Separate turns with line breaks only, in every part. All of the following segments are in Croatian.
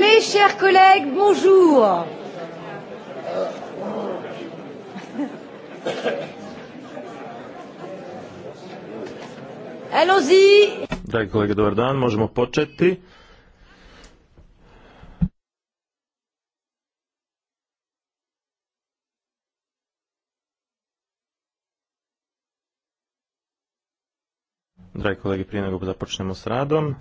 Mes chers collègues, bonjour. Allons-y.
Dragi kolege, dobar dan, možemo početi. Dragi kolegi, prije nego započnemo s radom.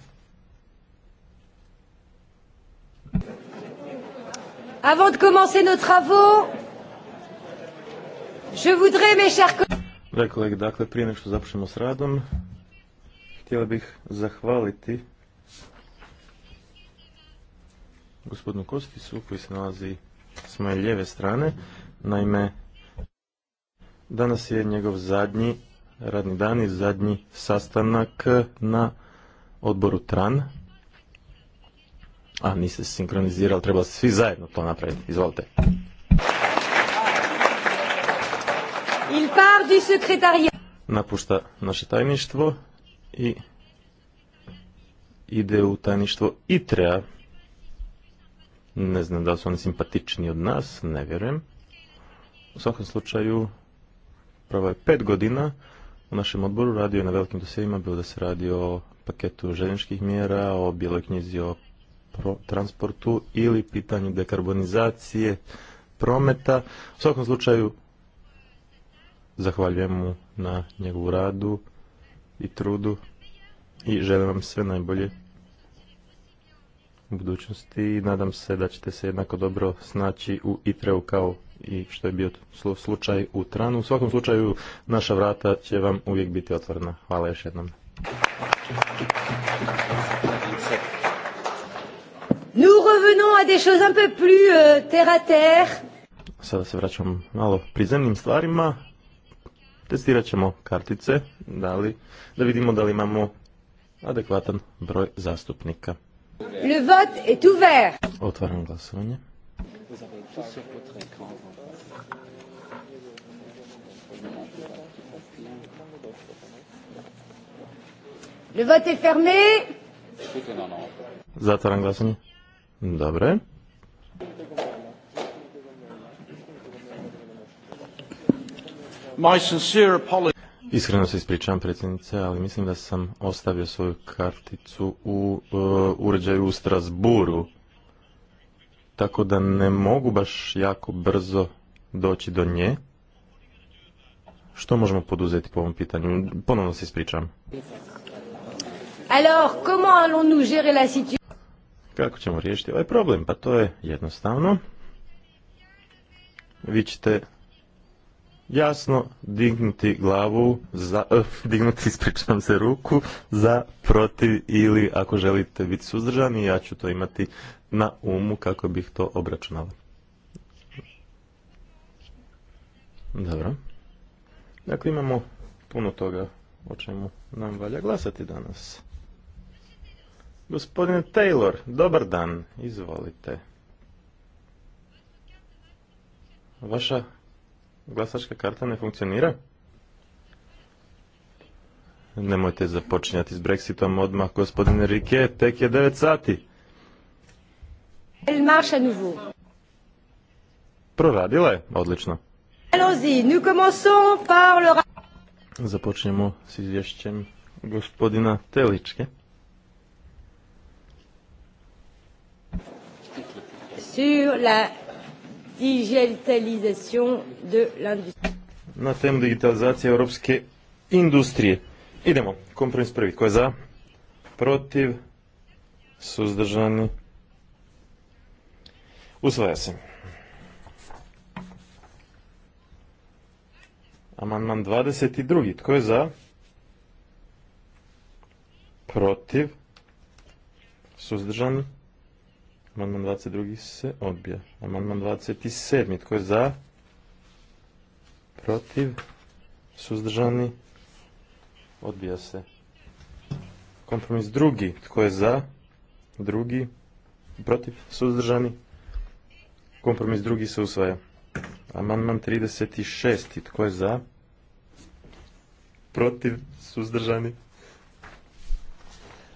Avant de commencer nos travaux, je voudrais, mes chers
Dragi dakle, prije nego što započnemo s radom, htjela bih zahvaliti gospodinu Kostisu koji se nalazi s moje lijeve strane. Naime, danas je njegov zadnji radni dan i zadnji sastanak na odboru TRAN. A, niste se sinkronizirali, treba svi zajedno to napraviti. Izvolite. Il Napušta naše tajništvo i ide u tajništvo ITREA. Ne znam da li su oni simpatični od nas, ne vjerujem. U svakom slučaju, pravo je pet godina u našem odboru radio na velikim dosjevima, bilo da se radi o paketu željezničkih mjera, o bijeloj knjizi o transportu ili pitanju dekarbonizacije prometa. U svakom slučaju zahvaljujem mu na njegovu radu i trudu i želim vam sve najbolje u budućnosti i nadam se da ćete se jednako dobro snaći u ITREU kao i što je bio slučaj u Tranu. U svakom slučaju naša vrata će vam uvijek biti otvorena. Hvala još jednom.
Nous revenons à des choses un peu plus euh, terre à terre.
Sada se vraćam malo prizemnim stvarima. Testirat ćemo kartice da, li, da vidimo da li imamo adekvatan broj zastupnika.
Le vote est ouvert.
Otvaram glasovanje.
Vous avez tout
Le vote est fermé. Zatvaram glasanje. Dobro Iskreno se ispričavam predsjednice, ali mislim da sam ostavio svoju karticu u uh, uređaju u Strasburu tako da ne mogu baš jako brzo doći do nje. Što možemo poduzeti po ovom pitanju? Ponovno se ispričam.
Alors, comment allons-nous
Kako ćemo riješiti ovaj problem? Pa to je jednostavno. Vi ćete jasno dignuti glavu, za, eh, dignuti, ispričavam se, ruku za protiv ili ako želite biti suzdržani, ja ću to imati na umu kako bih to obračunala. Dobro. Dakle, imamo puno toga o čemu nam valja glasati danas. Gospodine Taylor, dobar dan, izvolite. Vaša glasačka karta ne funkcionira? Nemojte započinjati s Brexitom odmah, gospodine Rike, tek je 9 sati. Proradila je, odlično.
allons nous commençons par le...
Započnemo s izvješćem gospodina Teličke.
Sur la
na temu digitalizacije europske industrije. Idemo, kompromis prvi. Ko je za? Protiv? Suzdržani? Usvaja se. Amandman 22. Tko je za? Protiv? Suzdržani? Amandman 22. se odbija. Amandman 27. Tko je za? Protiv? Suzdržani? Odbija se. Kompromis drugi. Tko je za? Drugi? Protiv? Suzdržani? Kompromis drugi se usvaja. Amandman 36. Tko je za? Protiv? Suzdržani?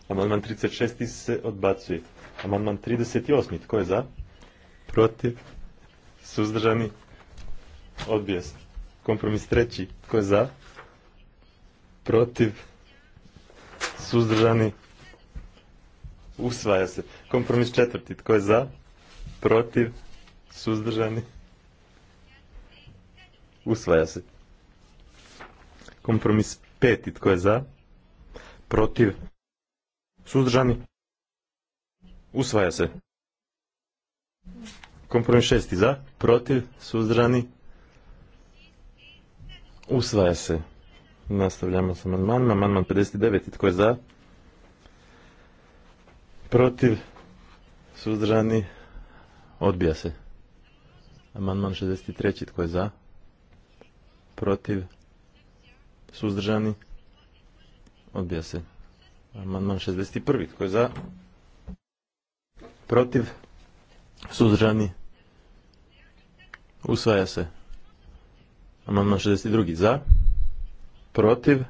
Amandman 36. se odbacuje. Amandman 38. Tko je za? Protiv? Suzdržani? odbije se. Kompromis treći. Tko je za? Protiv? Suzdržani? Usvaja se. Kompromis četvrti. Tko je za? Protiv? Suzdržani? Usvaja se. Kompromis peti. Tko je za? Protiv? Suzdržani? Usvaja se. Kompromis šesti za, protiv, suzdržani. Usvaja se. Nastavljamo sa manmanima. Amandman 59. Tko je za? Protiv, suzdrani, Odbija se. Amandman 63. Tko je za? Protiv, suzdržani. Odbija se. Amandman 61. Tko je za? protiv, suzdržani, usvaja se. Amandman 62. za, protiv,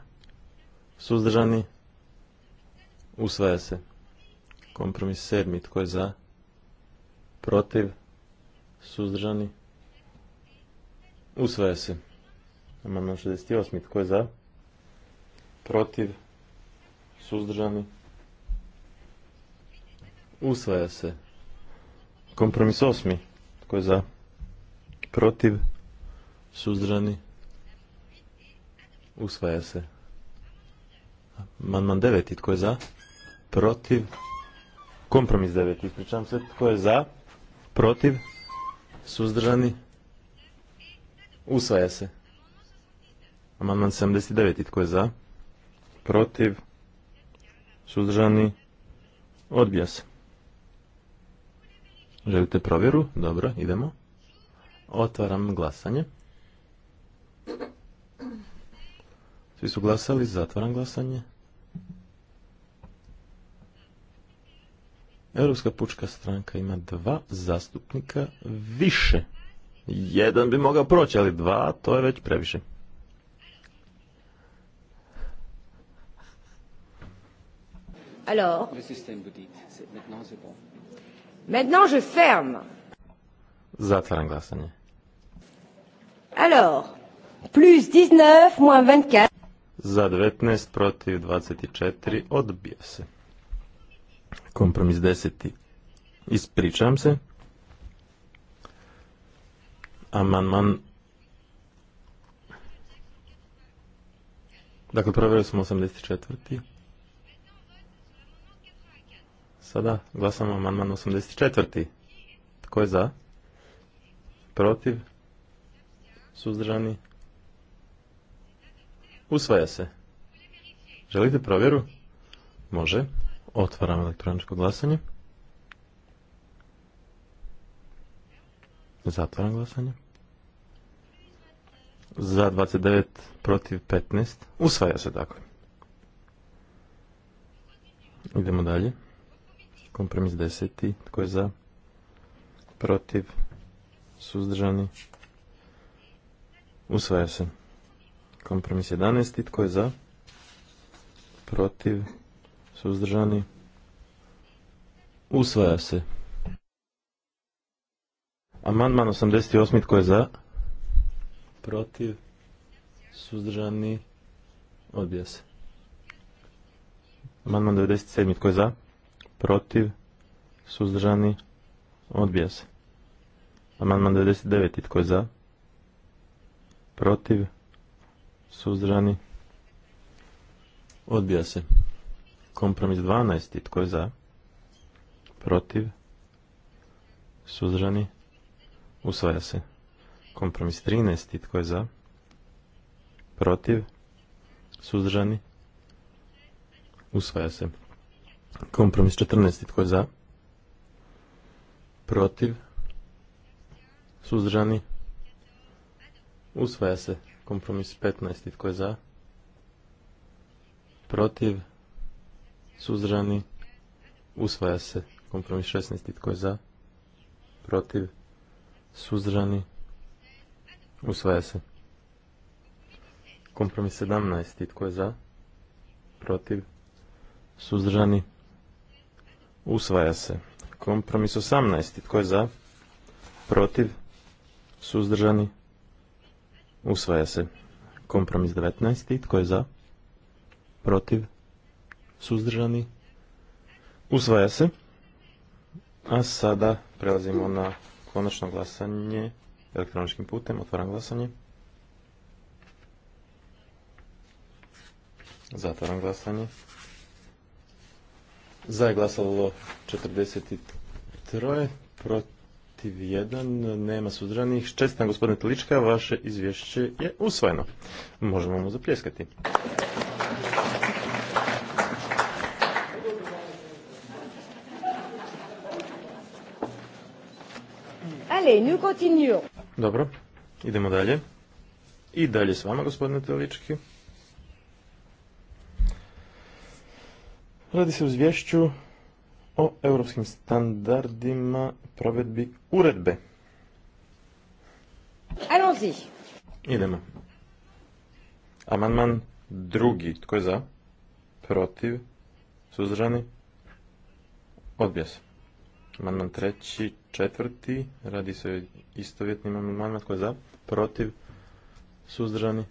suzdržani, usvaja se. Kompromis 7. tko je za, protiv, suzdržani, usvaja se. Amandman 68. tko je za, protiv, suzdržani, Usvaja se. Kompromis osmi. Tko je za? Protiv? Suzdrani? Usvaja se. Manman deveti. Tko je za? Protiv? Kompromis deveti. Ispričavam se. Tko je za? Protiv? Suzdržani? Usvaja se. Amandman 79. Tko je za? Protiv? Suzdržani? Odbija se. Želite provjeru? Dobro, idemo. Otvaram glasanje. Svi su glasali, zatvaram glasanje. Europska pučka stranka ima dva zastupnika više. Jedan bi mogao proći, ali dva, to je već previše.
Alors, le système vous dit, maintenant c'est bon. Maintenant, je ferme.
Zatvaram glasanje.
Alors,
plus 19, moins 24.
Za 19, protiv 24, odbija se. Kompromis 10. Ispričam se. Amandman Dakle, provjerili smo 84. Sada glasamo o amandman 84. Tko je za? Protiv? Suzdržani? Usvaja se. Želite provjeru? Može. Otvaram elektroničko glasanje. Zatvaram glasanje. Za 29 protiv 15. Usvaja se tako. Dakle. Idemo dalje. Kompromis deseti. Tko je za? Protiv? Suzdržani? Usvaja se. Kompromis jedanesti. Tko je za? Protiv? Suzdržani? Usvaja se. Amandman 88. Tko je za? Protiv? Suzdržani? Odbija se. Amandman 97. Tko je za? protiv, suzdržani, odbija se. Amandman 99. Tko je za? Protiv, suzdržani, odbija se. Kompromis 12. Tko je za? Protiv, suzdržani, usvaja se. Kompromis 13. Tko je za? Protiv, suzdržani, usvaja se. Kompromis 14. Tko je za? Protiv? Suzdržani? Usvaja se. Kompromis 15. Tko je za? Protiv? Suzdržani? Usvaja se. Kompromis 16. Tko je za? Protiv? Suzdržani? Usvaja se. Kompromis 17. Tko je za? Protiv? Suzdržani? Usvaja se. Kompromis 18. Tko je za? Protiv? Suzdržani? Usvaja se. Kompromis 19. Tko je za? Protiv? Suzdržani? Usvaja se. A sada prelazimo na konačno glasanje elektroničkim putem. Otvaram glasanje. Zatvaram glasanje. Za je glasalo 43, protiv 1, nema suzdržanih. Čestitam gospodine Telička, vaše izvješće je usvojeno. Možemo mu zapljeskati. Dobro, idemo dalje. I dalje s vama, gospodine tolički Radi se o izvješću o europskim standardima provedbi uredbe. Allons-y. Idemo. Amandman drugi. Tko je za? Protiv? Suzdržani? Odbija se. Amandman treći, četvrti. Radi se o istovjetnim amandmanima. Tko je za? Protiv? Suzdržani?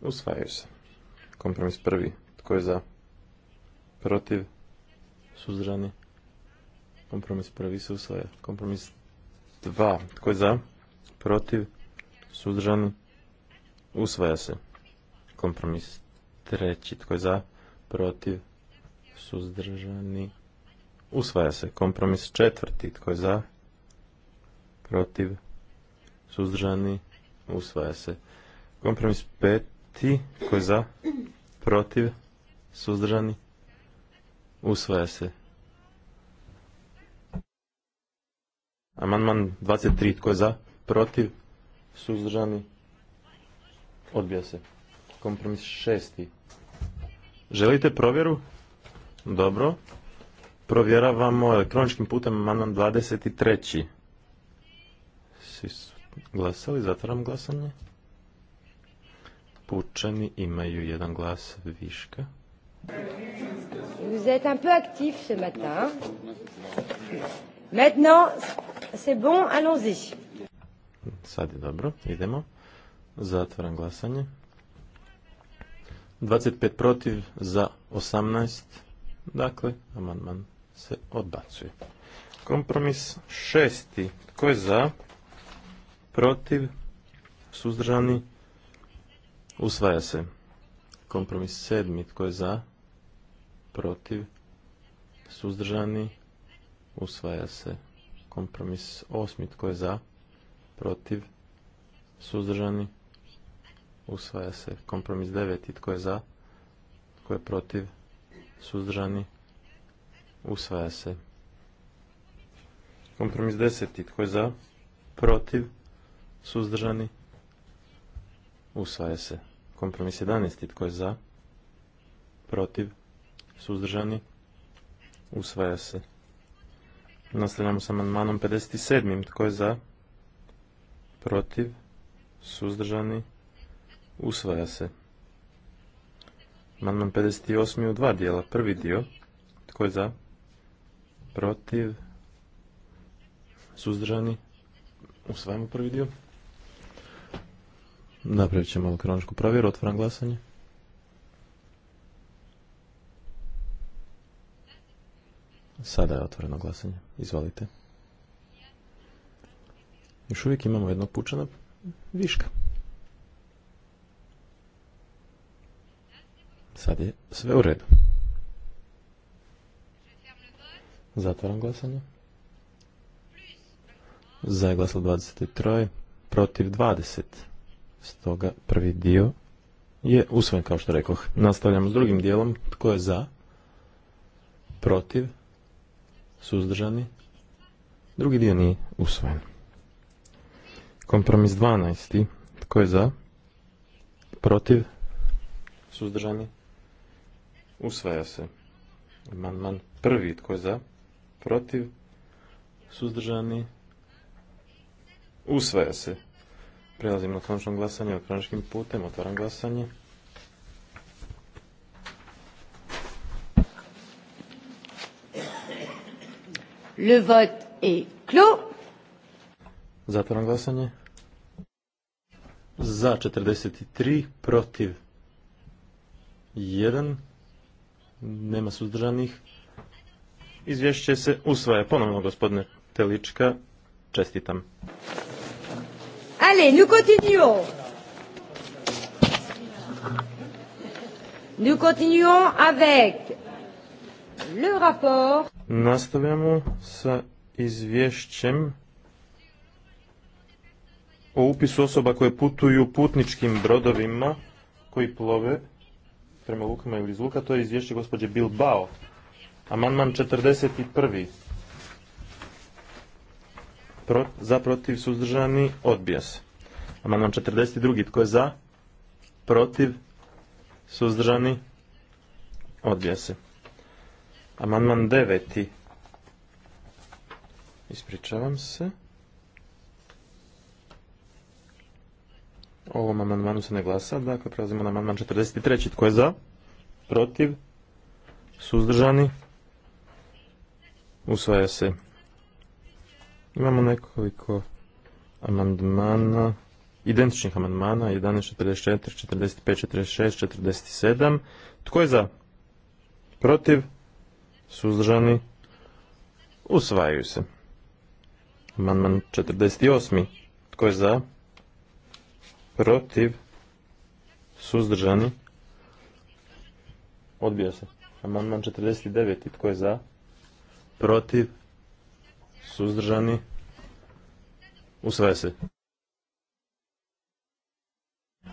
Usvajaju se. Kompromis prvi. Tko je za? protiv, suzdržani, kompromis prvi se usvaja. Kompromis dva, tko je za, protiv, suzdržani, usvaja se. Kompromis treći, tko je za, protiv, suzdržani, usvaja se. Kompromis četvrti, tko je za, protiv, suzdržani, usvaja se. Kompromis peti, tko je za, protiv, suzdržani, Usvaja se. Amandman 23. Tko je za? Protiv? Suzdržani? Odbija se. Kompromis šesti. Želite provjeru? Dobro. Provjeravamo elektroničkim putem amandman 23. Svi su glasali, zatvaram glasanje. Pučani imaju jedan glas viška.
Vous êtes un peu actif ce matin.
Maintenant, c'est bon, allons-y.
Sad je dobro, idemo. Zatvaram glasanje. 25 protiv za 18. Dakle, amandman se odbacuje. Kompromis šesti. Tko je za? Protiv? Suzdržani? Usvaja se. Kompromis sedmi. Tko je za? protiv, suzdržani, usvaja se. Kompromis osmi, tko je za, protiv, suzdržani, usvaja se. Kompromis deveti, tko je za, tko je protiv, suzdržani, usvaja se. Kompromis deseti, tko je za, protiv, suzdržani, usvaja se. Kompromis 11. Tko je za? Protiv? suzdržani, usvaja se. Nastavljamo sa amandmanom 57. Tko je za? Protiv, suzdržani, usvaja se. Amandman 58. u dva dijela. Prvi dio. Tko je za? Protiv, suzdržani, usvajamo prvi dio. Napravit ćemo elektroničku provjeru, otvaram glasanje. Sada je otvoreno glasanje. Izvolite. Još uvijek imamo jednog pučana viška. Sad je sve u redu. Zatvaram glasanje. Za je glasalo 23, protiv 20. Stoga prvi dio je usvojen, kao što rekoh. Nastavljamo s drugim dijelom. Tko je za? Protiv? suzdržani. Drugi dio nije usvojen. Kompromis 12. Tko je za? Protiv? Suzdržani? Usvaja se. Man, man. Prvi. Tko je za? Protiv? Suzdržani? Usvaja se. Prelazimo na konačno glasanje elektroničkim putem. Otvaram glasanje.
Le vote est clos.
Zatvaram glasanje. Za 43, protiv 1, nema suzdržanih. Izvješće se usvaja. Ponovno, gospodine Telička, čestitam.
Allez, nous continuons. Nous continuons avec le rapport
Nastavljamo sa izvješćem o upisu osoba koje putuju putničkim brodovima koji plove prema lukama ili iz luka. To je izvješće gospođe Bilbao. Amandman 41. Pro, za protiv suzdržani odbija se. Amandman 42. Tko je za? Protiv suzdržani odbija se. Amandman deveti. Ispričavam se. O ovom amandmanu se ne glasa. Dakle, prelazimo na amandman 43. Tko je za? Protiv? Suzdržani? Usvaja se. Imamo nekoliko amandmana, identičnih amandmana, 11, 44, 45, 46, 47. Tko je za? Protiv? suzdržani, usvajaju se. Amandman 48. Tko je za? Protiv, suzdržani, odbija se. Amandman 49. Tko je za? Protiv, suzdržani, usvaja se.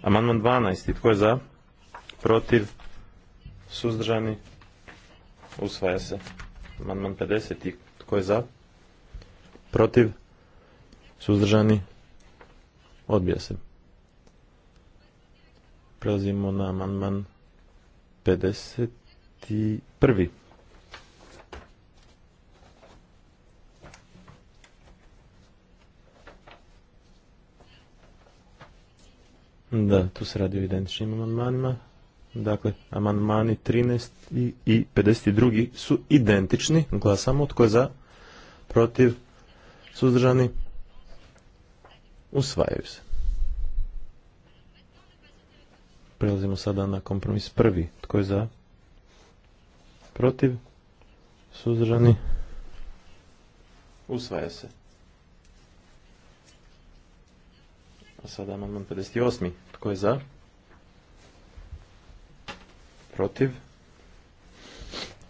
Amandman 12. Tko je za? Protiv, suzdržani, Usvaja se. Amandman 50. Tko je za? Protiv? Suzdržani? Odbija se. Prelazimo na amandman 51. Da, tu se radi o identičnim amandmanima. Dakle, amandmani 13 i 52 su identični. Glasamo tko je za, protiv, suzdržani, usvajaju se. Prelazimo sada na kompromis prvi. Tko je za, protiv, suzdržani, usvaja se. A sada amandman 58. Tko je za? protiv,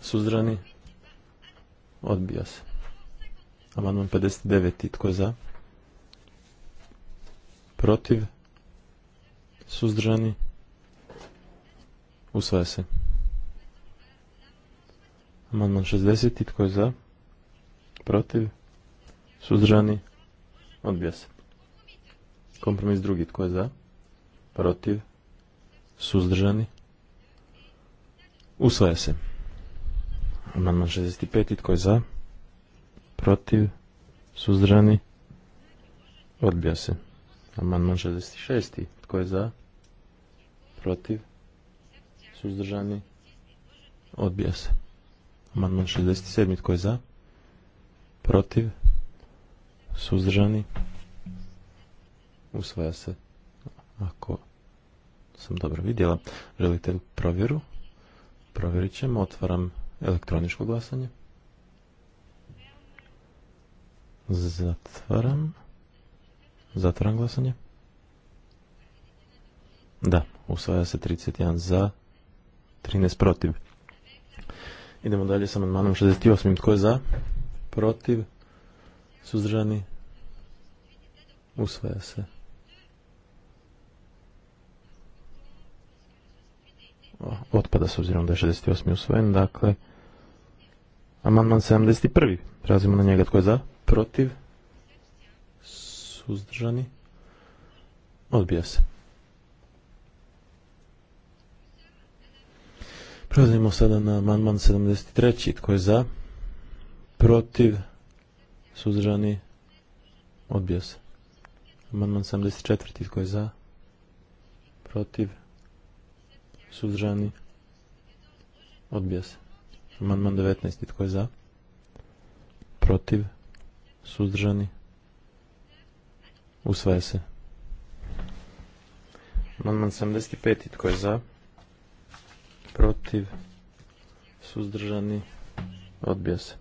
suzdrani, odbija se. Amandman 59. Tko je za? Protiv? Suzdržani? Usvaja se. Amandman 60. Tko je za? Protiv? Suzdržani? Odbija se. Kompromis drugi. Tko je za? Protiv? Suzdržani? Usvaja se. Amandman 65. Tko je za? Protiv? Suzdržani? Odbija se. Amandman 66. Tko je za? Protiv? Suzdržani? Odbija se. Amandman 67. Tko je za? Protiv? Suzdržani? Usvaja se. Ako sam dobro vidjela, želite provjeru? Provjerit ćemo. Otvaram elektroničko glasanje. Zatvaram. Zatvaram glasanje. Da, usvaja se 31 za, 13 protiv. Idemo dalje sa amandmanom 68. Tko je za? Protiv? Suzdržani? Usvaja se. otpada s obzirom da je 68. usvojen, dakle amandman 71. Prelazimo na njega tko je za, protiv, suzdržani, odbija se. Prelazimo sada na amandman 73. Tko je za? Protiv? Suzdržani? Odbija se. Amandman 74. Tko je za? Protiv? suzdržani, odbija se. Amandman 19. Tko je za? Protiv? Suzdržani? Usvaja se. Amandman 75. Tko je za? Protiv? Suzdržani? Odbija se.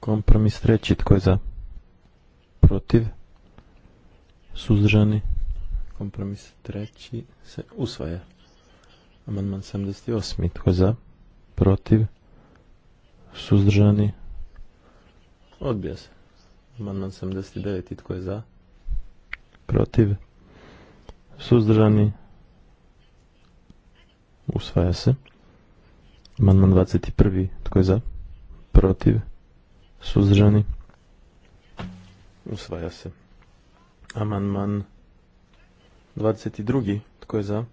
Kompromis treći. Tko je za? Protiv? Suzdržani? Kompromis treći se usvaja. Amandman 78. Tko za? Protiv? Suzdržani? Odbija se. Amandman 79. Tko je za? Protiv? Suzdržani? Usvaja se. Amandman 21. Tko je za? Protiv? Suzdržani? Usvaja se. Amandman 22. Tko je za?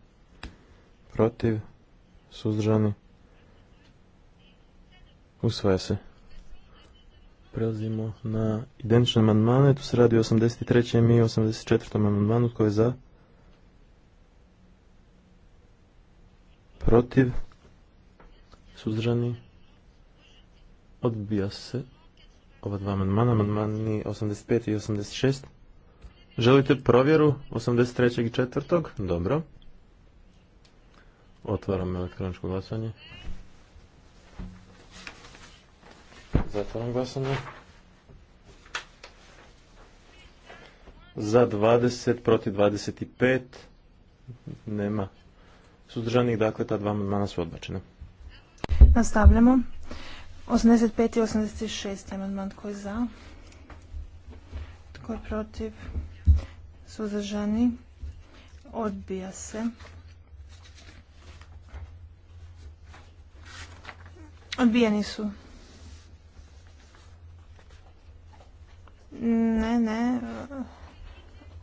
Protiv? Suzdržani? Usvaja se. Prelazimo na identične amandmane. Tu se radi o 83. i 84. amandmanu. Tko je za? Protiv? Suzdržani? Odbija se ova dva amandmana. Amandmani 85. i 86. Želite provjeru 83. i 4. Dobro. Otvaram elektroničko glasanje. Zatvaram glasanje. Za 20, protiv 25. Nema suzdržanih, dakle ta dva amandmana su odbačena.
Nastavljamo. 85. i 86. amandman tko je za? Tko je protiv? suzdržani, odbija se. Odbijeni su. Ne, ne.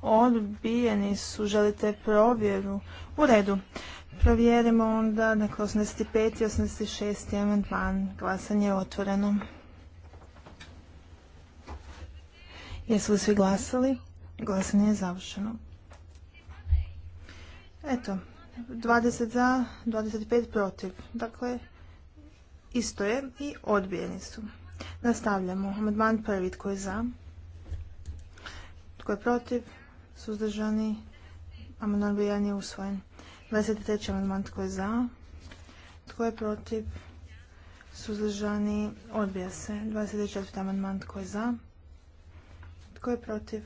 Odbijeni su. Želite provjeru? U redu. Provjerimo onda dakle, 85. i 86. amandman. Glasanje je otvoreno. Jesu li svi glasali? Glasanje je završeno. Eto, 20 za, 25 protiv. Dakle, isto je i odbijeni su. Nastavljamo. Amandman prvi, tko je za? Tko je protiv? Suzdržani? Amandman broj je usvojen. 23. amandman, tko je za? Tko je protiv? Suzdržani? Odbija se. 24. amandman, tko je za? Tko je protiv?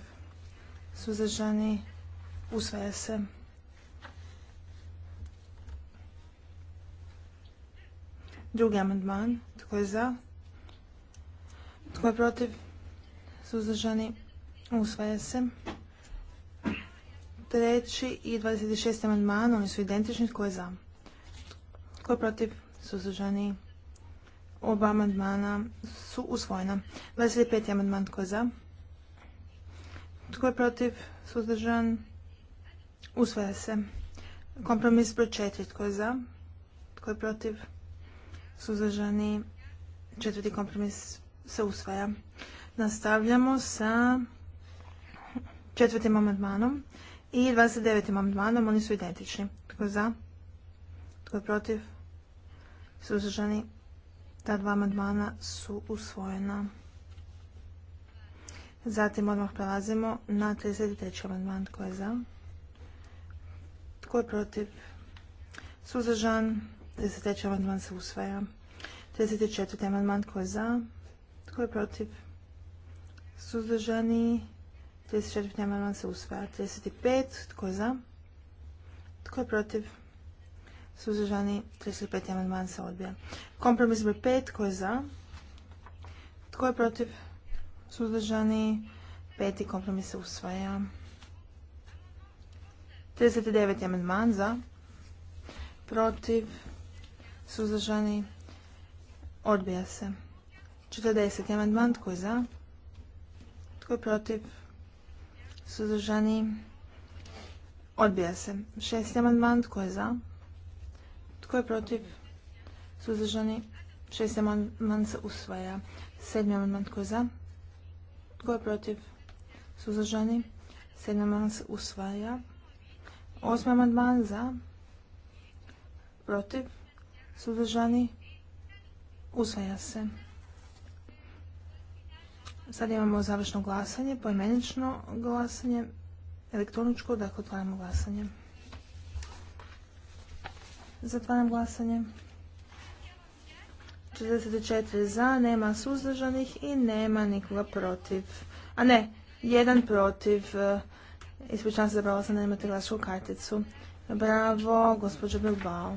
suzdržani, usvaja se. Drugi amandman, tko je za, tko je protiv, suzdržani, usvaja se. Treći i 26. amandman, oni su identični, tko je za, tko je protiv, suzdržani, oba amandmana su usvojena. 25. amandman, tko je za, tko je protiv? Suzdržan? Usvaja se. Kompromis broj četiri Tko je za? Tko je protiv? Suzdržani? Četvrti kompromis se usvaja. Nastavljamo sa četvrtim amandmanom i 29. amandmanom. Oni su identični. Tko je za? Tko je protiv? Suzdržani? Ta dva amandmana su usvojena. Zatim odmah prelazimo na 33. amandman. Tko je za? Tko je protiv? Suzdržan. 33. amandman se usvaja. 34. amandman. Tko je za? Tko je protiv? Suzdržani. 34. amandman se usvaja. 35. Tko je za? Tko je protiv? Suzdržani. 35. amandman se odbija. Kompromis broj 5. Tko je za? Tko je protiv? suzdržani, peti kompromis se usvaja. 39. amandman za, protiv, suzdržani, odbija se. 40. amandman tko je za, tko je protiv, suzdržani, odbija se. 6. amandman tko je za, tko je protiv, suzdržani, 6. amandman se usvaja. 7. amandman tko je za, tko je protiv? Suzdržani? 7 amandman usvaja. Osmi amandman za? Protiv? Suzdržani? Usvaja se. Sad imamo završno glasanje, poimenično glasanje, elektroničko, dakle otvaramo glasanje. Zatvaram glasanje. 64 za, nema suzdržanih i nema nikoga protiv. A ne, jedan protiv. E, ispričavam se, zabrala sam da imate glasku karticu. Bravo, gospođo Bilbao.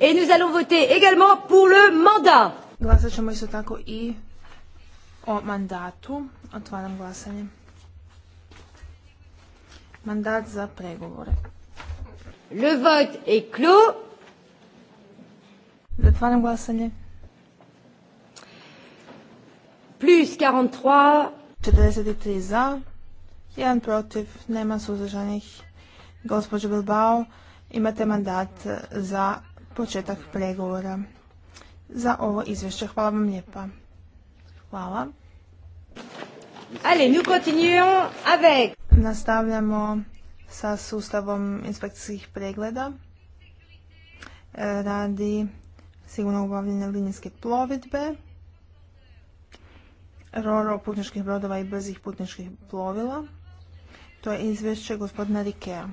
Et nous allons voter également pour le mandat.
Glasat ćemo isto tako i o mandatu. Otvaram glasanje mandat za pregovore. Le vote est clos. Zatvaram glasanje. Plus 43. 43 za, jedan protiv, nema suzdržanih. Gospođo Bilbao, imate mandat za početak pregovora za ovo izvješće. Hvala vam lijepa. Hvala. Allez, nous continuons avec Nastavljamo sa sustavom inspekcijskih pregleda e, radi sigurno obavljanja linijske plovidbe, roro putničkih brodova i brzih putničkih plovila. To je izvješće gospodina Rikea.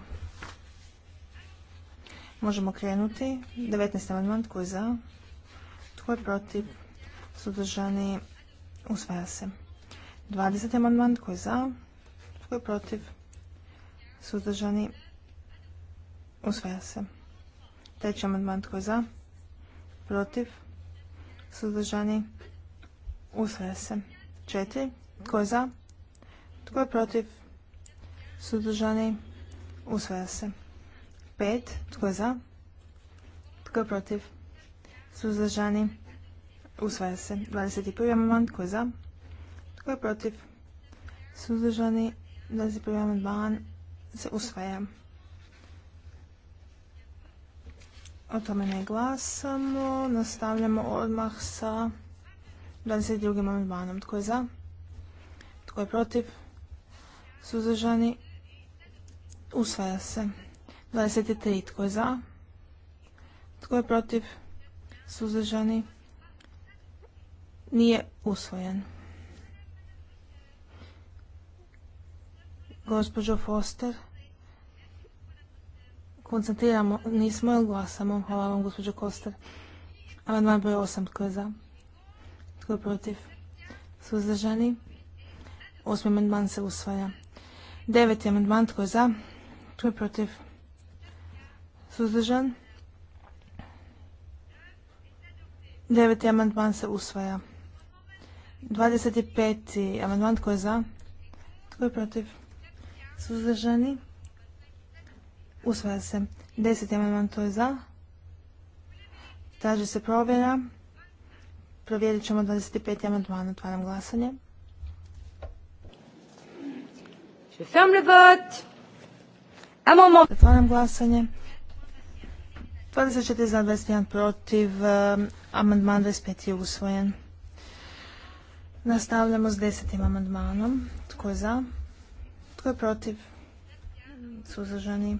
Možemo krenuti. 19. amandman, koji je za? Tko je protiv? Sudržani usvaja se. 20. amandman, tko je za? Tko je protiv? Suzdržani? Usvaja se. Treći amandman tko je za? Protiv? Suzdržani? Usvaja se. Četiri. Tko je za? Tko je protiv? Suzdržani? Usvaja se. Pet. Tko je za? Tko je protiv? Suzdržani? Usvaja se. 21. amandman. Tko je za? Tko je protiv? Suzdržani? se znači, prvi amandman se usvaja. O tome ne glasamo. Nastavljamo odmah sa 22. amandmanom. Tko je za? Tko je protiv? Suzdržani? Usvaja se. 23. Tko je za? Tko je protiv? Suzdržani? Nije usvojen. Gospođo Foster, koncentriramo, nismo ili glasamo. Hvala vam, gospođo Koster. Amandman broj 8, tko je za? Tko je protiv? Suzdržani? Osmi amandman se usvaja. Deveti amandman, tko je za? Tko je protiv? Suzdržan? Deveti amandman se usvaja. 25. amandman tko je za? Tko je protiv? suzdržani, usvaja se. Deset amandman to je za, traži se provjera, provjerit ćemo 25. amandman, otvaram glasanje. Otvaram glasanje. 24 za 21 protiv. Um, amandman 25 je usvojen. Nastavljamo s desetim amandmanom. Tko je za? Tko je protiv? Suzdržani.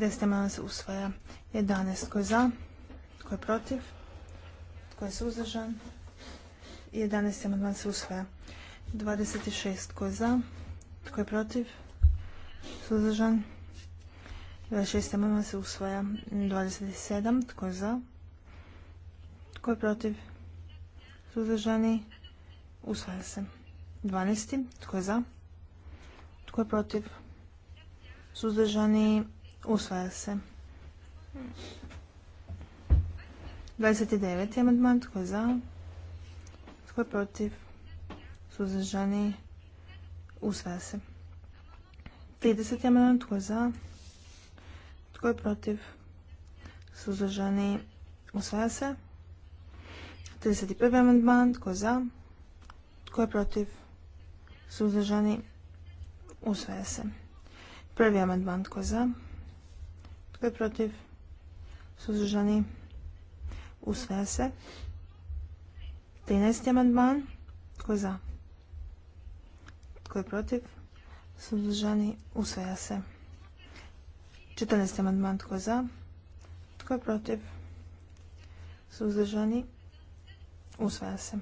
10. amandman se usvaja. 11. Tko je za? Tko je protiv? Tko je suzdržan? 11. amandman se usvaja. 26. Tko je za? Tko je protiv? Suzdržan? 26. amandman se usvaja. 27. Tko je za? Tko je protiv? Suzdržani? Usvaja se. 12. Tko je za? Tko je protiv? Suzdržani usvaja se. 29. amandman. Tko je za? Tko je protiv? Suzdržani usvaja se. 30. amandman. Tko je za? Tko je protiv? Suzdržani usvaja se. 31. amandman. Tko je za? Tko je protiv? Suzdržani Usvaja se. Prvi amandman tko je za? Tko je protiv? Suzdržani? Usvaja se. 13. amandman. Tko je za? Tko je protiv? Suzdržani? Usvaja se. 14. amandman. Tko je za? Tko je protiv? Suzržani. Usvaja se.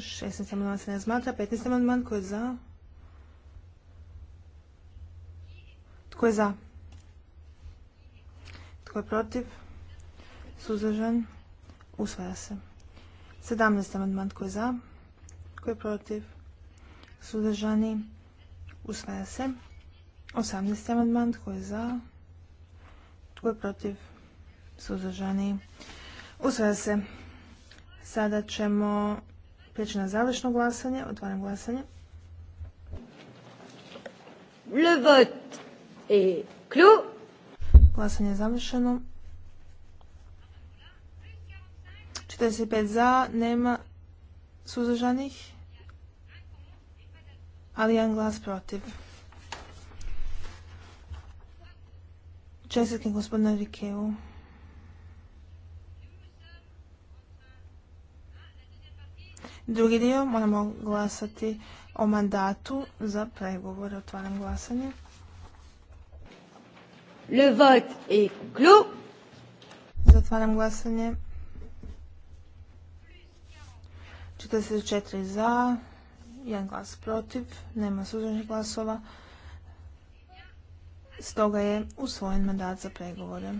16. amandman se ne razmatra. 15. amandman ko je za? Tko je za? Tko je protiv? Suzdržan? Usvaja se. 17. amandman tko je za? Tko je protiv? Suzdržani? Usvaja se. 18. amandman tko je za? Tko je protiv? Suzdržani? Usvaja se. Sada ćemo Prijeći na završno glasanje. Otvaram glasanje. Le vote Glasanje je završeno. 45 za, nema suzdržanih, ali jedan glas protiv. Čestitim gospodinu Rikevu Drugi dio moramo glasati o mandatu za pregovore. Otvaram glasanje. Le vote est clos. Zatvaram glasanje. 44 za, jedan glas protiv, nema suzdržanih glasova. Stoga je usvojen mandat za pregovore.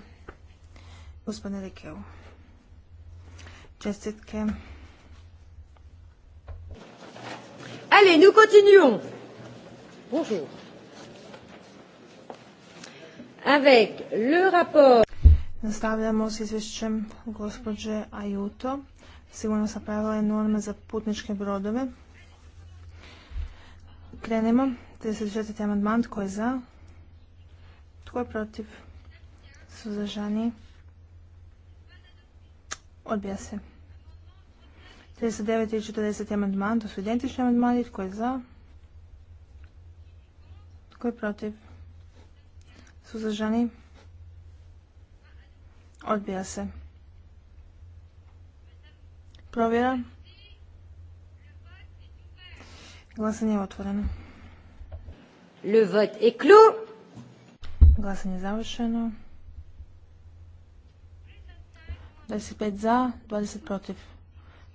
Gospodine Rikeu, čestitke. Allez, nous continuons. Bonjour. Avec le rapport. Nastavljamo s izvješćem gospođe Ajuto. Sigurno sa pravila i norme za putničke brodove. Krenemo. 34. amandman. Tko je za? Tko je protiv? Suzdržani? Odbija se. 39 i 40 amandman, to su identični amandmani. Tko je za? Tko je protiv? zažani Odbija se. Provjera. Glasanje je otvoreno. Le vote est clos. Glasanje je završeno. 25 za, 20 protiv.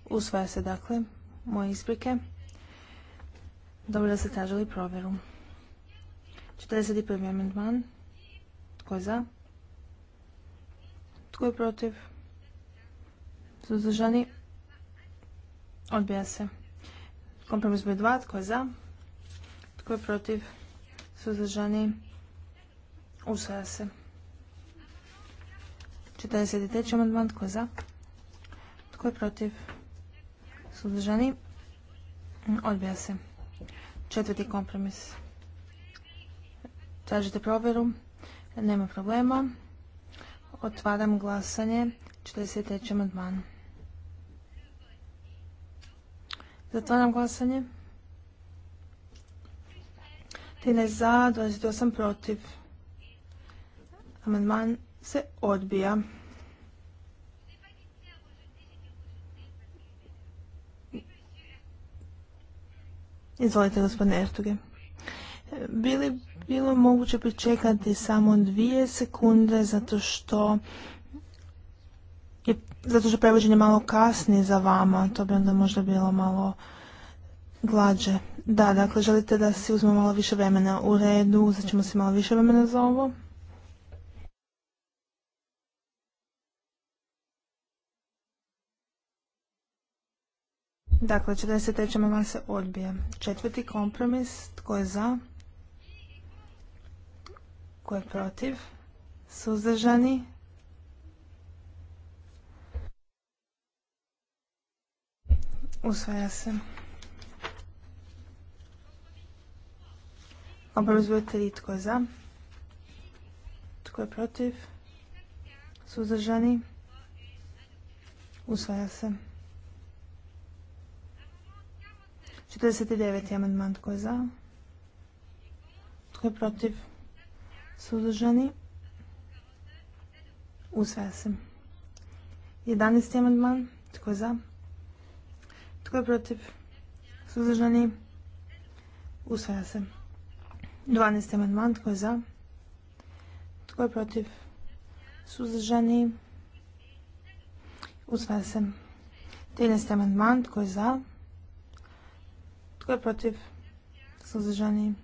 Usvaja se dakle moje isprike. Dobro da ste tražili provjeru. 41. amandman. Tko je za? Tko je protiv? Suzdržani? Odbija se. Kompromis broj 2. Tko je za? Tko je protiv? Suzdržani? Usvaja se. 43. amandman. Tko je za? Tko je protiv? Suzdržani? Odbija se. Četvrti kompromis. Tražite provjeru? Nema problema. Otvaram glasanje. 43. amandman. Zatvaram glasanje. 13 za, 28 protiv. Amandman se odbija. Izvolite, gospodine Ertuge. E, bili bilo moguće pričekati samo dvije sekunde zato što je, zato što prevođenje malo kasni za vama, to bi onda možda bilo malo glađe. Da, dakle, želite da si uzmemo malo više vremena u redu, uzet ćemo si malo više vremena za ovo. Dakle, 43. amandman se odbija. Četvrti kompromis. Tko je za? Tko je protiv? Suzdržani? Usvaja se. Kompromis broj 3. Tko je za? Tko je protiv? Suzdržani? Usvaja se. 49. amandman tko je za? Tko je protiv? Suzdržani? Usvaja se. 11. amandman tko je za? Tko je protiv? Suzdržani? Usvaja se. 12. amandman tko je za? Tko je protiv? Suzdržani? Usvaja se. 13. amandman tko je za? Tko je protiv? Suzdržani?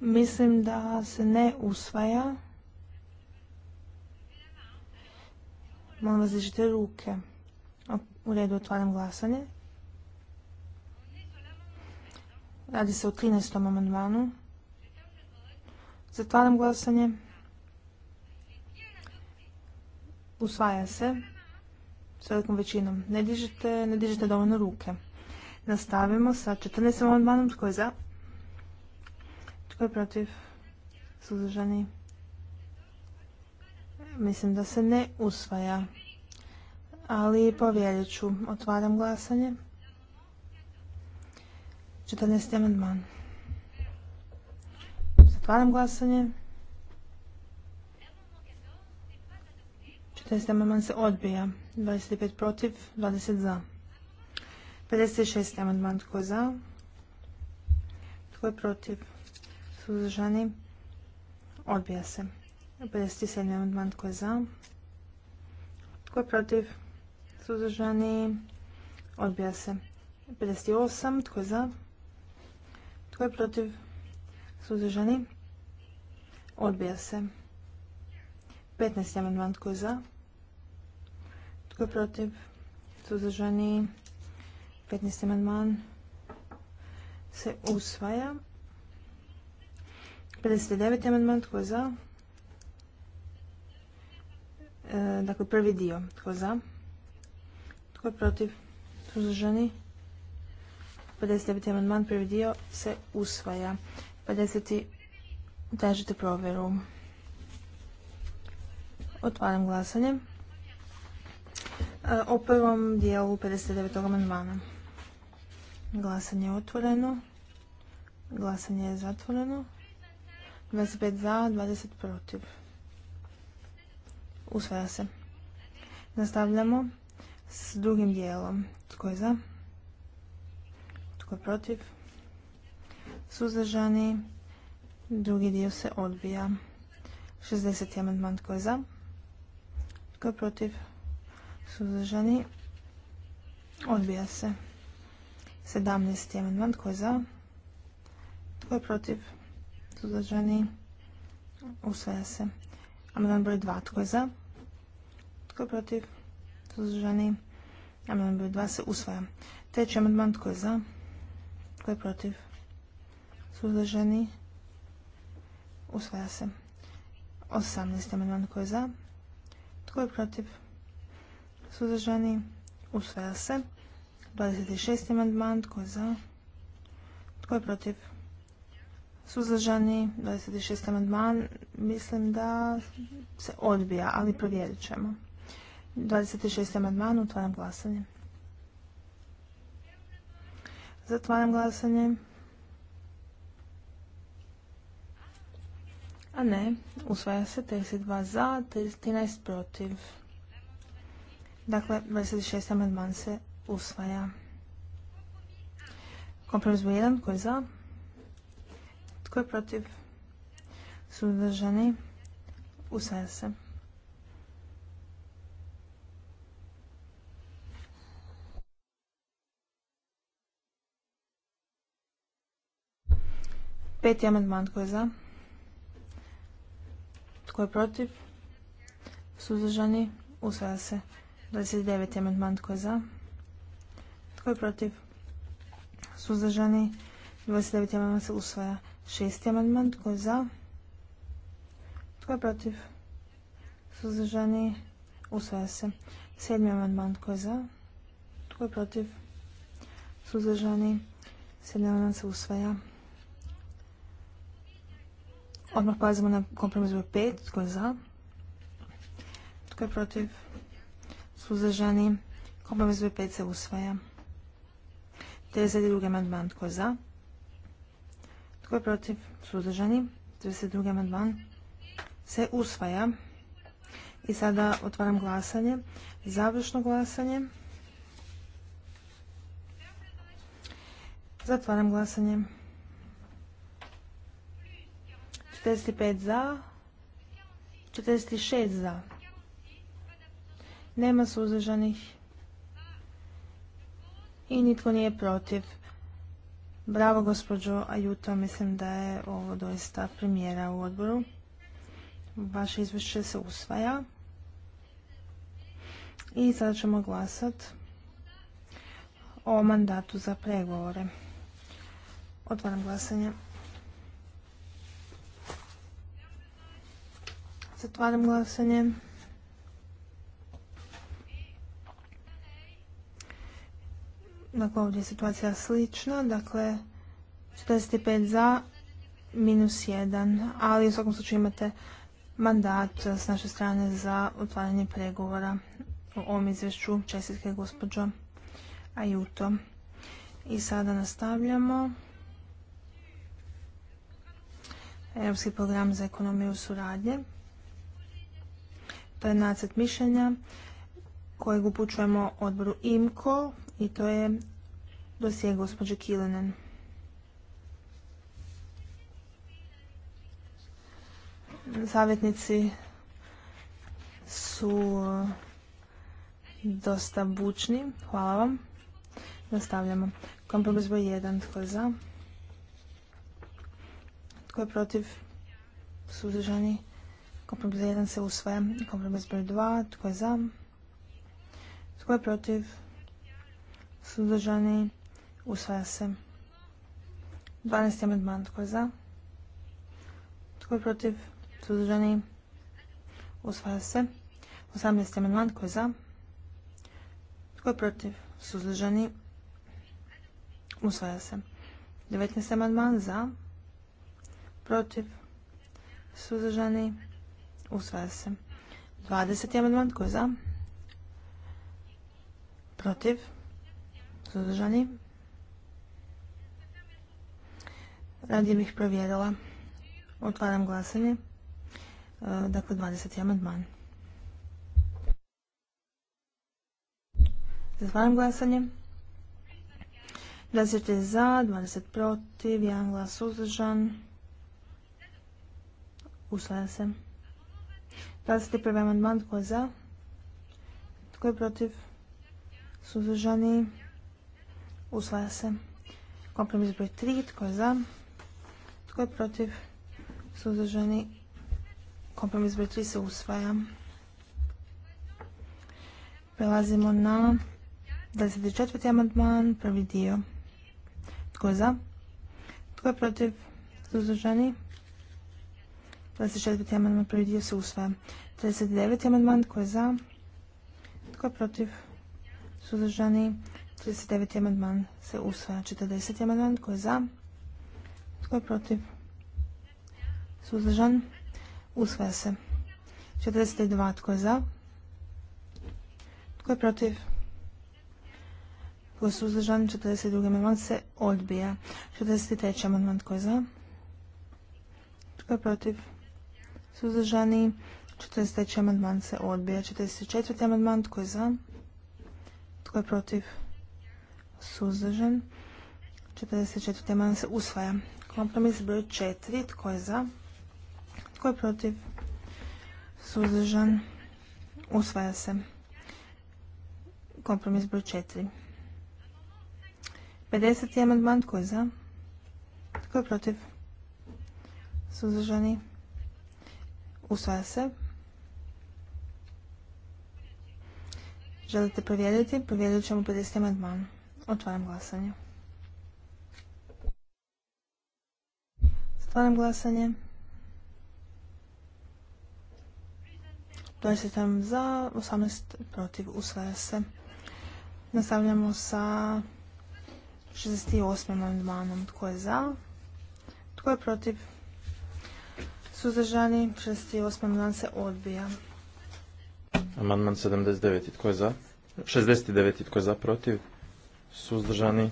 Mislim da se ne usvaja. Molim vas ruke. U redu otvaram glasanje. Radi se o 13. amandmanu. Zatvaram glasanje. Usvaja se s velikom većinom. Ne dižite ne dovoljno ruke. Nastavimo sa 14. amandmanom. Tko je za? Tko je protiv? Suzdržani? Mislim da se ne usvaja. Ali povjerit ću. Otvaram glasanje. 14. amandman. Zatvaram glasanje. 14. amandman se odbija. 25 protiv, 20 za. 56. amandman tko je za? Tko je protiv? Suzdržani? Odbija se. 57. amandman tko je za? Tko je protiv? Suzdržani? Odbija se. 58. Tko je za? Tko je protiv? Suzdržani? Odbija se. 15. amandman tko je za? Tko je protiv? Suzdržani. 15. amandman se usvaja. 59. amandman. Tko je za? E, dakle, prvi dio. Tko je za? Tko je protiv? Suzdržani. 59. amandman. Prvi dio se usvaja. 50. Tražite provjeru. Otvaram glasanje. E, o prvom dijelu 59. amandmana. Glasanje je otvoreno. Glasanje je zatvoreno. 25 za, 20 protiv. Usvaja se. Nastavljamo s drugim dijelom. Tko je za? Tko je protiv? Suzdržani. Drugi dio se odbija. 60. amandman. Tko je za? Tko je protiv? Suzdržani. Odbija se. 17. amandman. Tko je za? Tko je protiv? Suzdržani. Usvaja se. Amandman broj 2. Tko je za? Tko je protiv? Suzdržani. Amandman broj 2 se usvaja. Treći amandman. Tko je za? Tko je protiv? Suzdržani. Usvaja se. 18. amandman. Tko je za? Tko je protiv? suzdržani, usvaja se. 26. amandman, tko je za, tko je protiv, suzdržani, 26. amandman, mislim da se odbija, ali provjerit ćemo. 26. amandman, otvaram glasanje. Zatvaram glasanje. A ne, usvaja se 32 za, 13 protiv. Dakle, 26. amandman se usvaja. Kompromis 1. Tko je za? Tko je protiv? Suzdržani? Usvaja se. Peti amandman. Tko je za? Tko je protiv? Suzdržani? Usvaja se. 29. amandman tko je za? Tko je protiv? Suzdržani. 29. amandman se usvaja. 6. amandman tko je za? Tko je protiv? Suzdržani. Usvaja se. 7. amandman tko je za? Tko je protiv? Suzdržani. 7. amandman se usvaja. Odmah pazimo na kompromis broj 5. Tko je za? Tko je protiv? suzdržani, kompromis broj 5 se usvaja. 32. amandman tko je za? Tko je protiv? Suzdržani. 32. amandman se usvaja. I sada otvaram glasanje. Završno glasanje. Zatvaram glasanje. 45 za. 46 za. Nema suzdržanih. I nitko nije protiv. Bravo, gospođo Ajuto. Mislim da je ovo doista premijera u odboru. Vaše izvješće se usvaja. I sada ćemo glasat o mandatu za pregovore. Otvaram glasanje. Zatvaram glasanje. Dakle, ovdje je situacija slična, dakle 45 za, minus 1, ali u svakom slučaju imate mandat s naše strane za otvaranje pregovora o ovom izvješću. Čestitke gospođo Ajuto. I sada nastavljamo. Europski program za ekonomiju suradnje. To je nacrt mišljenja kojeg upućujemo odboru IMKO i to je dosije gospođe Kilinen. Savjetnici su eh, dosta bučni. Hvala vam. Nastavljamo. Kompromis broj 1. Tko je za? Tko je protiv? Suzdržani? Kompromis broj 1 se usvaja. Kompromis broj 2. Tko je za? Tko je protiv? suzdržani, usvaja se. 12. amendman, tko je za? Tko je protiv? Suzdržani, usvaja se. 18. amendman, tko je za? Tko je protiv? Suzdržani, usvaja se. 19. amendman, za? Protiv? Suzdržani, usvaja se. 20. amendman, tko je za? Protiv? suzdržani. Radije bih provjerila. Otvaram glasanje. E, dakle, 20. amandman. Zatvaram glasanje. 20 za, 20 protiv, 1 glas suzdržan. Usvaja se. 21. amandman, tko je za? Tko je protiv? Suzdržani. Usvaja se. Kompromis broj 3. Tko je za? Tko je protiv? Suzdržani. Kompromis broj 3 se usvaja. Prelazimo na 24. amandman, prvi dio. Tko je za? Tko je protiv? Suzdržani. 24. amandman, prvi dio se usvaja. 39. amandman, tko je za? Tko je protiv? Suzdržani. 39. amandman se usvaja. 40. amandman tko je za? Tko je protiv? Suzdržan? Usvaja se. 42. Tko je za? Tko je protiv? Tko je suzdržan? 42. amandman se odbija. 43. amandman tko je za? Tko je protiv? Suzdržani? 43. amandman se odbija. 44. amandman tko je za? Tko je protiv? suzdržan. 44. amandman se usvaja. Kompromis broj 4. Tko je za? Tko je protiv? Suzdržan. Usvaja se. Kompromis broj 4. 50. amandman. Tko je za? Tko je protiv? Suzdržani. Usvaja se. Želite provjeriti? Provjerit ćemo 50. amandman. Otvaram glasanje. Otvaram glasanje. nam za, 18 protiv, usvaja se. Nastavljamo sa 68. amandmanom. Tko je za? Tko je protiv? Suzdržani 68. amandman se odbija.
Amandman 79. Tko je za? 69. Tko je za protiv? suzdržani,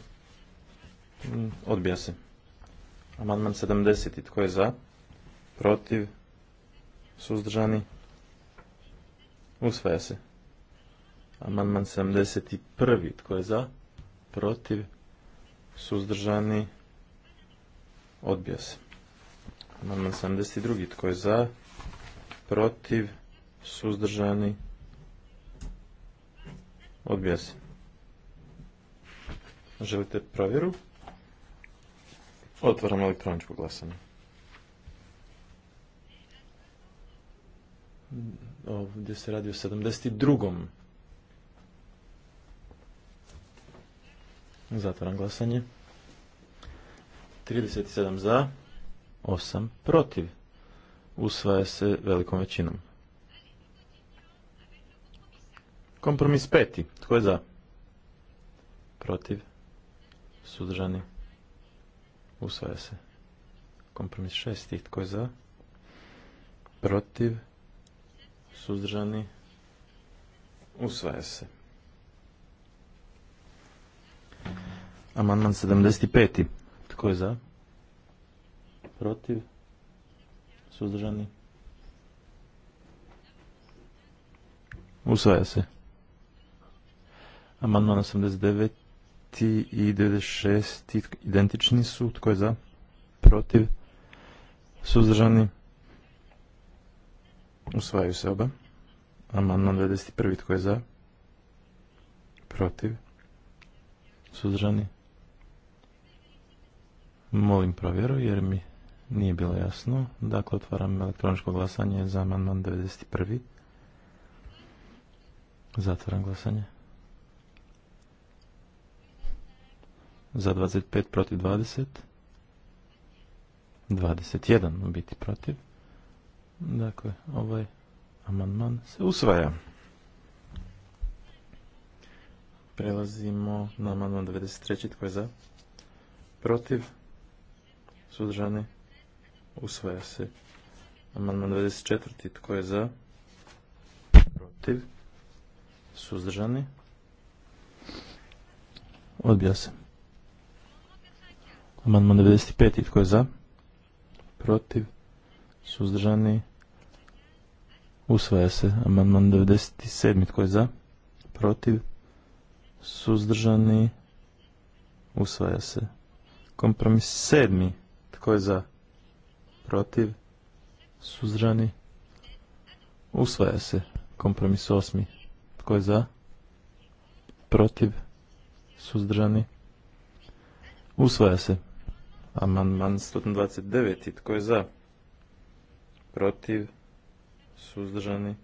mm, odbija se. Amandman 70. Tko je za? Protiv? Suzdržani? Usvaja se. Amandman 71. Tko je za? Protiv? Suzdržani? Odbija se. Amandman 72. Tko je za? Protiv? Suzdržani? Odbija se. Želite provjeru? Otvaram elektroničko glasanje. Ovdje se radi o 72. Zatvaram glasanje. 37 za, 8 protiv. Usvaja se velikom većinom. Kompromis peti. Tko je za? Protiv suzdržani, usvaja se. Kompromis šestih, tko je za, protiv, suzdržani, usvaja se. Amandman 75. Tko je za? Protiv? Suzdržani? Usvaja se. Amandman 89 i 96 identični su. Tko je za? Protiv? Suzdržani? Usvajaju se oba. Amandman 21. Tko je za? Protiv? Suzdržani? Molim provjeru jer mi nije bilo jasno. Dakle, otvaram elektroničko glasanje za amandman 91. Zatvaram glasanje. za 25 protiv 20. 21 u biti protiv. Dakle, ovaj amandman se usvaja. Prelazimo na amandman 93. Tko je za? Protiv? Sudržani? Usvaja se. Amandman 94. Tko je za? Protiv? Suzdržani? Odbija se. Amandman 95. Tko je za? Protiv? Suzdržani? Usvaja se. Amandman 97. Tko je za? Protiv? Suzdržani? Usvaja se. Kompromis 7. Tko je za? Protiv? Suzdržani? Usvaja se. Kompromis 8. Tko je za? Protiv? Suzdržani? Usvaja se. Amandman 129. Tko je za? Protiv? Suzdržani?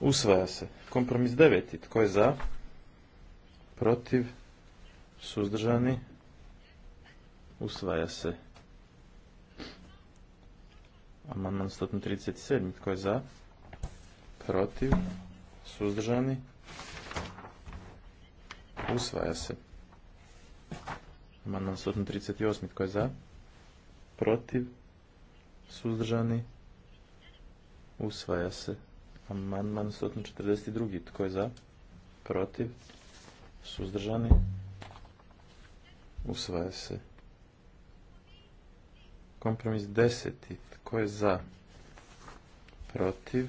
Usvaja se. Kompromis 9. Tko je za? Protiv? Suzdržani? Usvaja se. Amandman 137. Tko je za? Protiv? Suzdržani? Usvaja se. Amandman 138. Tko je za? Protiv? Suzdržani? Usvaja se. Amandman 142. Tko je za? Protiv? Suzdržani? Usvaja se. Kompromis 10. Tko je za? Protiv?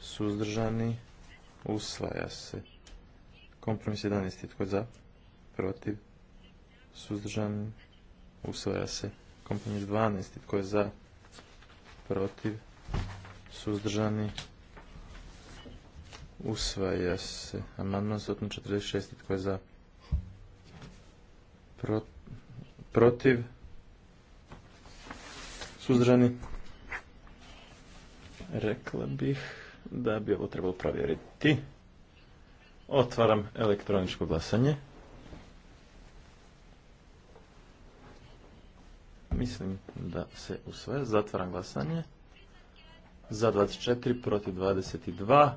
Suzdržani? Usvaja se. Kompromis 11. Tko je za? Protiv? suzdržani usvaja se. kompanija 12. Tko je za, protiv, suzdržani, usvaja se. Amandman 146. Tko je za, protiv, suzdržani. Rekla bih da bi ovo trebalo provjeriti. Otvaram elektroničko glasanje. Mislim da se usvaja. Zatvaram glasanje. Za 24, protiv 22.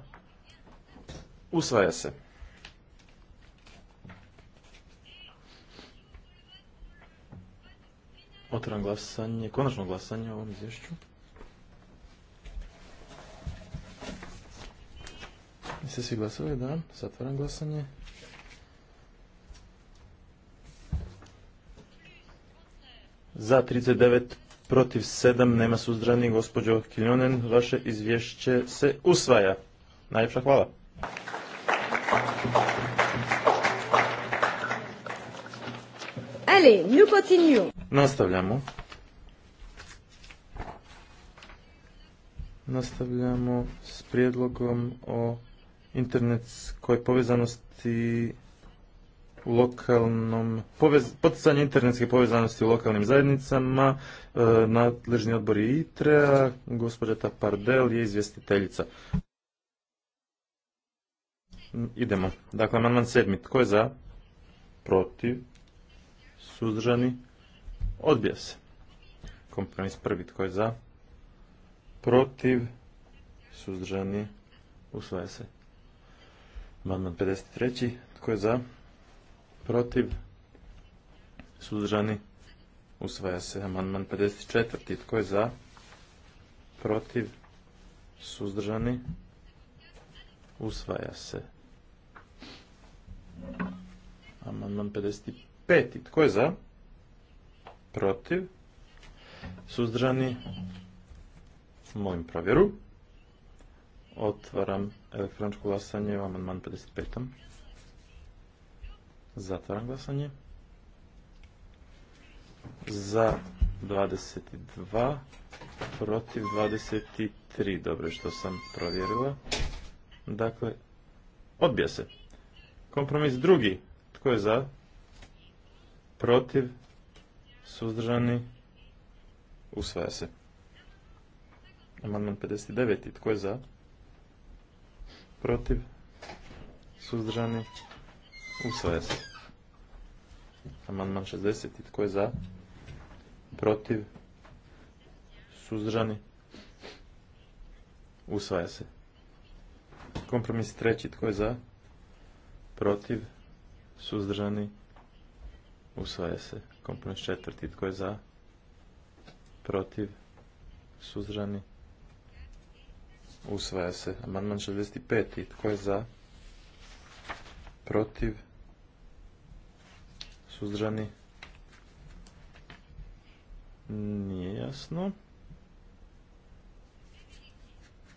Usvaja se. Otvaram glasanje, konačno glasanje o ovom izvješću. Jeste svi glasovali? Da. Zatvaram glasanje. za 39 protiv 7, nema suzdrani gospođo Kiljonen, vaše izvješće se usvaja. Najljepša hvala. Nastavljamo. Nastavljamo s prijedlogom o internetskoj povezanosti lokalnom, poticanje internetske povezanosti u lokalnim zajednicama, e, nadležni odbor je ITREA, gospođa Tapardel je izvjestiteljica. Idemo. Dakle, amandman sedmi. Tko je za? Protiv? Suzdržani? Odbija se. Kompromis prvi. Tko je za? Protiv? Suzdržani? Usvaja se. Amandman 53. Tko je za? protiv, suzdržani, usvaja se amandman 54. Tko je za, protiv, suzdržani, usvaja se amandman 55. Tko je za, protiv, suzdržani, molim provjeru. Otvaram elektroničko glasanje amandman amandman 55. Zatvaram glasanje. Za 22, protiv 23. Dobro, što sam provjerila. Dakle, odbija se. Kompromis drugi. Tko je za? Protiv, suzdržani, usvaja se. Amandman 59. Tko je za? Protiv, suzdržani, Usvaja se. Amandman 60. Tko je za? Protiv? Suzdržani? Usvaja se. Kompromis treći. Tko je za? Protiv? Suzdržani? Usvaja se. Kompromis četvrti. Tko je za? Protiv? Suzdržani? Usvaja se. Amandman 65. Tko je za? Protiv? Suzdržani? Nije jasno.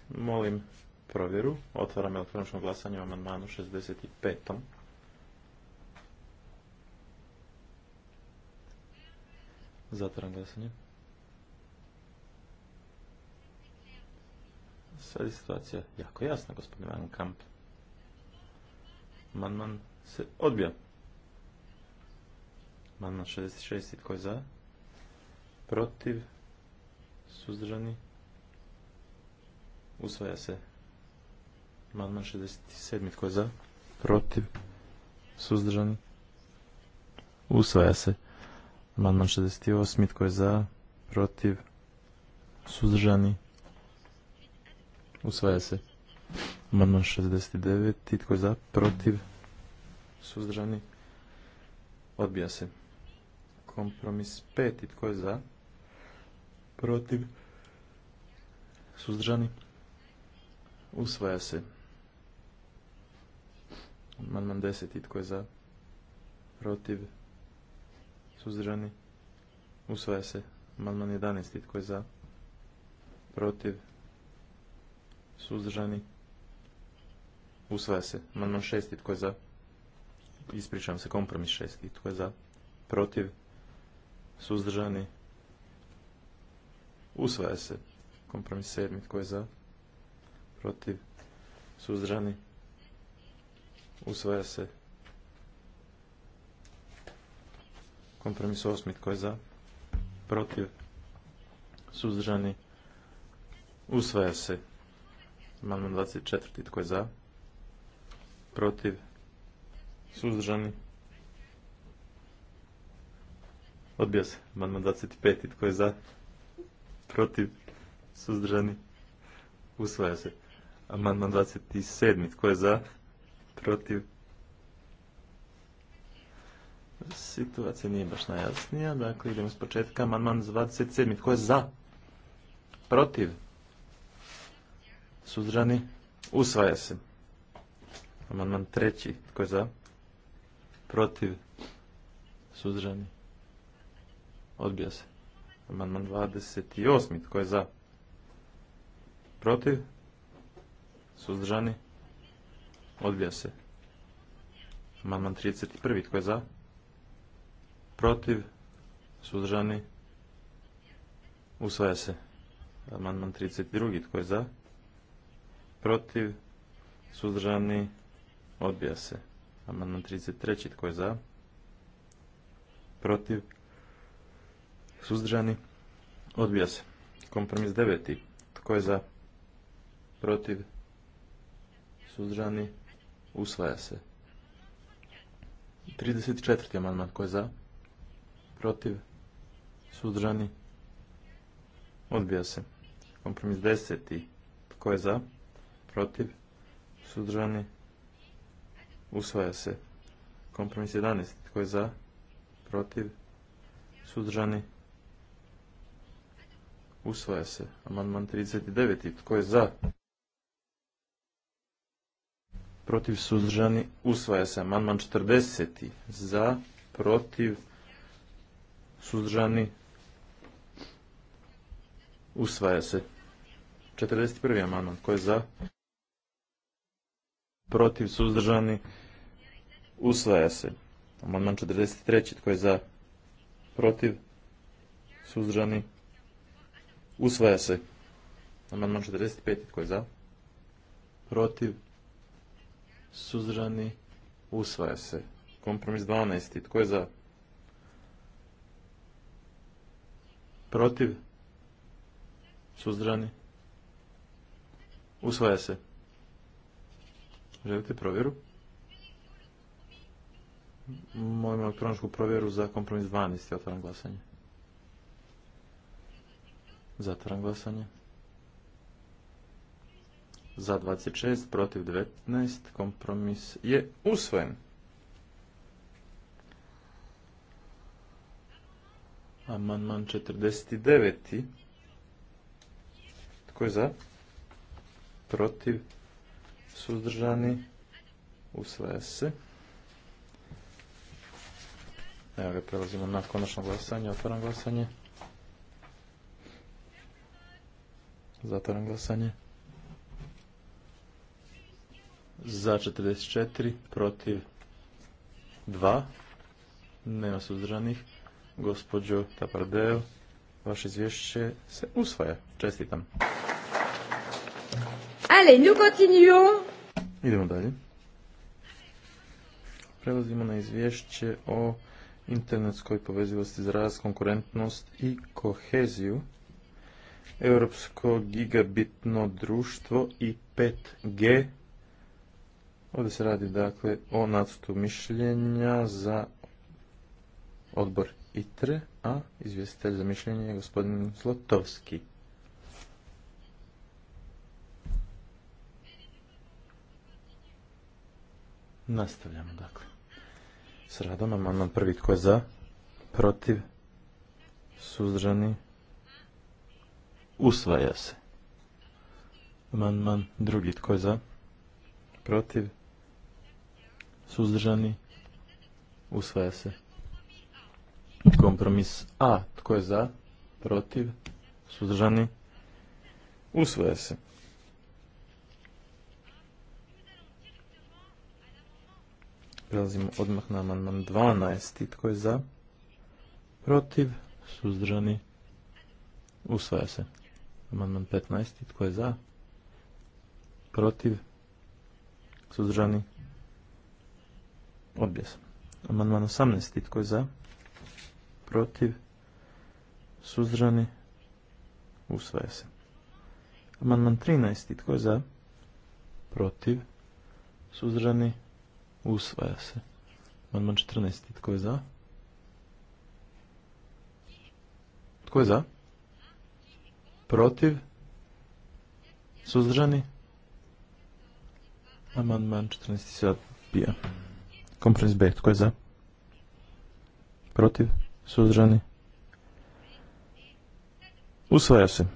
Molim provjeru. Otvaram elektronično glasanje o amandmanu 65. Zatvaram glasanje. Sad je situacija jako jasna, gospodin Van Kamp. Manman se odbija na 66. Tko je za? Protiv? Suzdržani? Usvaja se. Amandman 67. Tko je za? Protiv? Suzdržani? Usvaja se. Amandman 68. Tko je za? Protiv? Suzdržani? Usvaja se. Amandman 69. Tko je za? Protiv? Suzdržani? Odbija se. Kompromis 5. Tko je za? Protiv? Suzdržani? Usvaja se. Amandman 10. Tko je za? Protiv? Suzdržani? Usvaja se. Amandman 11. Tko je za? Protiv? Suzdržani? Usvaja se. Amandman 6. Tko je za? Ispričavam se. Kompromis 6. Tko je za? Protiv? suzdržani, usvaja se. Kompromis sedmi, tko je za, protiv, suzdržani, usvaja se. Kompromis osmi, tko je za, protiv, suzdržani, usvaja se. Amandman 24. tko je za, protiv, suzdržani, Odbio se. Amandman 25. Tko je za? Protiv? Suzdržani? Usvaja se. Amandman 27. Tko je za? Protiv? Situacija nije baš najjasnija. Dakle, idemo s početka. Amandman 27. Tko je za? Protiv? Suzdržani? Usvaja se. Amandman 3. Tko je za? Protiv? Suzdržani? Odbija se. Amandman 28. Tko je za? Protiv? Suzdržani? Odbija se. Amandman 31. Tko je za? Protiv? Suzdržani? Usvaja se. Amandman 32. Tko je za? Protiv? Suzdržani? Odbija se. Amandman 33. Tko je za? Protiv? Suzdržani? Odbija se. Kompromis deveti. Tko je za? Protiv? Suzdržani? Usvaja se. 34. amandman. Tko je za? Protiv? Suzdržani? Odbija se. Kompromis deseti. Tko je za? Protiv? Suzdržani? Usvaja se. Kompromis 11. Tko je za? Protiv? Suzdržani? Usvaja se. Amandman 39. Tko je za? Protiv suzdržani. Usvaja se. Amandman 40. Za. Protiv suzdržani. Usvaja se. 41. amandman. Tko je za? Protiv suzdržani. Usvaja se. Amandman 43. Tko je za? Protiv suzdržani. Usvaja se. Amandman 45. Tko je za? Protiv? Suzrani. Usvaja se. Kompromis 12. Tko je za? Protiv? Suzrani. Usvaja se. Želite provjeru? Molim elektroničku provjeru za kompromis 12. Otvaram glasanje. Zatvaram glasanje. Za 26, protiv 19, kompromis je usvojen. Amandman 49. Tko je za? Protiv? Suzdržani? Usvaja se. Evo ga, prelazimo na konačno glasanje. Otvaram glasanje. Zatvaram glasanje. Za 44, protiv 2. Nema suzdržanih. Gospođo Tapardeo, vaše izvješće se usvaja. Čestitam.
Ale, continuons.
Idemo dalje. Prelazimo na izvješće o internetskoj povezivosti za raz, konkurentnost i koheziju. Europsko gigabitno društvo i 5G. Ovdje se radi dakle o nacrtu mišljenja za odbor ITRE, a izvjestitelj za mišljenje je gospodin Slotovski. Nastavljamo dakle. S radom, amandman prvi tko je za, protiv, suzdržani, Usvaja se. Amandman drugi. Tko je za? Protiv? Suzdržani? Usvaja se. Kompromis A. Tko je za? Protiv? Suzdržani? Usvaja se. Prelazimo odmah na amandman 12. Tko je za? Protiv? Suzdržani? Usvaja se. Amandman 15. Tko je za? Protiv? Suzdržani? Odbija se. Amandman 18. Tko je za? Protiv? Suzdržani? Usvaja se. Amandman 13. Tko je za? Protiv? Suzdržani? Usvaja se. Amandman 14. Tko je za? Tko je za? Protiv? Suzdržani? Amandman 14. se odbija. Konferenc B. Tko je za? Protiv? Suzdržani? Usvaja se.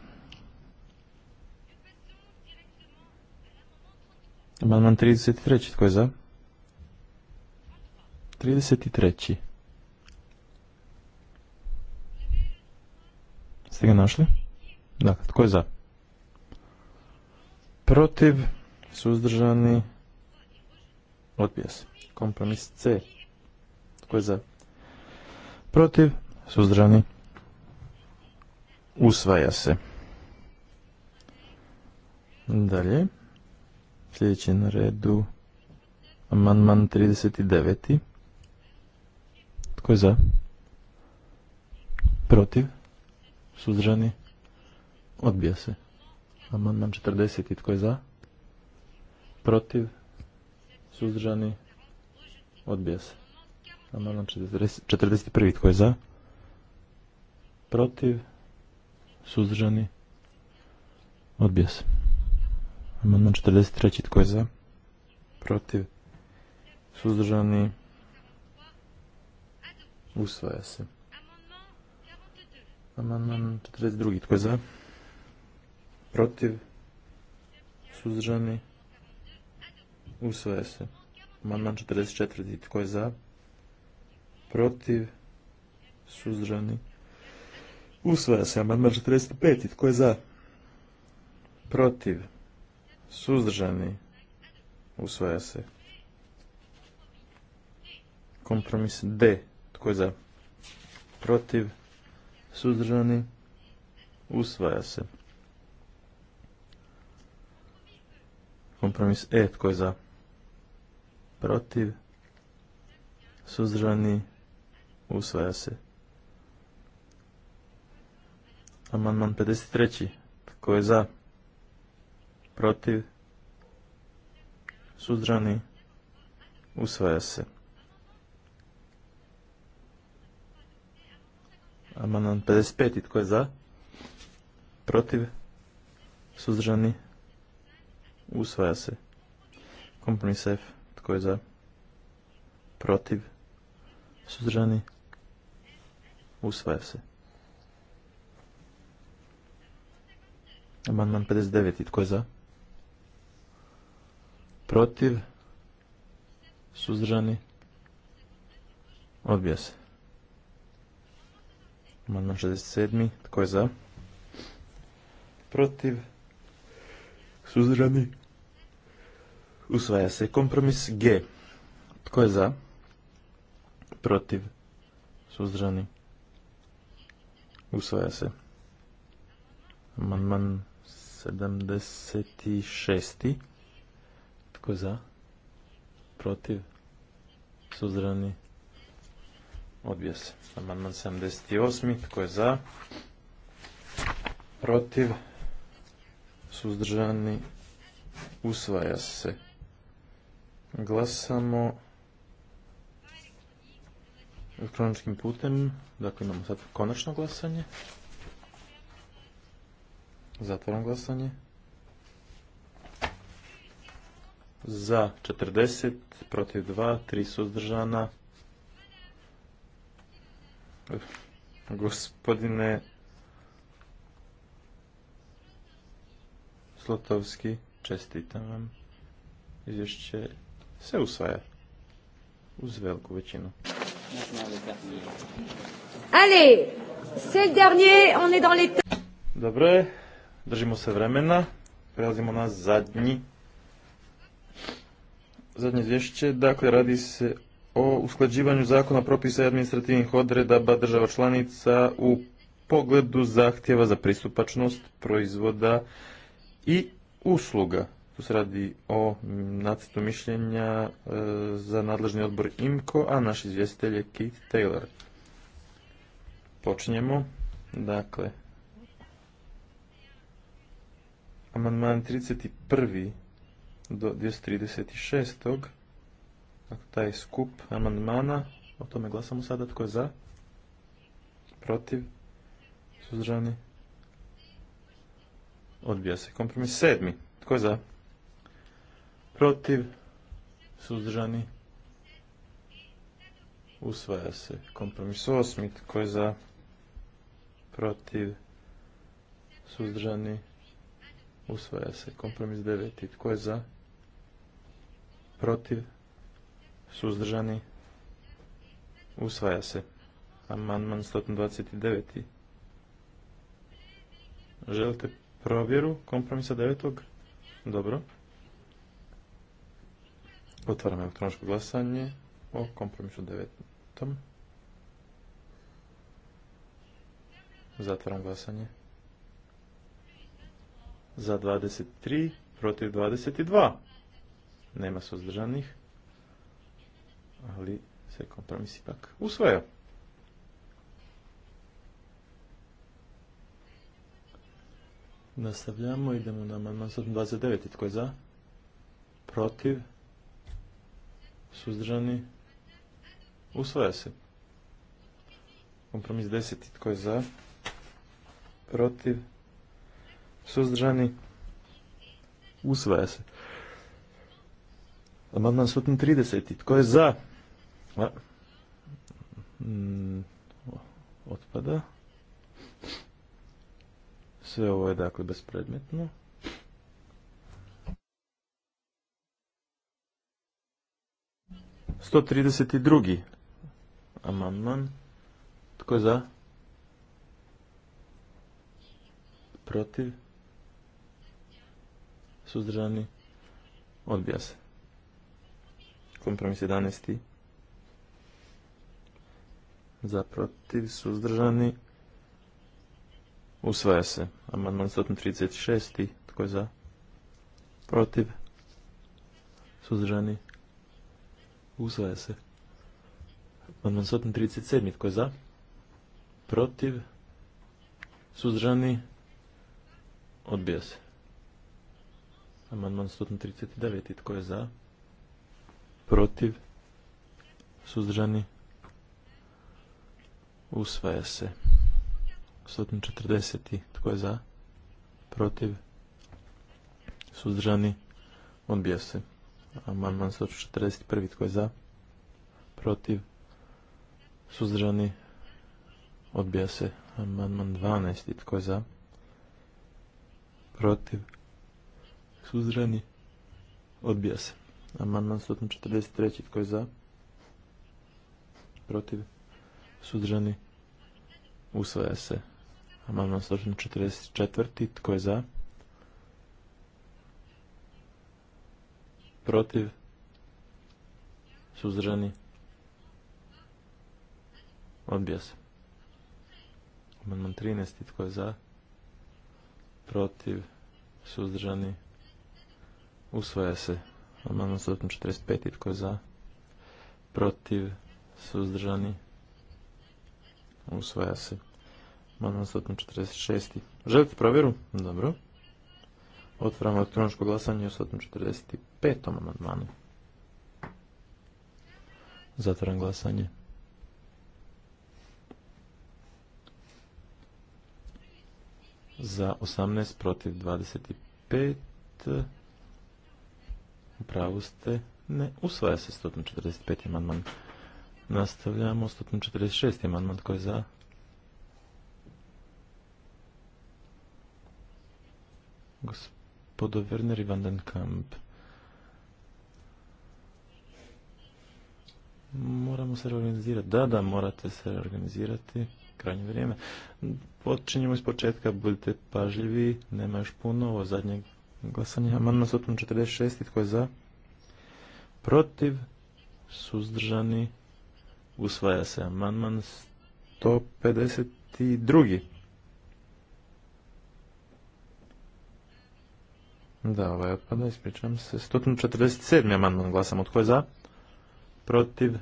Amandman 33. Tko je za? 33. Ste ga našli? Da, tko je za? Protiv, suzdržani, odbija se. Kompromis C. Tko je za? Protiv, suzdržani, usvaja se. Dalje. Sljedeći na redu amandman 39. Tko je za? Protiv? Suzdržani? Odbija se. Amandman 40. Tko je za? Protiv? Suzdržani? Odbija se. Amandman 41. Tko je za? Protiv? Suzdržani? Odbija se. Amandman 43. Tko je za? Protiv? Suzdržani? Usvaja se. Amandman 42. Tko je za? protiv, suzdržani, usvaja se. Amandman 44. Tko je za? Protiv, suzdržani, usvaja se. Amandman 45. Tko je za? Protiv, suzdržani, usvaja se. Kompromis D. Tko je za? Protiv, suzdržani, usvaja se. Kompromis E, tko je za? Protiv? Suzdržani? Usvaja se. Amandman 53. Tko je za? Protiv? Suzdržani? Usvaja se. Amandman 55. Tko je za? Protiv? Suzdržani? Usvaja se. Kompromis F. Tko je za? Protiv. Suzdržani. Usvaja se. Amandman 59. Tko je za? Protiv. Suzdržani. Odbija se. Amandman 67. Tko je za? Protiv. Suzdržani. Usvaja se kompromis G. Tko je za? Protiv. Suzdržani. Usvaja se. Amandman 76. Tko je za? Protiv. Suzdržani. Odbija se. Amandman 78. Tko je za? Protiv. Suzdržani. Usvaja se. Glasamo elektroničkim putem. Dakle, imamo sad konačno glasanje. Zatvoram glasanje. Za 40, protiv 2, 3 suzdržana. Gospodine Slotovski, čestitam vam. Izvješće se usvaja uz veliku većinu.
Allez, c'est le dernier, on est dans les
Dobro je, držimo se vremena, prelazimo na zadnji. Zadnje izvješće, dakle radi se o usklađivanju zakona propisa i administrativnih odredaba država članica u pogledu zahtjeva za pristupačnost proizvoda i usluga. Tu se radi o nacrtu mišljenja e, za nadležni odbor IMCO, a naš izvjestitelj je Keith Taylor. Počinjemo. Dakle, amandman 31. do 236. Dakle, taj skup amandmana. O tome glasamo sada. Tko je za? Protiv? Suzdržani? Odbija se kompromis. Sedmi. Tko je za? protiv, suzdržani, usvaja se. Kompromis osmi, tko je za, protiv, suzdržani, usvaja se. Kompromis deveti, tko je za, protiv, suzdržani, usvaja se. Amandman 129. Želite provjeru kompromisa devetog? Dobro. Otvaram elektroničko glasanje o kompromisu devetom. Zatvaram glasanje. Za 23, protiv 22. Nema suzdržanih, ali se kompromis ipak usvaja. Nastavljamo, idemo na amandman 29. Tko je za? Protiv? suzdržani, usvaja se. Kompromis 10. Tko je za? Protiv? Suzdržani? Usvaja se. Amandman trideseti. Tko je za? A, mm, otpada. Sve ovo je dakle bespredmetno. 132. amandman. Tko je za? Protiv? Suzdržani? Odbija se. Kompromis 11. Za protiv? Suzdržani? Usvaja se. Amandman 136. Tko je za? Protiv? Suzdržani? Usvaja se. Amandman 137. Tko je za? Protiv? Suzdržani? Odbija se. Amandman 139. Tko je za? Protiv? Suzdržani? Usvaja se. 140. Tko je za? Protiv? Suzdržani? Odbija se. Amandman 141. Tko je za? Protiv? Suzdržani? Odbija se. Amandman 12. Tko je za? Protiv? Suzdržani? Odbija se. Amandman 143. Tko je za? Protiv? Suzdržani? Usvaja se. Amandman 144. Tko je za? protiv, suzdržani, odbija se. Amandman 13. Tko je za? Protiv, suzdržani, usvaja se. Amandman 145. Tko je za? Protiv, suzdržani, usvaja se. Amandman 146. Želite provjeru? Dobro. Otvaram elektroničko glasanje u 145. amandmanu. Zatvaram glasanje. Za 18 protiv 25. U pravu ste. Ne, usvaja se 145. amandman. Nastavljamo 146. amandman. koji je za? Gospod gospodo Werner i Vandenkamp. Moramo se reorganizirati. Da, da, morate se reorganizirati. Krajnje vrijeme. Počinjemo iz početka, budite pažljivi, nema još puno, ovo zadnje glasanje. Amandman 46. tko je za? Protiv, suzdržani, usvaja se. Amandman 152. Da, ovaj otpada, ispričam se. 147. amandman glasamo. Tko je za? Protiv?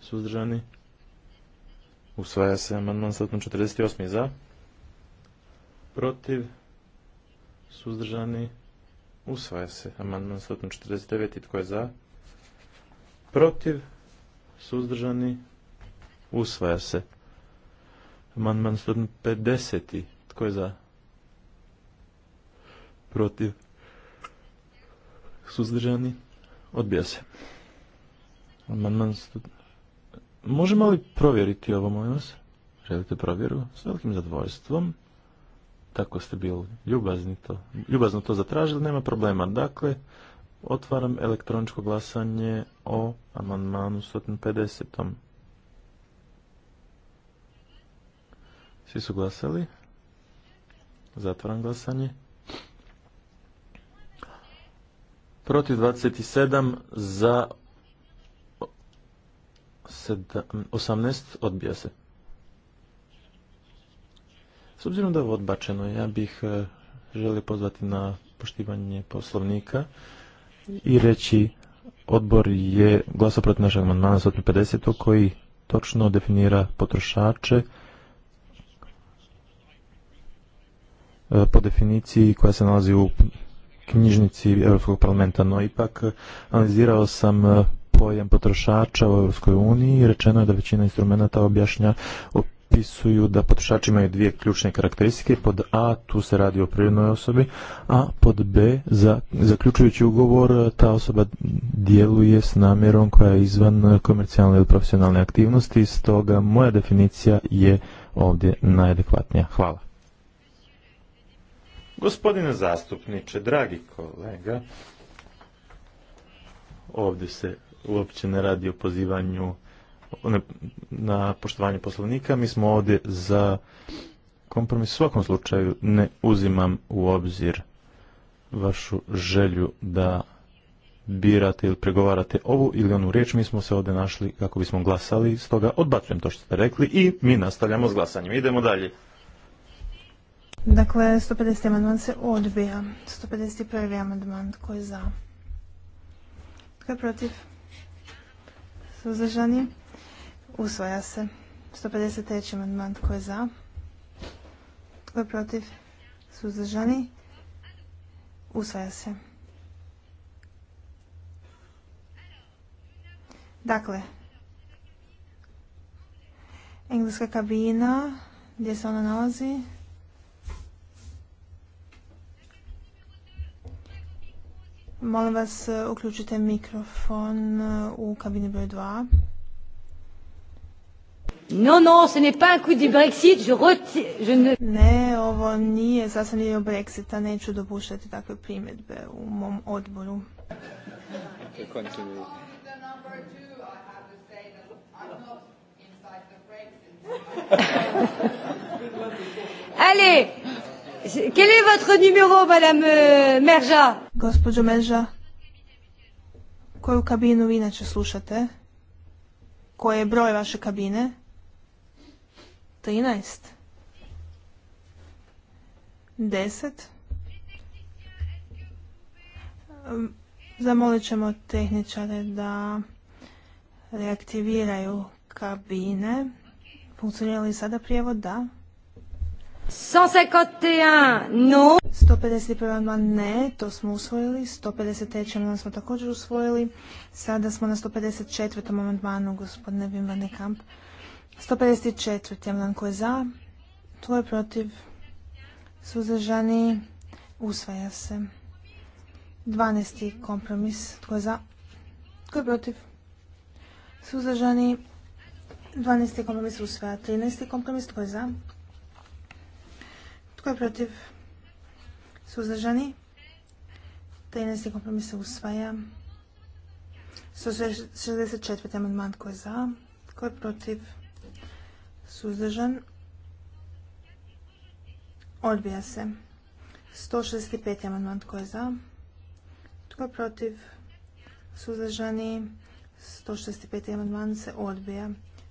Suzdržani? Usvaja se amandman 148. za? Protiv? Suzdržani? Usvaja se amandman 149. Tko je za? Protiv? Suzdržani? Usvaja se. Amandman 150. Tko je za? protiv, suzdržani, odbija se. Možemo li provjeriti ovo, molim vas? Želite provjeru? S velikim zadvojstvom. Tako ste bili ljubazni to. Ljubazno to zatražili, nema problema. Dakle, otvaram elektroničko glasanje o amandmanu 150. Svi su glasali. Zatvaram glasanje. protiv 27 za 18 odbija se. S obzirom da je ovo odbačeno, ja bih e, želio pozvati na poštivanje poslovnika i reći odbor je glasao protiv našeg amandmana 150 koji točno definira potrošače e, po definiciji koja se nalazi u knjižnici Europskog parlamenta, no ipak eh, analizirao sam eh, pojam potrošača u Europskoj uniji i rečeno je da većina instrumenta objašnja opisuju da potrošači imaju dvije ključne karakteristike. Pod A, tu se radi o prirodnoj osobi, a pod B, za, zaključujući ugovor, eh, ta osoba djeluje s namjerom koja je izvan komercijalne ili profesionalne aktivnosti, stoga moja definicija je ovdje najadekvatnija. Hvala. Gospodine zastupniče, dragi kolega, ovdje se uopće ne radi o pozivanju na poštovanje poslovnika. Mi smo ovdje za kompromis. U svakom slučaju ne uzimam u obzir vašu želju da birate ili pregovarate ovu ili onu riječ. Mi smo se ovdje našli kako bismo glasali, stoga odbacujem to što ste rekli i mi nastavljamo s glasanjem. Idemo dalje.
Dakle, 150. amandman se odbija. 151. amandman, tko je za? Tko je protiv? Suzdržani? Usvaja se. 153. amandman, tko je za? Tko je protiv? Suzdržani? Usvaja se. Dakle, engleska kabina, gdje se ona nalazi? Molim vas, e, uključite mikrofon e, u kabini broj 2. Non, non, ce n'est pas un coup du Brexit, je je ne... Ne, ovo nije sasvim o Brexita, neću dopuštati takve primjedbe u mom odboru. Allez, Quel est votre numéro, madame euh, Merža? Gospođo Merža, koju kabinu vi inače slušate? Koji je broj vaše kabine? 13? 10? Zamolit ćemo tehničare da reaktiviraju kabine. Funkcionira li sada prijevod? Da. 151, no. 151 amandman ne, to smo usvojili. 153 amandman smo također usvojili. Sada smo na 154. amandmanu, gospodine Wim van de Kamp. 154. amandman koji je za, tko je protiv, suzdržani, usvaja se. 12. kompromis, tko je za, tko je protiv, suzdržani, 12. kompromis usvaja. 13. kompromis, tko je za, tko je protiv? Suzdržani? 13. kompromis se usvaja. 164. amandman tko je za? Tko je protiv? Suzdržan? Odbija se. 165. amandman tko je za? Tko je protiv? Suzdržani? 165. amandman se odbija.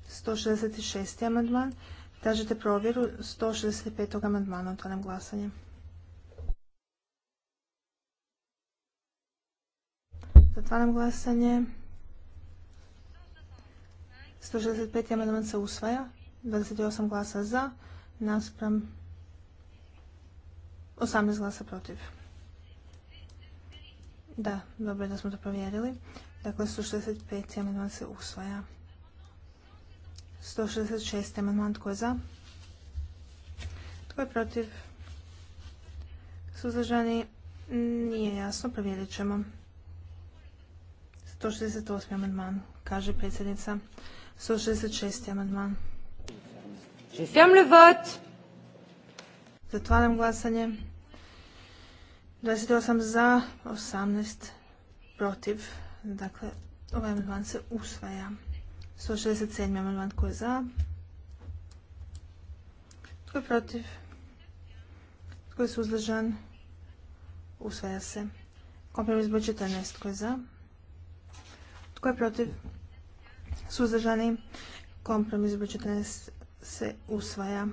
166. amandman. Tražite provjeru 165. amandmana. Otvaram glasanje. Zatvaram glasanje. 165. amandman se usvaja. 28 glasa za, naspram 18 glasa protiv. Da, dobro je da smo to provjerili. Dakle, 165. amandman se usvaja. 166. amandman tko je za? Tko je protiv? Suzdržani? Nije jasno, provjerit ćemo. 168. amandman, kaže predsjednica. 166. amandman. šest, le vote. Zatvaram glasanje. 28 za, 18 protiv. Dakle, ovaj amandman se usvaja. 167. amandman tko je za? Tko je protiv? Tko je suzdržan? Usvaja se. Kompromis broj 14. Tko je za? Tko je protiv? Suzdržani? Kompromis broj 14 se usvaja.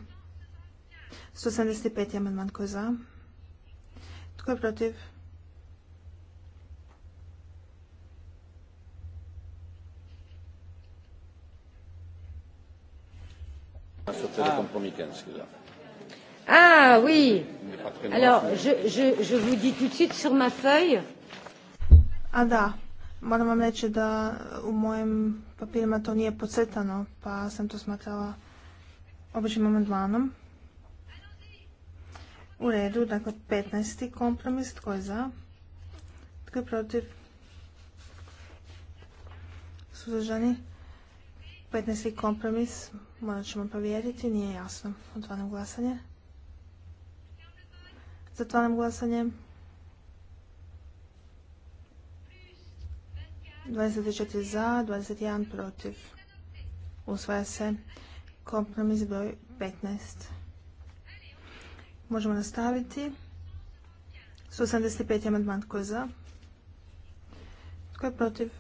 175. amandman tko je za? Tko je protiv? Ah oui. Alors, je, je, je vous dis tout de suite sur ma feuille. A da, moram vam reći da u mojim papirima to nije pocrtano, pa sam to smatrala običnim amandmanom. U redu, dakle 15. kompromis, tko je za, tko je protiv, suzdržani. 15. kompromis Morat ćemo provjeriti, nije jasno. Otvaram glasanje. Zatvaram glasanje. 24 za, 21 protiv. Usvaja se kompromis broj 15. Možemo nastaviti. 185. amandman tko je za? Tko je protiv?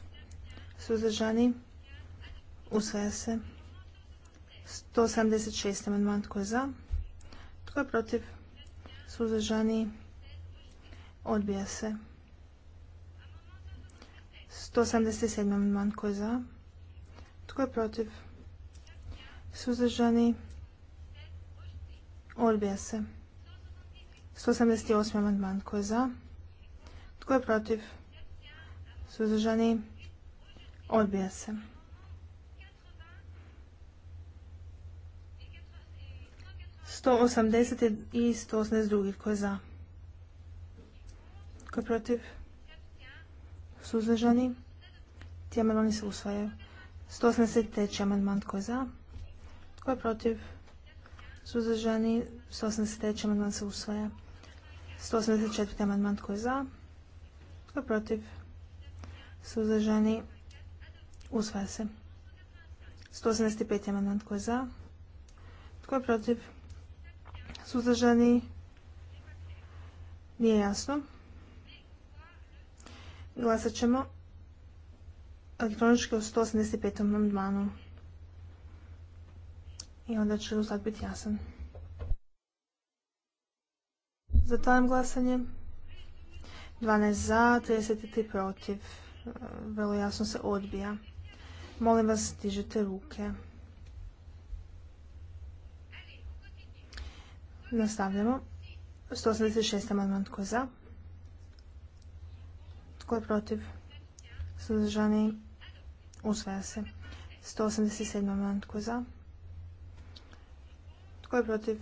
Suzdržani? Usvaja se. 176. amandman tko je za? Tko je protiv? Suzdržani? Odbija se. 187. amandman tko je za? Tko je protiv? Suzdržani? Odbija se. 188. amandman tko je za? Tko je protiv? Suzdržani? Odbija se. 180 i 182. tko je za? Ko je protiv? Suzdržani? Ti amandmani se usvajaju. 183. amandman. Ko je za? Tko je protiv? Suzdržani? 183. amandman se usvaja. 184. amandman. Ko je za? Tko je protiv? Suzdržani? Usvaja se. 185. amandman. Ko je za? Tko je protiv? suzdržani, nije jasno. Glasat ćemo elektronički u 185. amandmanu. I onda će rezultat biti jasan. Zatvaram glasanje. 12 za, 33 protiv. Vrlo jasno se odbija. Molim vas, dižite ruke. Nastavljamo. 186. amandman tko je za? Tko je protiv? Suzdržani? Usvaja se. 187. amandman tko je za? Tko je protiv?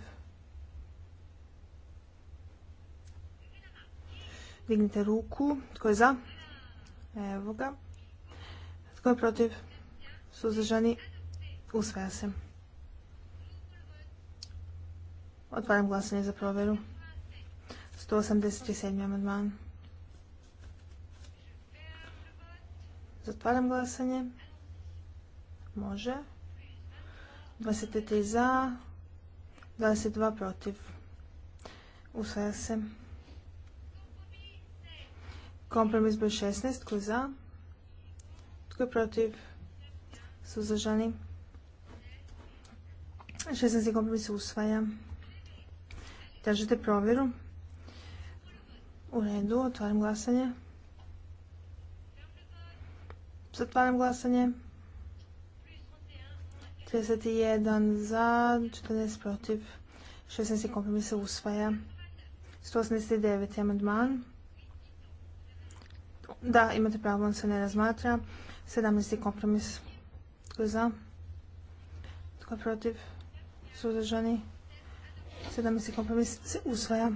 Dignite ruku. Tko je za? Evo ga. Tko je protiv? Suzdržani? Usvaja se. Otvaram glasanje za provjeru. 187. amandman. Zatvaram glasanje. Može. 23 za, 22 protiv. Usvaja se. Kompromis broj 16. Tko je za? Tko je protiv? Suzdržani. 16. kompromis usvaja držite provjeru? U redu, otvaram glasanje. Zatvaram glasanje. 31 za, 14 protiv, 16 kompromis se usvaja. 189. amandman. Da, imate pravo, on se ne razmatra. 17. kompromis. Tko je za? Tko je protiv? Suzdržani? se kompromis se usvaja.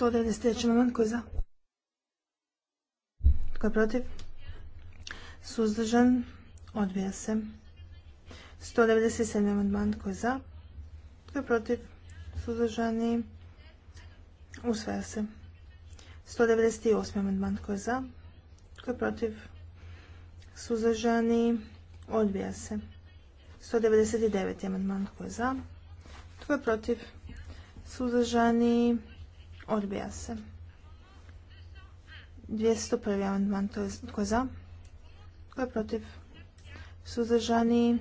193. moment koji je za. Tko je protiv? Suzdržan. Odbija se. 197. amandman tko je za? Tko je protiv? Suzdržani. Usvaja se. 198. amandman tko je za? Tko je protiv? Suzdržani. Odbija se. 199. amandman tko je za? Tko je protiv? Suzdržani? Odbija se. 201. amandman, to tko je za? Tko je protiv? Suzdržani?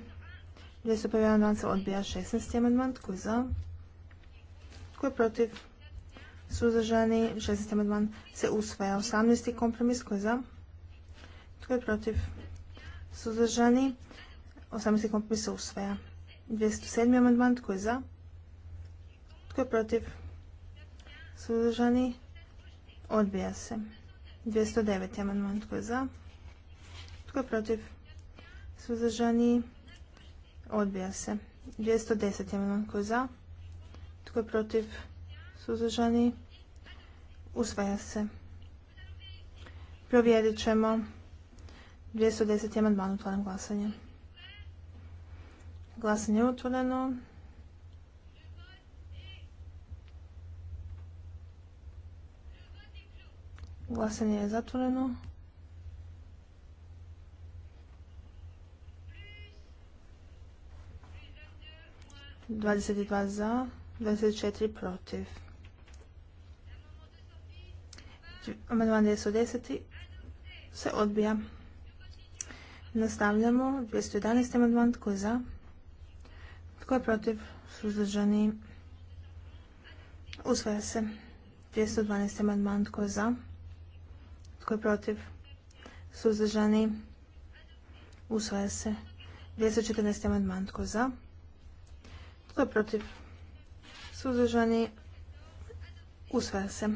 201. amandman se odbija. 16. amandman, tko je za? Tko je protiv? Suzdržani? 16. amandman se usvaja. 18. kompromis, tko je za? Tko je protiv? Suzdržani? 18. kompromis se usvaja. 207. amandman, tko je za? Tko je protiv? Suzdržani? Odbija se. 209. amandman. Tko je za? Tko je protiv? Suzdržani? Odbija se. 210. amandman. Tko je za? Tko je protiv? Suzdržani? Usvaja se. Provjerit ćemo. 210. amandman. Otvaram glasanje. Glasanje je otvoreno. Glasanje je zatvoreno. Dvadeset dva za, dvadeset četiri protiv. Amandman 210 se odbija. Nastavljamo. 211. amandman. Tko je za? Tko je protiv? Suzdržani. Usvaja se. 212. amandman. Tko je za? Tko je protiv? Suzdržani? Usvaja se. 214. amandman. Tko za? Tko je protiv? Suzdržani? Usvaja se.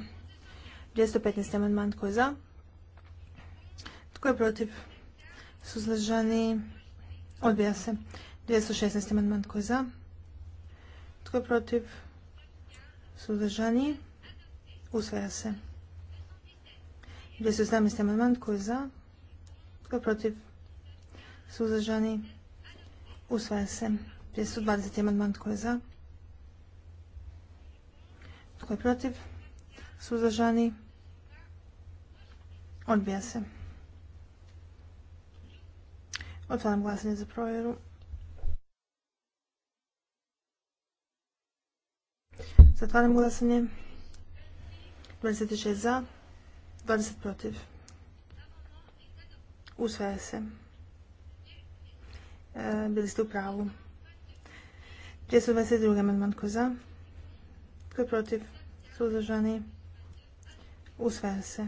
215. amandman. Tko je za? Tko je protiv? Suzdržani? Odbija se. 216. amandman. Tko je za? Tko je protiv? Suzdržani? Usvaja se. 217. amandman tko je za, tko je protiv, suzdržani, usvaja se. 220. amandman tko je za, tko je protiv, suzdržani, odbija se. Otvaram glasanje za provjeru. Zatvaram glasanje. 26 za, 20 protiv. Usvaja se. E, bili ste u pravu. 222. amandman ko za. Ko je protiv? Suzdržani. Usvaja se.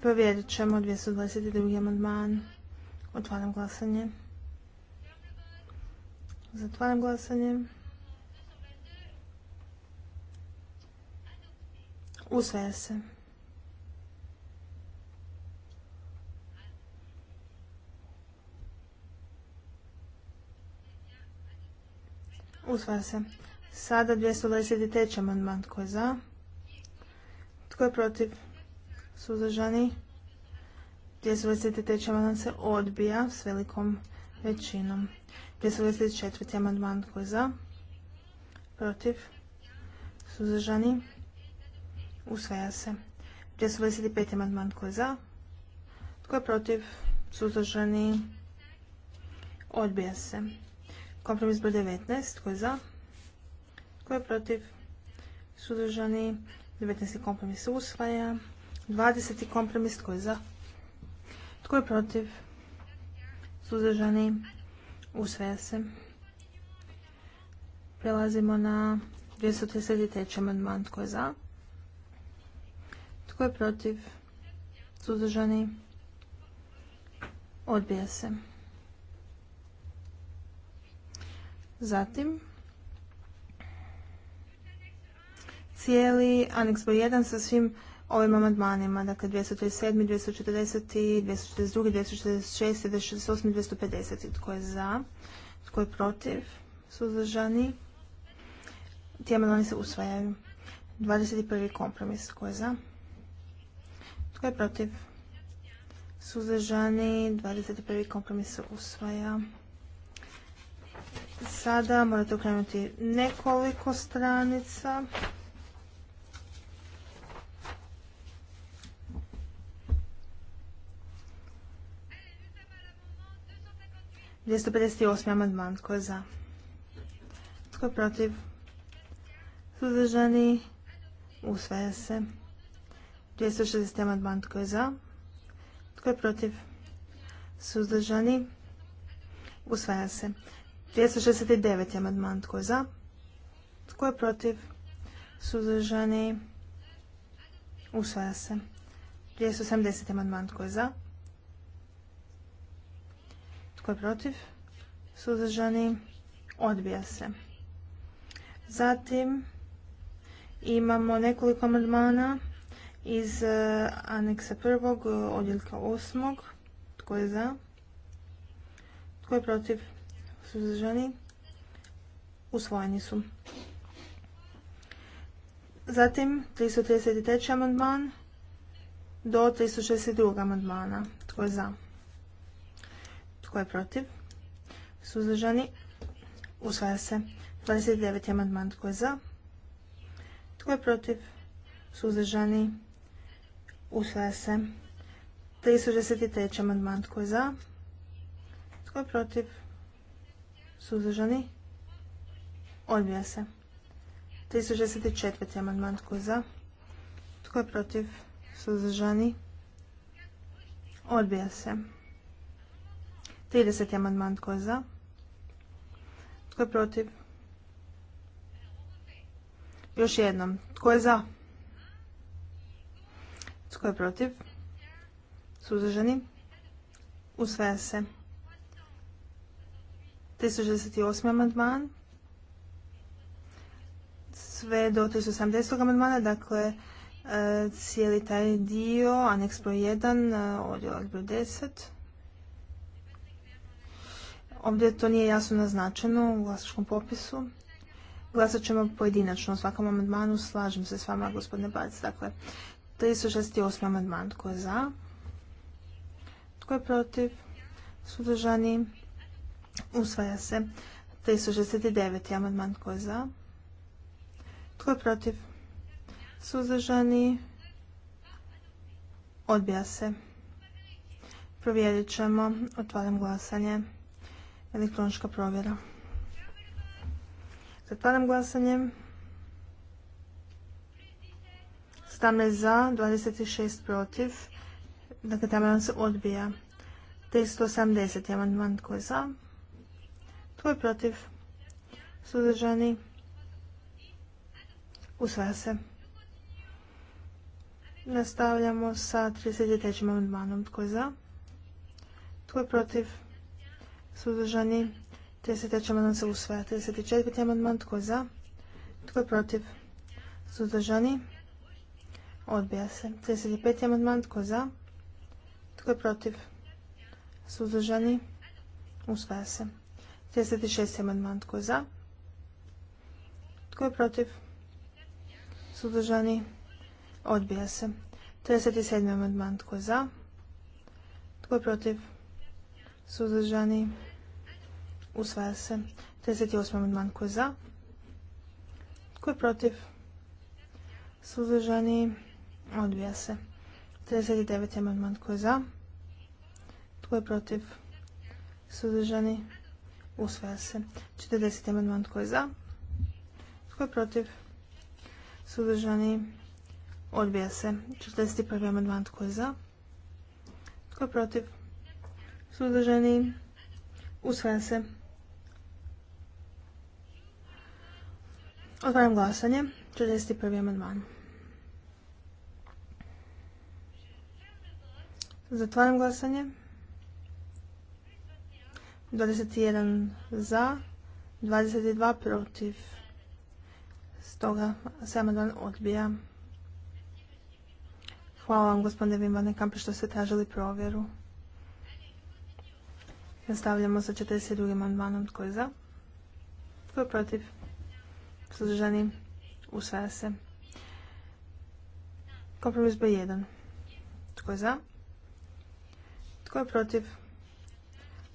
Provjerit ćemo 222. amandman. Otvaram glasanje. Zatvaram glasanje. Usvaja se. Usvaja se. Sada 223. amandman. Tko je za? Tko je protiv? Suzdržani? 223. amandman se odbija s velikom većinom. 224. amandman. Tko je za? Protiv? Suzdržani? Usvaja se. 25 amandman tko je za? Tko je protiv? Suzdržani? Odbija se. Kompromis broj 19. Tko je za? Tko je protiv? Suzdržani? 19. kompromis usvaja. 20. kompromis tko je za? Tko je protiv? Suzdržani? Usvaja se. Prelazimo na 233. amandman tko je za? Tko je protiv? Suzdržani? Odbija se. Zatim, cijeli aneks broj 1 sa svim ovim amandmanima, dakle 237, 240, 242, 246, 268, i 250. Tko je za? Tko je protiv? Suzdržani? Ti amandmani se usvajaju. 21. kompromis. Tko je za? Tko je protiv? Suzdržani. 21. kompromis se usvaja. Sada morate okrenuti nekoliko stranica. Dvjesto pedeset amandman tko je za tko je protiv suzdržani usvaja se 260. amandman tko je za? Tko je protiv? Suzdržani? Usvaja se. 269. amandman tko je za? Tko je protiv? Suzdržani? Usvaja se. 280. amandman tko je za? Tko je protiv? Suzdržani? Odbija se. Zatim imamo nekoliko amandmana iz e, aneksa prvog, e, odjeljka osmog. Tko je za? Tko je protiv? Suzdržani? Usvojeni su. Zatim 333. amandman do 362. amandmana. Tko je za? Tko je protiv? Suzdržani? Usvaja se. 29. amandman. Tko je za? Tko je protiv? Suzdržani? Usvaja se. 363. amandman. Tko je za? Tko je protiv? Suzdržani? Odbija se. 364. amandman. Tko je za? Tko je protiv? Suzdržani? Odbija se. 30. amandman. Tko je za? Tko je protiv? Još jednom. Tko je za? Tko je protiv? Suzdržani? Usvaja se. 368. amandman. Sve do 380. amandmana, dakle e, cijeli taj dio, aneks broj 1, e, odjelak broj 10. Ovdje to nije jasno naznačeno u glasačkom popisu. Glasat ćemo pojedinačno o svakom amandmanu, slažem se s vama gospodine Bac. Dakle, 368. amandman. Tko je za? Tko je protiv? Sudržani? Usvaja se. 369. amandman. Tko je za? Tko je protiv? Suzdržani? Odbija se. Provjerit ćemo. Otvaram glasanje. Elektronička provjera. Zatvaram glasanje. 17 za, 26 protiv. Dakle, taj amandman se odbija. 380. amandman tko je za? Tko je protiv? Sudržani. Usvaja se. Nastavljamo sa 33. amandmanom. Tko je za? Tko je protiv? Suzdržani? 33. amandman se usvaja. 34. amandman. Tko je za? Tko je protiv? Suzdržani? Odbija se. 35. amandman. Tko za? Tko je protiv? Suzdržani? Usvaja se. 36. amandman. Tko za? Tko je protiv? Suzdržani? Odbija se. 37. amandman. Tko za? Tko je protiv? Suzdržani? Usvaja se. 38. amandman. Tko je za? Tko je protiv? Suzdržani? Odbija se. 39. amandman tko je za? Tko je protiv? Sudržani. Usvaja se. 40. amandman tko je za? Tko je protiv? Sudržani. Odbija se. 41. amandman tko je za? Tko je protiv? Sudržani. Usvaja se. Otvaram glasanje. 41. amandman. Zatvaram glasanje. 21 za, 22 protiv. Stoga se amandman odbija. Hvala vam gospodine Vimane Kampe što ste tražili provjeru. Nastavljamo sa 42. amandmanom. Tko je za? Tko je protiv? Suzdržani? Usvaja se. Kompromis B1. Tko je za? Tko je protiv?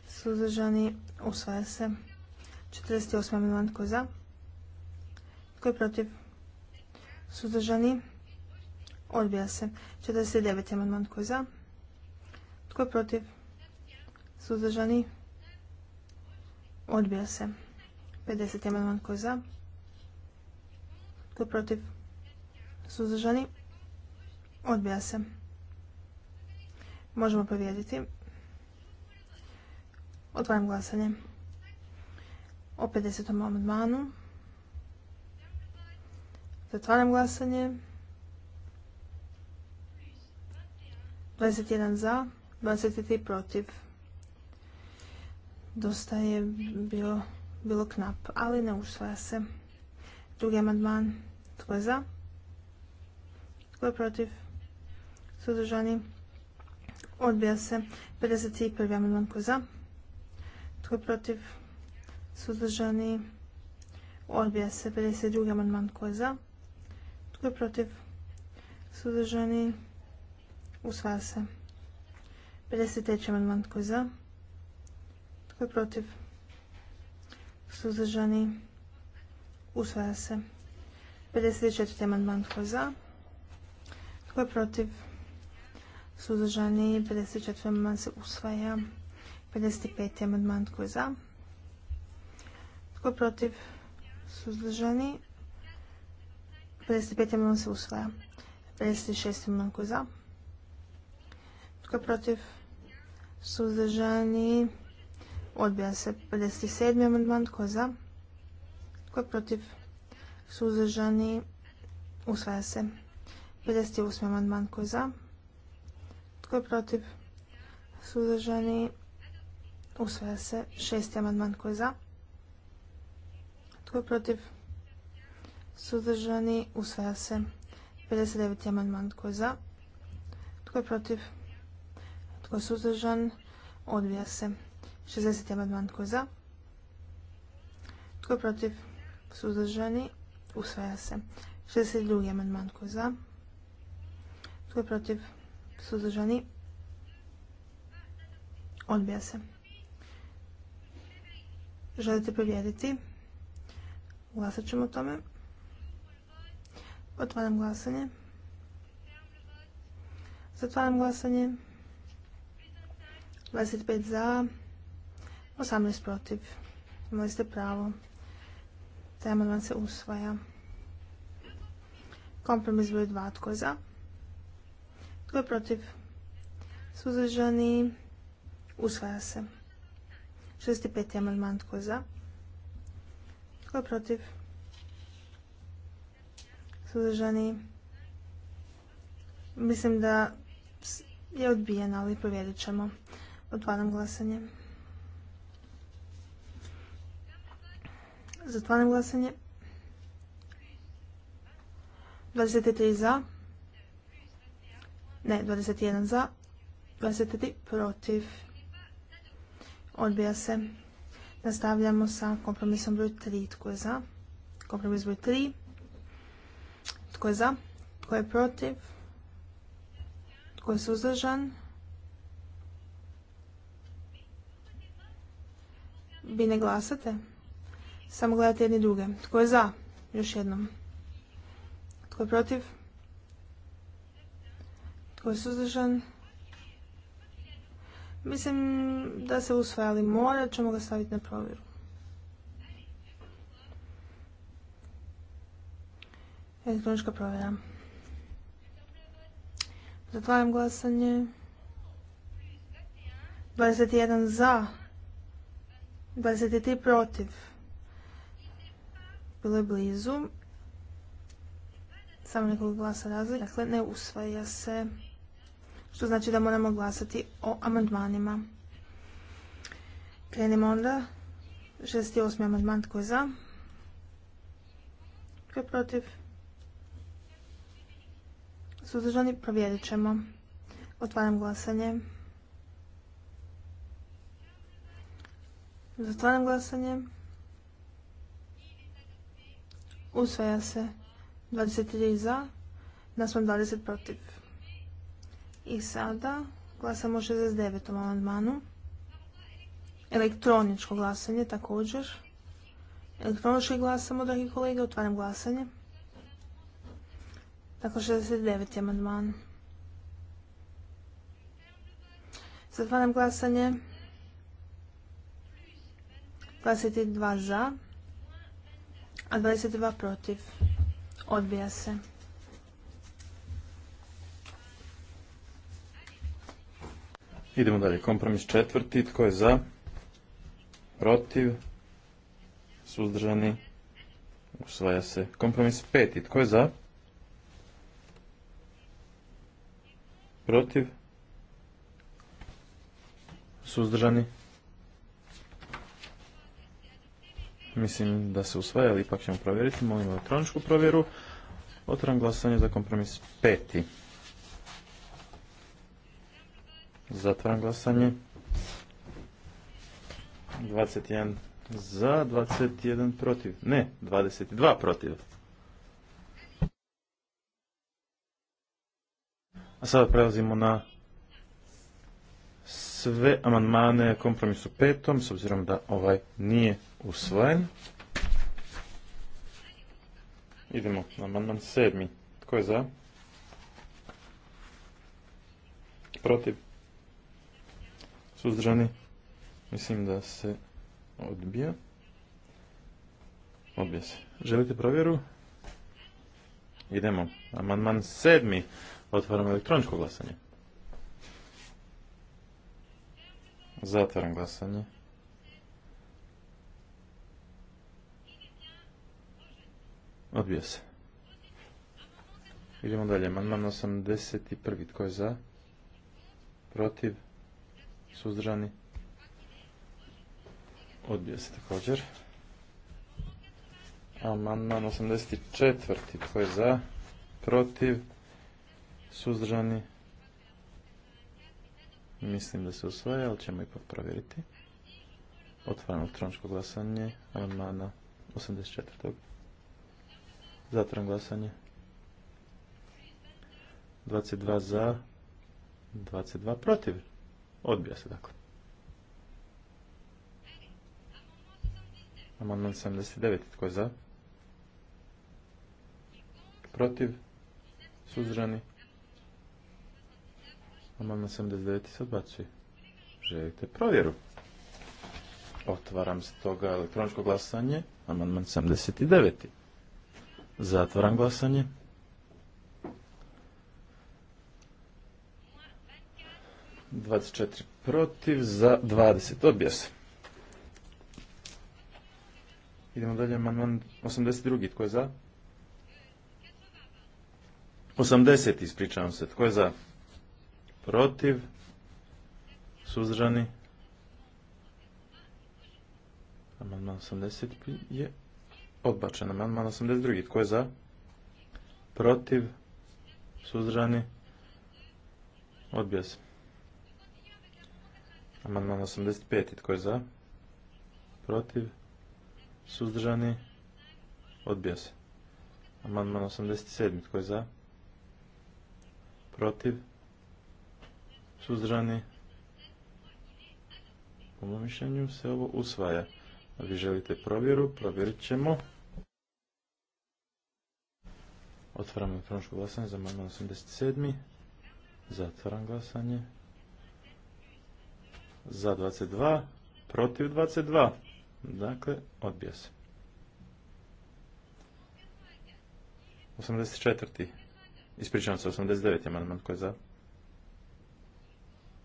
Suzdržani usvaja se. 48. amandman tko za? Tko je protiv? Suzdržani odbija se. 49. amandman tko za? Tko je protiv? Suzdržani odbija se. 50. amandman tko za? Tko je protiv? Suzdržani odbija se. Možemo povijediti Otvaram glasanje. O 50. amandmanu. Zatvaram glasanje. 21 za, 23 protiv. Dosta je bilo, bilo knap, ali ne usvaja se. Drugi amandman. Tko je za? Tko je protiv? Suzdržani? Odbija se. 51. amandman koji za. Tko je protiv? Suzdržani. Odbija se. 52. amandman koji je za. Tko je protiv? Suzdržani. Usvaja se. 53. amandman koji je za. Tko je protiv? Suzdržani. Usvaja se. 54. amandman koji je za. Tko je protiv? suzdržani, 54. amandman se usvaja, 55. amandman tko je za, tko je protiv, suzdržani, 55. amandman se usvaja, 56. amandman tko je za, tko je protiv, suzdržani, odbija se, 57. amandman tko je za, tko je protiv, suzdržani, usvaja se, 58. amandman tko je za, tko je protiv? Suzdržani? Usvaja se. Šesti amandman. Tko je za? Tko je protiv? Suzdržani? Usvaja se. 59. amandman. Tko je za? Tko je protiv? Tko je suzdržan? Odbija se. 60. amandman. Tko je za? Tko je protiv? Suzdržani? Usvaja se. 62. amandman. Tko je za? Tko je protiv? Suzdržani? Odbija se. Želite provjeriti? Glasat ćemo o tome. Otvaram glasanje. Zatvaram glasanje. 25 za, 18 protiv. Imali ste pravo. Taj amandman se usvaja. Kompromis broj 2. Tko je za? Tko je protiv? Suzdržani? Usvaja se. 65. amandman. Tko je za? Tko je protiv? Suzdržani? Mislim da je odbijen, ali provjerit ćemo. Otvaram glasanje. Zatvaram glasanje. 23 za, ne, 21 za, 23 protiv. Odbija se. Nastavljamo sa kompromisom broj 3. Tko je za? Kompromis broj 3. Tko je za? Tko je protiv? Tko je suzdržan? Vi ne glasate? Samo gledate jedni druge. Tko je za? Još jednom. Tko je protiv? Tko je suzdržan? Mislim da se usvaja, ali morat ćemo ga staviti na provjeru. Elektronička provjera. Zatvaram glasanje. 21 za. 23 protiv. Bilo je blizu. Samo nekoliko glasa razlika. Dakle, ne usvaja se što znači da moramo glasati o amandmanima. Krenimo onda. 68. amandman tko je za? Tko je protiv? Suzdržani provjerit ćemo. Otvaram glasanje. Zatvaram glasanje. Usvaja se 23 za, nasmo 20 protiv. I sada glasamo o 69. amandmanu. Elektroničko glasanje također. Elektronički glasamo, dragi kolege, otvaram glasanje. tako dakle, 69. amandman. Zatvaram glasanje. 22 za, a 22 protiv. Odbija se.
Idemo dalje. Kompromis četvrti. Tko je za? Protiv? Suzdržani? Usvaja se. Kompromis peti. Tko je za? Protiv? Suzdržani? Mislim da se usvaja, ali ipak ćemo provjeriti. Molim elektroničku provjeru. Otvaram glasanje za kompromis peti. Zatvaram glasanje. 21 za, 21 protiv. Ne, 22 protiv. A sada prelazimo na sve amandmane kompromisu petom, s obzirom da ovaj nije usvojen. Idemo na amandman sedmi. Tko je za? Protiv? Suzdržani? Mislim da se odbija. Odbija se. Želite provjeru? Idemo. Amandman sedmi. Otvaram elektroničko glasanje. Zatvaram glasanje. Odbija se. Idemo dalje. Amandman 81. Tko je za? Protiv? Suzdržani? Odbija se također. Amandman 84. Tko je za? Protiv? Suzdržani? Mislim da se usvaja, ali ćemo ipak provjeriti. Otvaram elektroničko glasanje. Amandmana 84. Zatvaram glasanje. 22 za, 22 protiv. Odbija se dakle. Amandman 79. Tko je za? Protiv? Suzrani? Amandman 79. se odbacuje. Želite provjeru? Otvaram stoga elektroničko glasanje. Amandman 79. Zatvaram glasanje. 24 protiv za 20. Odbija se. Idemo dalje, manman 82. Tko je za? 80. Ispričavam se. Tko je za? Protiv? Suzdržani? Manman 80 je odbačen. Manman 82. Tko je za? Protiv? Suzrani. Odbija se. Amandman 85. Tko je za? Protiv? Suzdržani? Odbija se. Amandman 87. Tko je za? Protiv? Suzdržani? Po mojom mišljenju se ovo usvaja. A vi želite provjeru? Provjerit ćemo. Otvaram elektroničko glasanje za amandman 87. Zatvaram glasanje za 22, protiv 22. Dakle, odbija se. 84. Ispričavam se, 89. manjman, koji je za.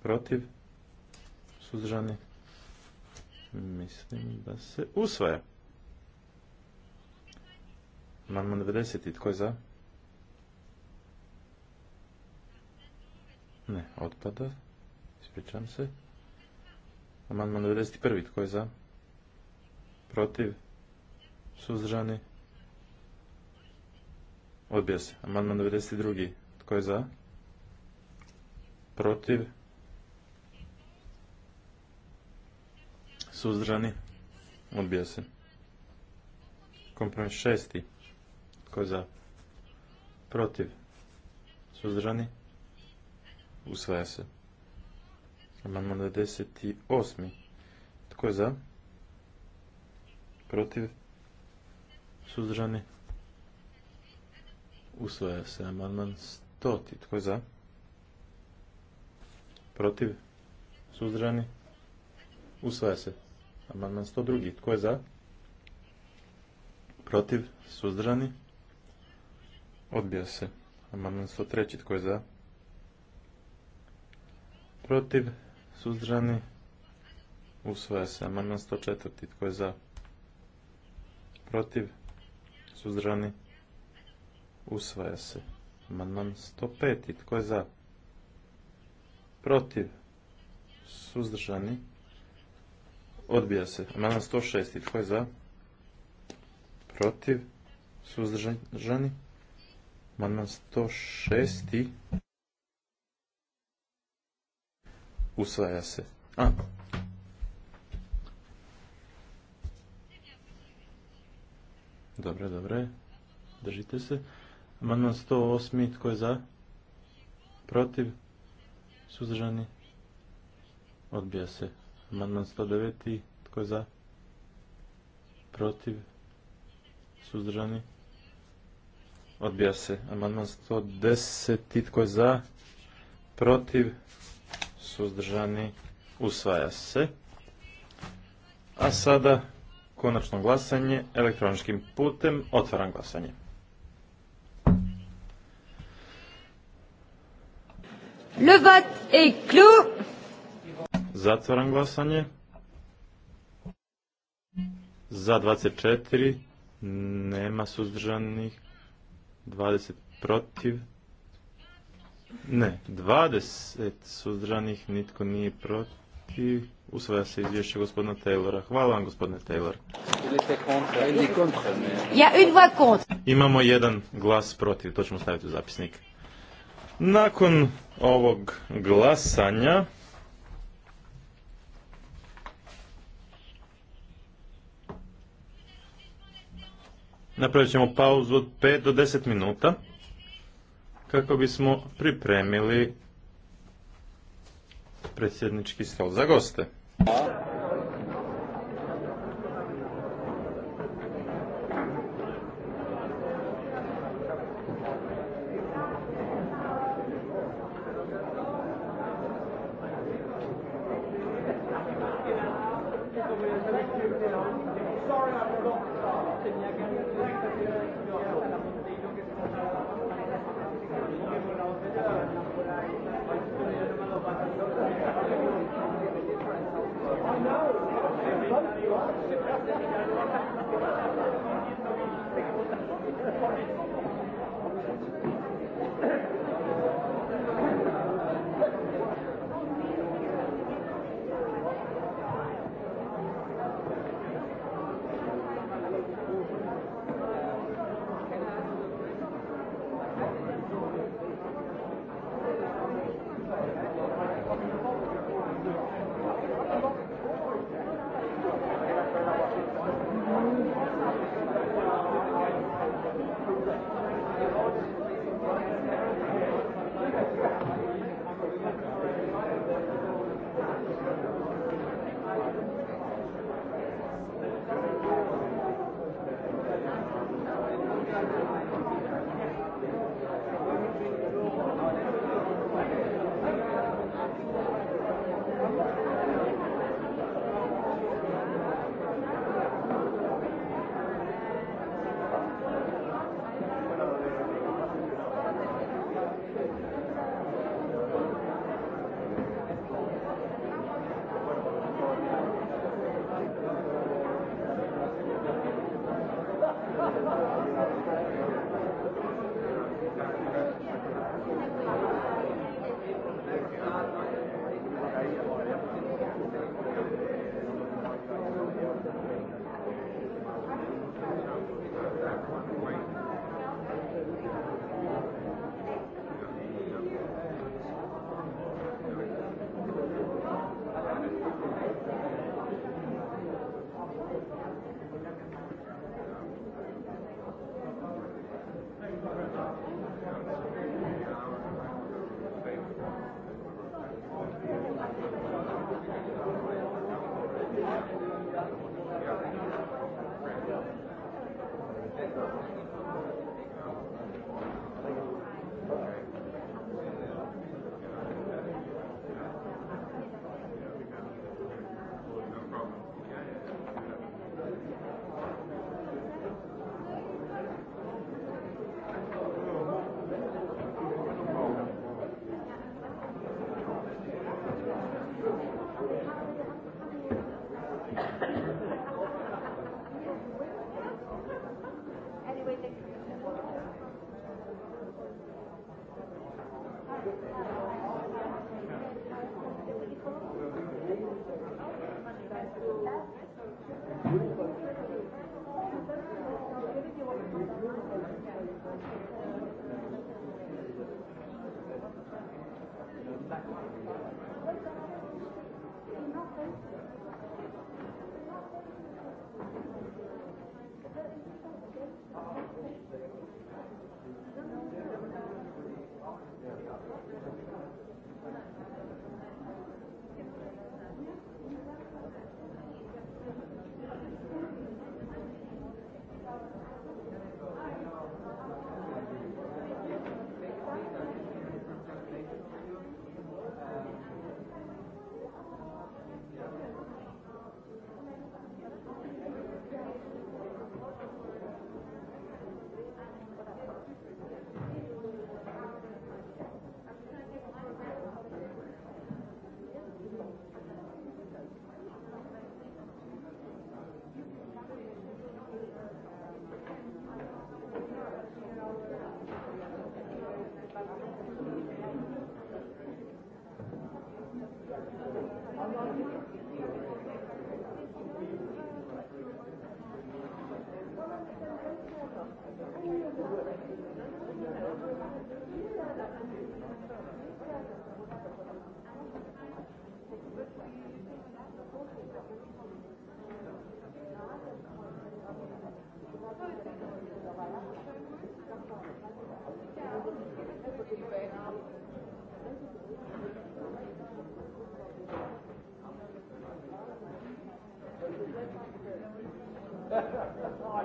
Protiv. Suzdržani. Mislim da se usvaja. Manjman 90. Tko je za? Ne, otpada. Ispričavam se. Amandman 91. Tko je za? Protiv? Suzdržani? Odbija se. Amandman 92. Tko je za? Protiv? Suzdržani? Odbija se. Kompromis šesti. Tko je za? Protiv? Suzdržani? Usvaja se. Amandman 98. Tko je za? Protiv? Suzdržani? Usvaja se amandman 100. Tko je za? Protiv? Suzdržani? Usvaja se. Amandman 102. Tko je za? Protiv? Suzdržani? Odbija se. Amandman 103. Tko je za? Protiv? suzdržani, usvaja se. Amandman 104. Tko je za? Protiv, suzdržani, usvaja se. Amandman 105. Tko je za? Protiv, suzdržani, odbija se. Amandman 106. Tko je za? Protiv, suzdržani, amandman 106. usvaja se. A. Dobro, dobro. Držite se. Amandman 108. Tko je za? Protiv? Suzdržani? Odbija se. Amandman 109. Tko je za? Protiv? Suzdržani? Odbija se. Amandman 110. Tko je za? Protiv? suzdržani, usvaja se. A sada konačno glasanje elektroničkim putem. Otvaram glasanje.
Le vote est clos.
Zatvaram glasanje. Za 24, nema suzdržanih, 20 protiv, ne, 20 suzdržanih, nitko nije protiv. Usvaja se izvješće gospodina Taylora. Hvala vam gospodine Taylor. Imamo jedan glas protiv, to ćemo staviti u zapisnik. Nakon ovog glasanja napravit ćemo pauzu od 5 do 10 minuta kako bismo pripremili predsjednički stol za goste.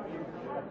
direktiva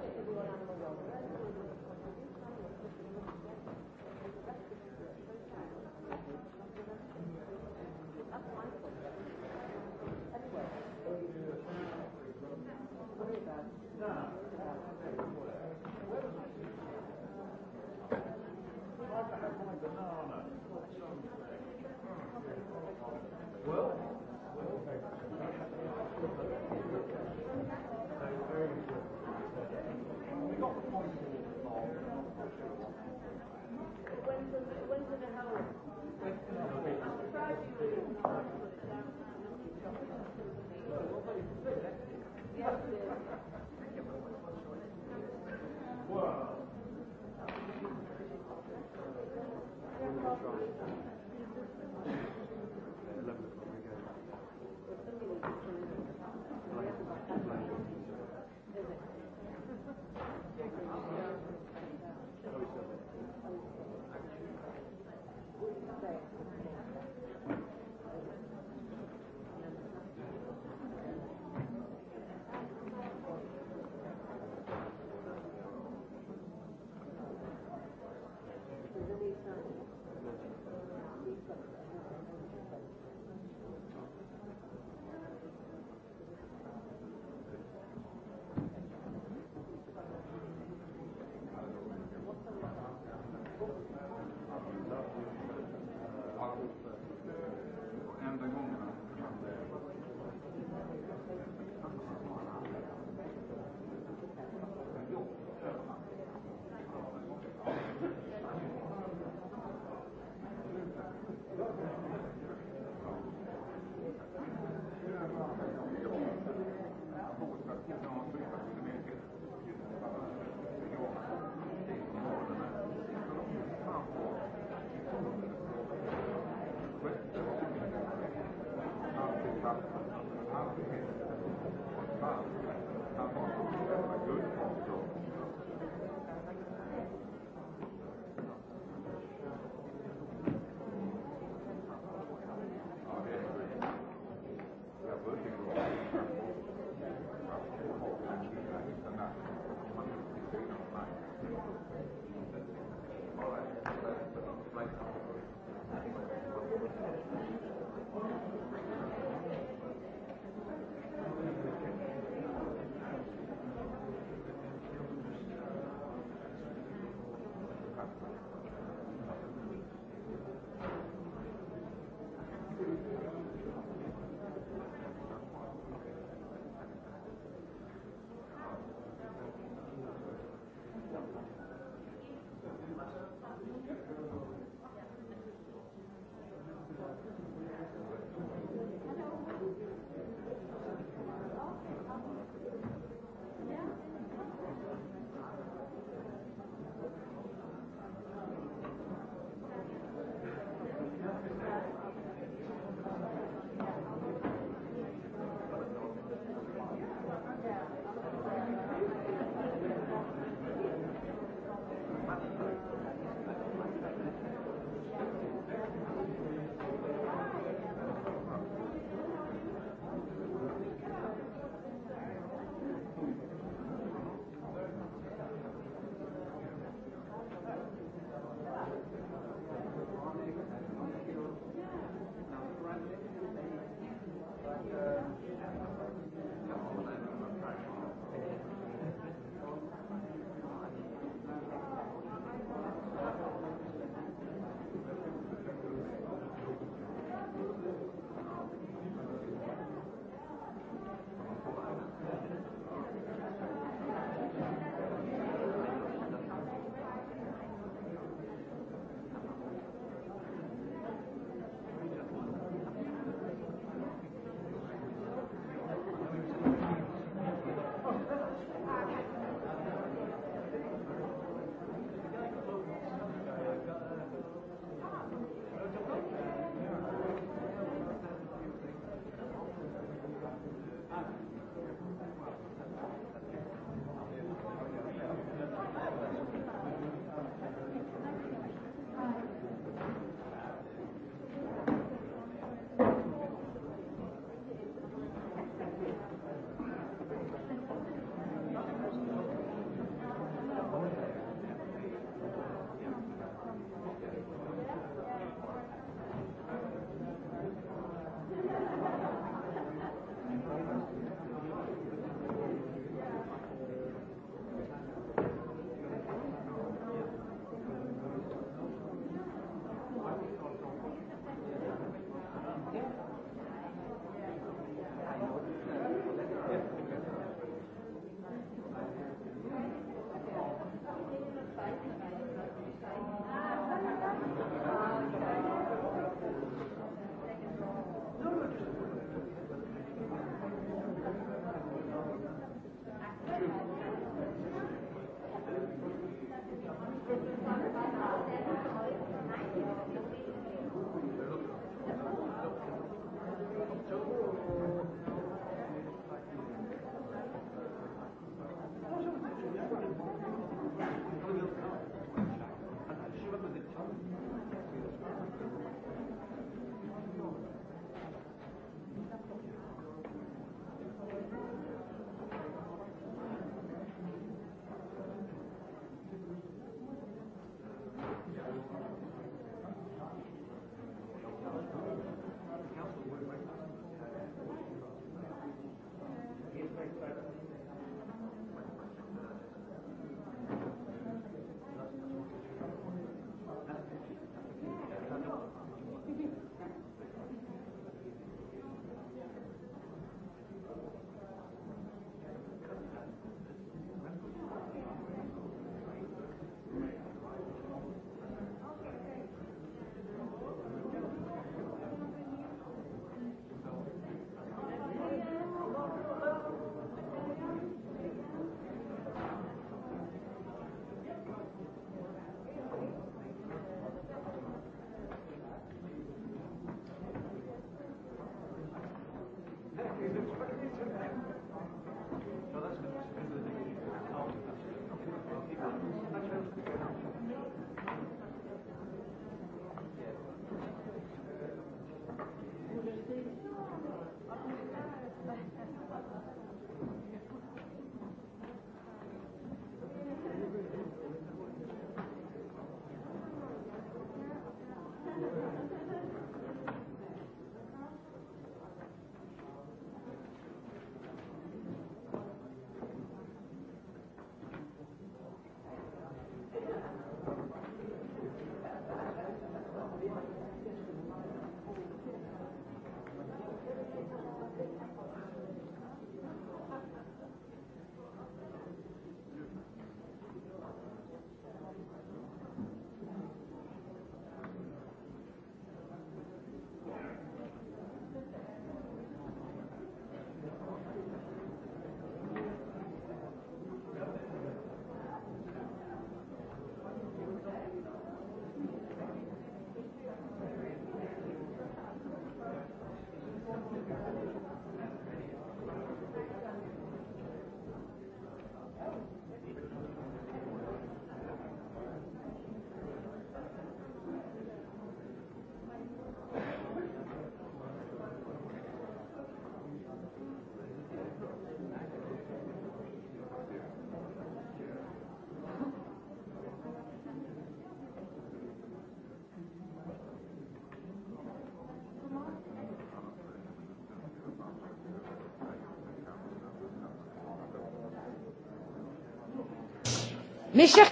Mes chers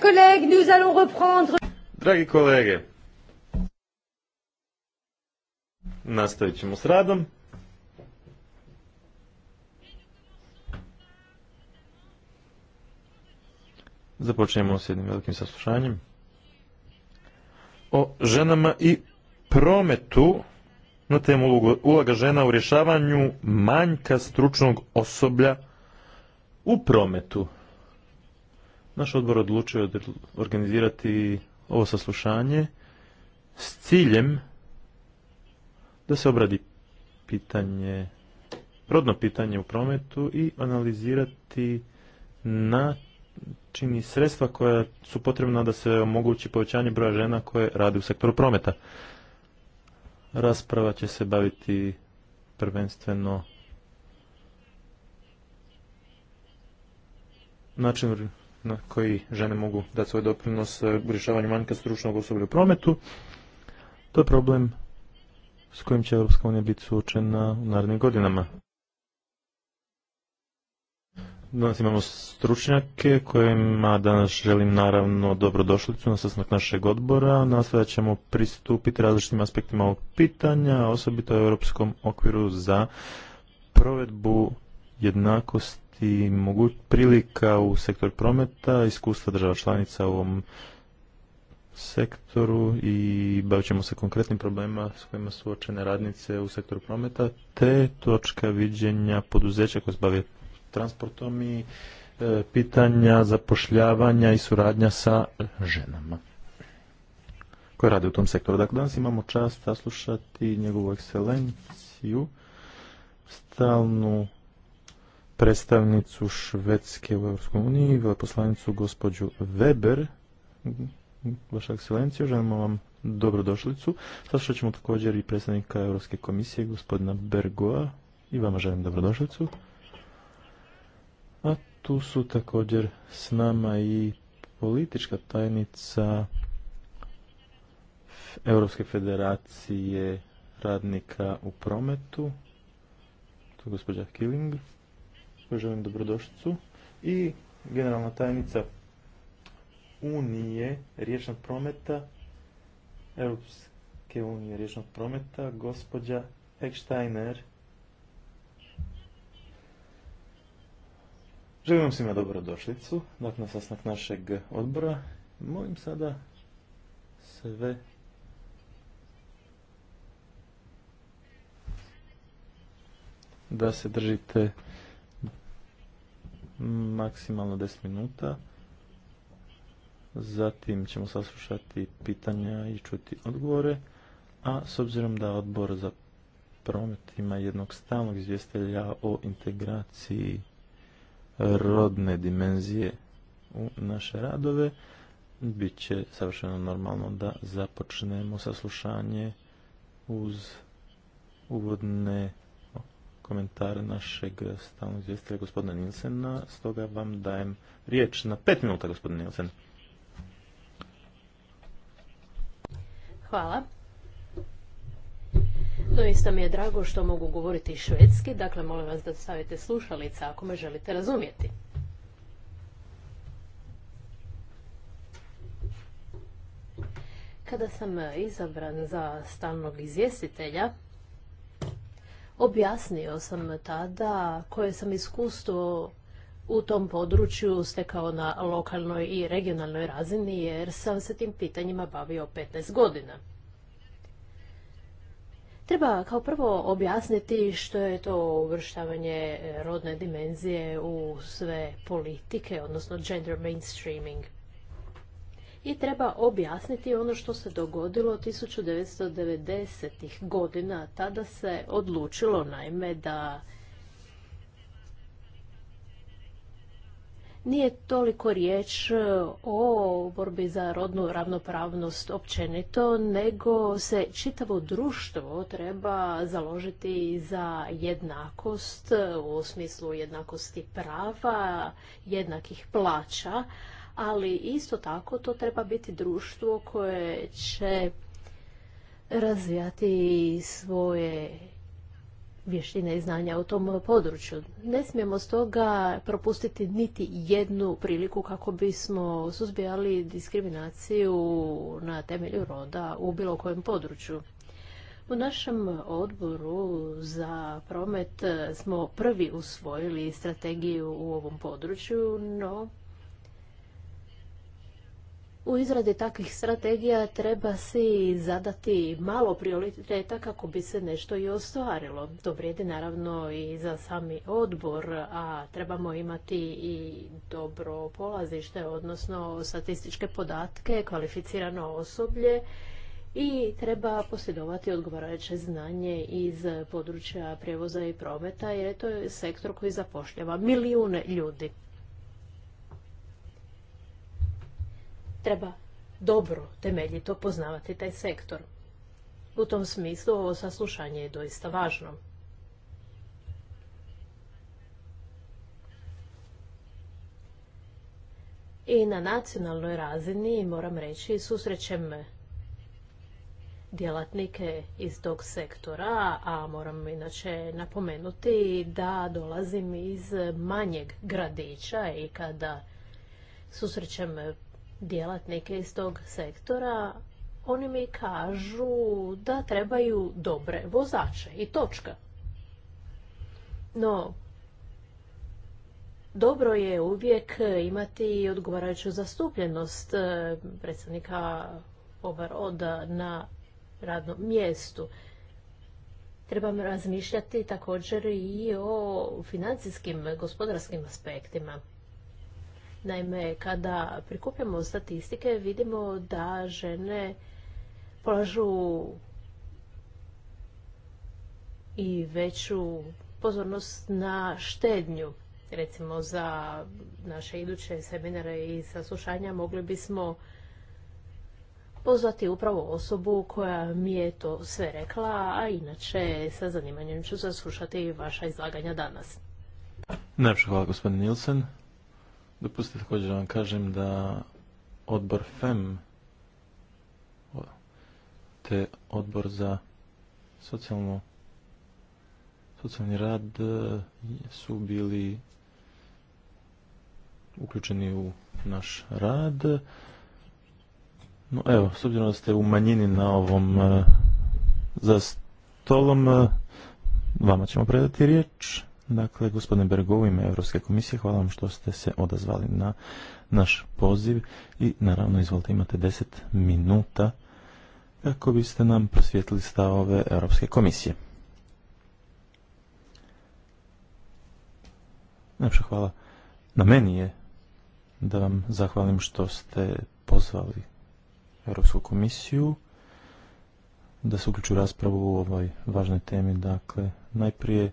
Dragi kolege, nastavit ćemo s radom. Započnemo s jednim velikim saslušanjem o ženama i prometu na temu uloga žena u rješavanju manjka stručnog osoblja u prometu. Naš odbor odlučio organizirati ovo saslušanje s ciljem da se obradi pitanje, rodno pitanje u prometu i analizirati na čini sredstva koja su potrebna da se omogući povećanje broja žena koje rade u sektoru prometa. Rasprava će se baviti prvenstveno način na koji žene mogu dati svoj doprinos e, rješavanju manjka stručnog osoblja u prometu. To je problem s kojim će Europska unija biti suočena u narednim godinama. Danas imamo stručnjake kojima danas želim naravno dobrodošlicu na sastanak našeg odbora. Nastavit ćemo pristupiti različitim aspektima ovog pitanja, osobito u europskom okviru za provedbu jednakosti mogu prilika u sektor prometa, iskustva država članica u ovom sektoru i bavit ćemo se konkretnim problema s kojima su očene radnice u sektoru prometa, te točka viđenja poduzeća koje se bave transportom i e, pitanja zapošljavanja i suradnja sa ženama koje rade u tom sektoru. Dakle, danas imamo čast saslušati njegovu ekscelenciju, stalnu predstavnicu Švedske u EU, veleposlanicu gospođu Weber. Vaša ekscelencija, želimo vam dobrodošlicu. slušat ćemo također i predstavnika Europske komisije, gospodina Bergoa. I vama želim dobrodošlicu. A tu su također s nama i politička tajnica Europske federacije radnika u prometu. Tu je gospođa Killing želim dobrodošlicu. I generalna tajnica Unije riječnog prometa, Europske unije riječnog prometa, gospođa Ecksteiner. Želim vam svima dobrodošlicu, dakle na sasnak našeg odbora. Molim sada sve da se držite maksimalno 10 minuta. Zatim ćemo saslušati pitanja i čuti odgovore. A s obzirom da odbor za promet ima jednog stalnog izvjestelja o integraciji rodne dimenzije u naše radove, bit će savršeno normalno da započnemo saslušanje uz uvodne komentar našeg stalnog izvjestitelja gospodina Nilsena, stoga vam dajem riječ na pet minuta gospodin Nilsen.
Hvala. Doista mi je drago što mogu govoriti švedski, dakle molim vas da stavite slušalice ako me želite razumjeti. Kada sam izabran za stalnog izvjestitelja, Objasnio sam tada koje sam iskustvo u tom području stekao na lokalnoj i regionalnoj razini jer sam se tim pitanjima bavio 15 godina. Treba kao prvo objasniti što je to uvrštavanje rodne dimenzije u sve politike, odnosno gender mainstreaming i treba objasniti ono što se dogodilo 1990-ih godina. Tada se odlučilo naime da nije toliko riječ o borbi za rodnu ravnopravnost općenito, nego se čitavo društvo treba založiti za jednakost u smislu jednakosti prava, jednakih plaća, ali isto tako to treba biti društvo koje će razvijati svoje vještine i znanja u tom području. Ne smijemo stoga propustiti niti jednu priliku kako bismo suzbijali diskriminaciju na temelju roda u bilo kojem području. U našem odboru za promet smo prvi usvojili strategiju u ovom području, no u izradi takvih strategija treba si zadati malo prioriteta kako bi se nešto i ostvarilo. To vrijedi naravno i za sami odbor, a trebamo imati i dobro polazište, odnosno statističke podatke, kvalificirano osoblje i treba posjedovati odgovarajuće znanje iz područja prijevoza i prometa jer to je sektor koji zapošljava milijune ljudi. treba dobro, temeljito poznavati taj sektor. U tom smislu ovo saslušanje je doista važno. I na nacionalnoj razini, moram reći, susrećem djelatnike iz tog sektora, a moram inače napomenuti da dolazim iz manjeg gradića i kada susrećem djelatnike iz tog sektora, oni mi kažu da trebaju dobre vozače i točka. No, dobro je uvijek imati odgovarajuću zastupljenost e, predsjednika oda na radnom mjestu. Trebam razmišljati također i o financijskim gospodarskim aspektima. Naime, kada prikupljamo statistike vidimo da žene polažu i veću pozornost na štednju. Recimo za naše iduće seminare i saslušanja mogli bismo pozvati upravo osobu koja mi je to sve rekla, a inače sa zanimanjem ću saslušati vaša izlaganja danas.
hvala gospodin Nilsen. Dopustite također da vam kažem da odbor FEM te odbor za socijalno socijalni rad e, su bili uključeni u naš rad. No evo, s obzirom da ste u manjini na ovom e, za stolom, e, vama ćemo predati riječ. Dakle, gospodine Bergov, ime Europske komisije, hvala vam što ste se odazvali na naš poziv i naravno izvolite imate 10 minuta kako biste nam prosvijetili stavove Europske komisije. Najpša hvala. Na meni je da vam zahvalim što ste pozvali Europsku komisiju da se uključu raspravu u ovoj važnoj temi. Dakle, najprije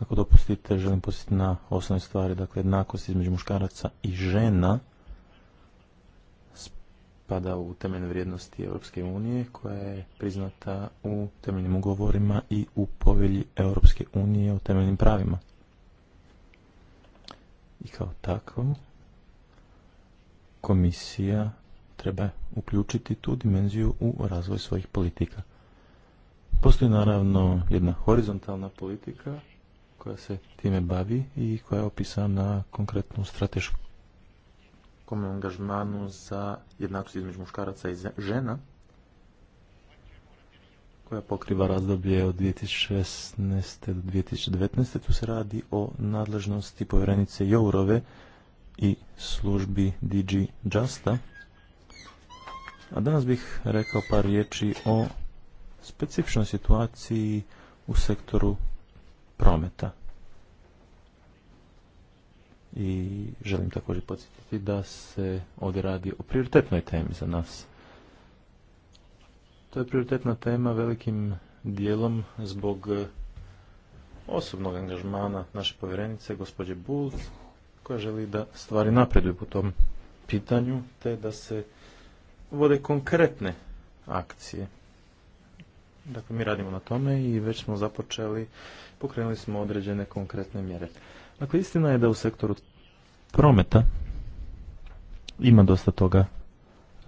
ako dopustite, želim posjetiti na osnovne stvari, dakle jednakost između muškaraca i žena spada u temeljne vrijednosti Europske unije koja je priznata u temeljnim ugovorima i u povelji Europske unije o temeljnim pravima. I kao tako komisija treba uključiti tu dimenziju u razvoj svojih politika. Postoji naravno jedna horizontalna politika koja se time bavi i koja je opisana konkretnu stratešku kom angažmanu za jednakost između muškaraca i žena koja pokriva razdoblje od 2016. do 2019. Tu se radi o nadležnosti povjerenice Jourove i službi DG Justa. A danas bih rekao par riječi o specifičnoj situaciji u sektoru prometa. I želim također podsjetiti da se ovdje radi o prioritetnoj temi za nas. To je prioritetna tema velikim dijelom zbog e, osobnog angažmana naše povjerenice, gospođe Bulls koja želi da stvari napreduju po tom pitanju, te da se vode konkretne akcije. Dakle, mi radimo na tome i već smo započeli, pokrenuli smo određene konkretne mjere. Dakle, istina je da u sektoru prometa ima dosta toga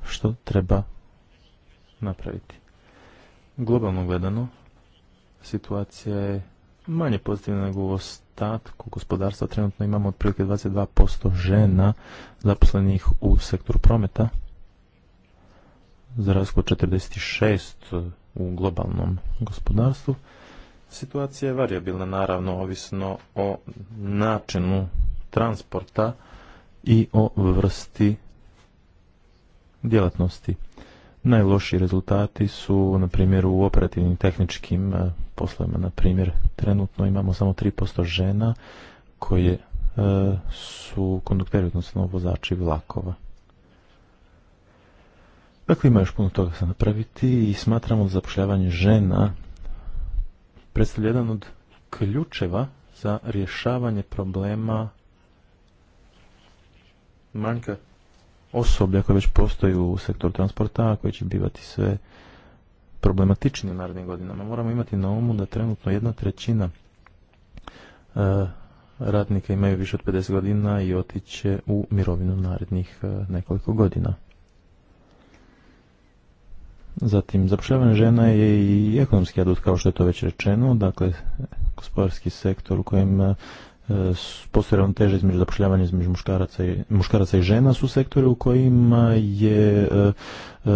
što treba napraviti. Globalno gledano, situacija je manje pozitivna nego u ostatku gospodarstva. Trenutno imamo otprilike 22% žena zaposlenih u sektoru prometa, za razliku od 46% u globalnom gospodarstvu. Situacija je variabilna, naravno, ovisno o načinu transporta i o vrsti djelatnosti. Najloši rezultati su, na primjer, u operativnim tehničkim e, poslovima. Na primjer, trenutno imamo samo 3% žena koje e, su kondukteri, odnosno vozači vlakova. Dakle, ima još puno toga se napraviti i smatramo da zapošljavanje žena predstavlja jedan od ključeva za rješavanje problema manjka osoblja koje već postoji u sektoru transporta, a koji će bivati sve problematični u narednim godinama. Moramo imati na umu da trenutno jedna trećina e, radnika imaju više od 50 godina i otiće u mirovinu narednih e, nekoliko godina. Zatim, zapošljavanje žena je i ekonomski adut, kao što je to već rečeno, dakle, gospodarski sektor u kojem e, postoje ravnoteže između zapošljavanja između muškaraca i, muškaraca i žena su sektori u kojima je e, e,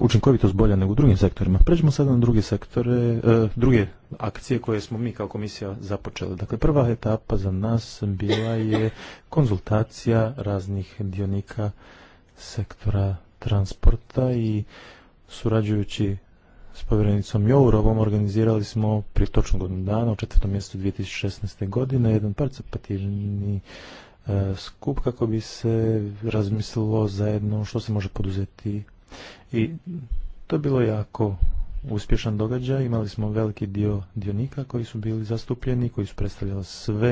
učinkovitost bolja nego u drugim sektorima. Pređemo sada na druge sektore, druge akcije koje smo mi kao komisija započeli. Dakle, prva etapa za nas bila je konzultacija raznih dionika sektora transporta i surađujući s povjerenicom Jourovom organizirali smo pri točnom godinu dana u četvrtom mjestu 2016. godine jedan participativni e, skup kako bi se razmislilo zajedno što se može poduzeti i to je bilo jako uspješan događaj. Imali smo veliki dio dionika koji su bili zastupljeni, koji su predstavljali sve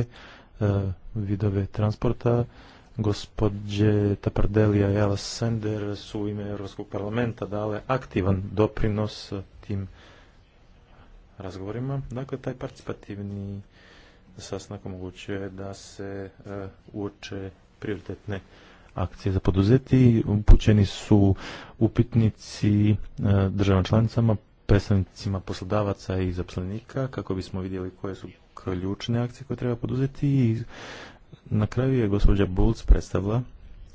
e, vidove transporta, gospođe Tapardelija i Alas Sender su u ime Europskog parlamenta dale aktivan doprinos tim razgovorima. Dakle, taj participativni sastanak omogućuje da se e, uoče prioritetne akcije za poduzeti. Upućeni su upitnici e, državama članicama, predstavnicima poslodavaca i zaposlenika kako bismo vidjeli koje su ključne akcije koje treba poduzeti i na kraju je gospođa Bulc predstavila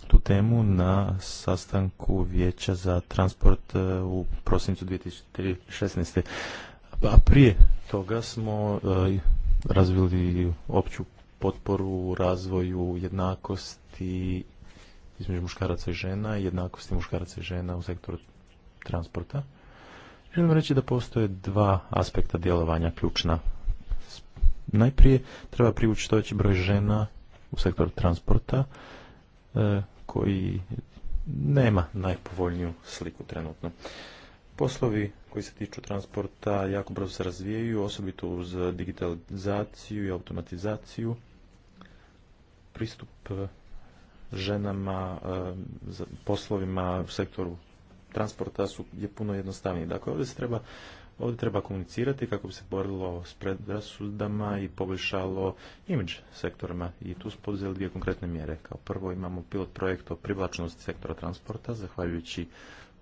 tu temu na sastanku Vijeća za transport e, u prosincu 2016. A prije toga smo e, razvili opću potporu razvoju jednakosti između muškaraca i žena i jednakosti muškaraca i žena u sektoru transporta. Želim reći da postoje dva aspekta djelovanja ključna. Najprije treba privući što veći broj žena u sektoru transporta e, koji nema najpovoljniju sliku trenutno. Poslovi koji se tiču transporta jako brzo se razvijaju, osobito uz digitalizaciju i automatizaciju. Pristup e, ženama, e, poslovima u sektoru transporta su, je puno jednostavniji. Dakle, ovdje se treba Ovdje treba komunicirati kako bi se borilo s predrasudama i poboljšalo image sektorima i tu smo poduzeli dvije konkretne mjere. Kao prvo imamo pilot projekt o privlačnosti sektora transporta, zahvaljujući